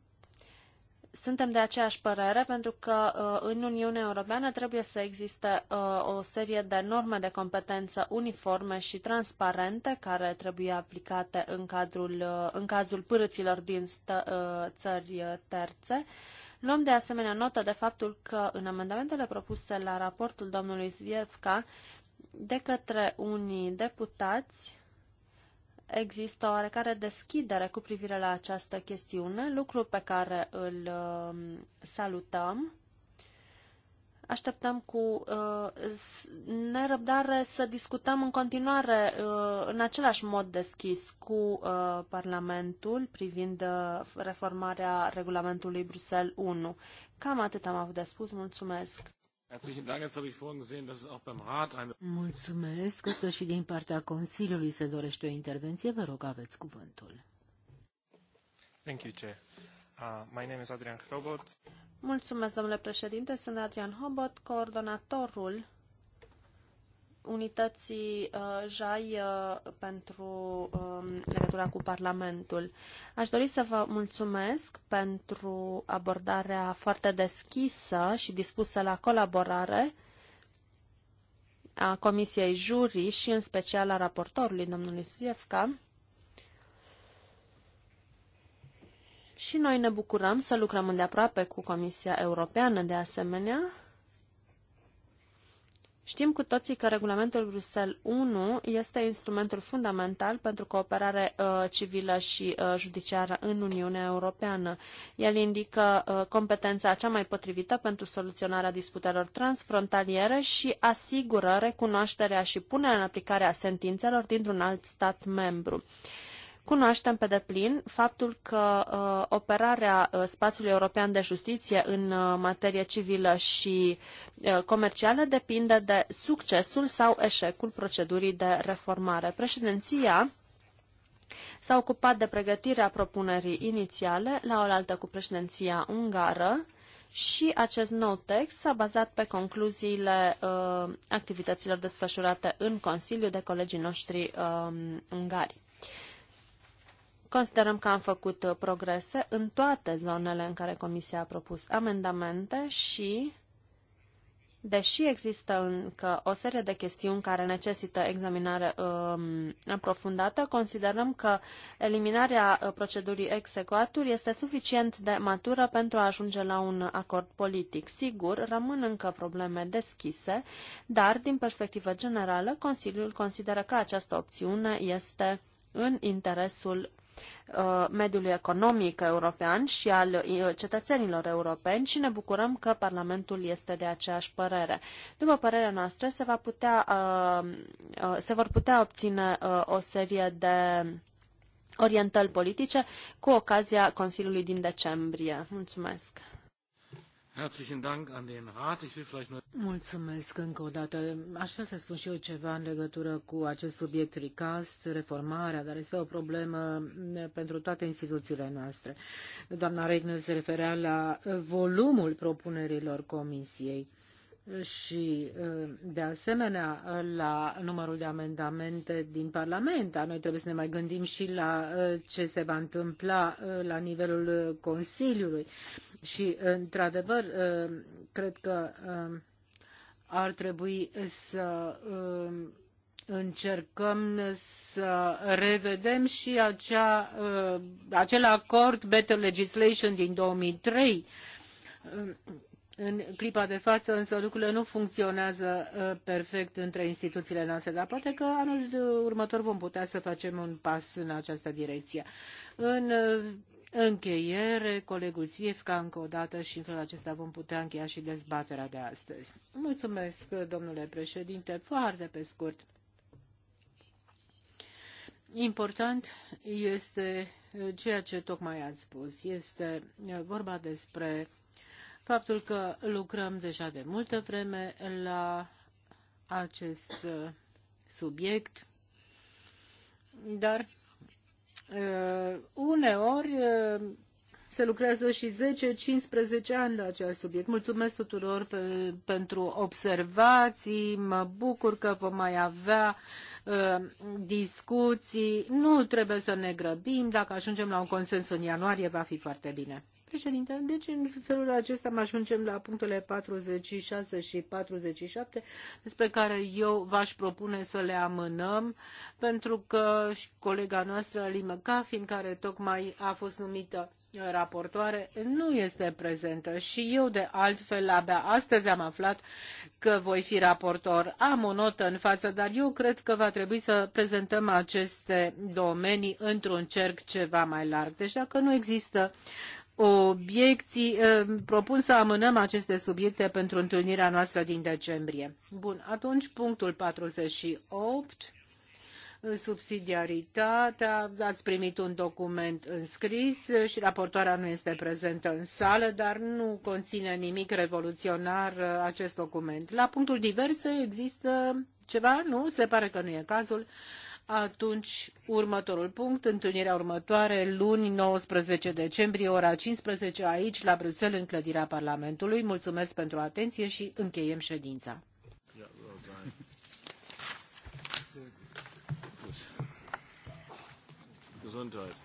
Suntem de aceeași părere pentru că uh, în Uniunea Europeană trebuie să existe uh, o serie de norme de competență uniforme și transparente care trebuie aplicate în, cadrul, în cazul pârâților din stă, țări terțe. Luăm de asemenea notă de faptul că în amendamentele propuse la raportul domnului Zvievca de către unii deputați există o oarecare deschidere cu privire la această chestiune, lucru pe care îl um, salutăm. Așteptăm cu uh, nerăbdare să discutăm în continuare uh, în același mod deschis cu uh, Parlamentul privind reformarea regulamentului Bruxelles 1. Cam atât am avut de spus. Mulțumesc! Mulțumesc că și din partea Consiliului se dorește o intervenție. Vă rog, aveți cuvântul. Thank you, Chair. Uh, my name is Adrian Mulțumesc, domnule președinte. Sunt Adrian Hobot, coordonatorul unității uh, JAI uh, pentru uh, legătura cu Parlamentul. Aș dori să vă mulțumesc pentru abordarea foarte deschisă și dispusă la colaborare a Comisiei Juri și în special a raportorului domnului Suievca. Și noi ne bucurăm să lucrăm îndeaproape cu Comisia Europeană de asemenea Știm cu toții că regulamentul Bruxelles 1 este instrumentul fundamental pentru cooperare uh, civilă și uh, judiciară în Uniunea Europeană. El indică uh, competența cea mai potrivită pentru soluționarea disputelor transfrontaliere și asigură recunoașterea și punerea în aplicare a sentințelor dintr-un alt stat membru. Uh, Cunoaștem pe deplin faptul că uh, operarea uh, spațiului european de justiție în uh, materie civilă și uh, comercială depinde de succesul sau eșecul procedurii de reformare. Președinția s-a ocupat de pregătirea propunerii inițiale la oaltă cu președinția ungară și acest nou text s-a bazat pe concluziile uh, activităților desfășurate în Consiliu de colegii noștri uh, ungari. Considerăm că am făcut uh, progrese în toate zonele în care Comisia a propus amendamente și, deși există încă o serie de chestiuni care necesită examinare um, aprofundată, considerăm că eliminarea uh, procedurii execuatur este suficient de matură pentru a ajunge la un acord politic. Sigur, rămân încă probleme deschise, dar, din perspectivă generală, Consiliul consideră că această opțiune este în interesul Uh, mediului economic european și al uh, cetățenilor europeni și ne bucurăm că Parlamentul este de aceeași părere. După părerea noastră, se, va putea, uh, se vor putea obține o serie de orientări politice cu ocazia Consiliului din decembrie. Mulțumesc! Mulțumesc încă o dată. Aș vrea să spun și eu ceva în legătură cu acest subiect RICAST, reformarea, dar este o problemă pentru toate instituțiile noastre. Doamna Regner se referea la volumul propunerilor Comisiei și, de asemenea, la numărul de amendamente din Parlament. Dar noi trebuie să ne mai gândim și la eh, ce se va întâmpla eh, la nivelul eh, Consiliului. Și, într-adevăr, ă, cred că ă, ar trebui să ă, încercăm să revedem și acea, acel acord Better Legislation din 2003. În clipa de față, însă, lucrurile nu funcționează perfect între instituțiile noastre, dar poate că anul următor vom putea să facem un pas în această direcție. În încheiere, colegul Sviefca încă o dată și în felul acesta vom putea încheia și dezbaterea de astăzi. Mulțumesc, domnule președinte, foarte pe scurt. Important este ceea ce tocmai ați spus. Este vorba despre faptul că lucrăm deja de multă vreme la acest subiect, dar Uh, uneori uh, se lucrează și 10-15 ani la acest subiect. Mulțumesc tuturor pe, pentru observații, mă bucur că vom mai avea uh, discuții. Nu trebuie să ne grăbim, dacă ajungem la un consens în ianuarie va fi foarte bine. Președinte, deci în felul acesta mă ajungem la punctele 46 și 47 despre care eu v-aș propune să le amânăm pentru că și colega noastră, Limă Cafin, care tocmai a fost numită uh, raportoare nu este prezentă și eu de altfel abia astăzi am aflat că voi fi raportor. Am o notă în față, dar eu cred că va trebui să prezentăm aceste domenii într-un cerc ceva mai larg. Deci dacă nu există obiecții, propun să amânăm aceste subiecte pentru întâlnirea noastră din decembrie. Bun, atunci punctul 48 subsidiaritatea. Ați primit un document înscris și raportoarea nu este prezentă în sală, dar nu conține nimic revoluționar acest document. La punctul diverse există ceva? Nu? Se pare că nu e cazul. Uh, atunci, următorul punct, întâlnirea următoare, luni 19 decembrie, ora 15, aici, la Bruxelles, în clădirea Parlamentului. Mulțumesc pentru atenție și încheiem ședința. Yeah, [laughs] well Gesundheit.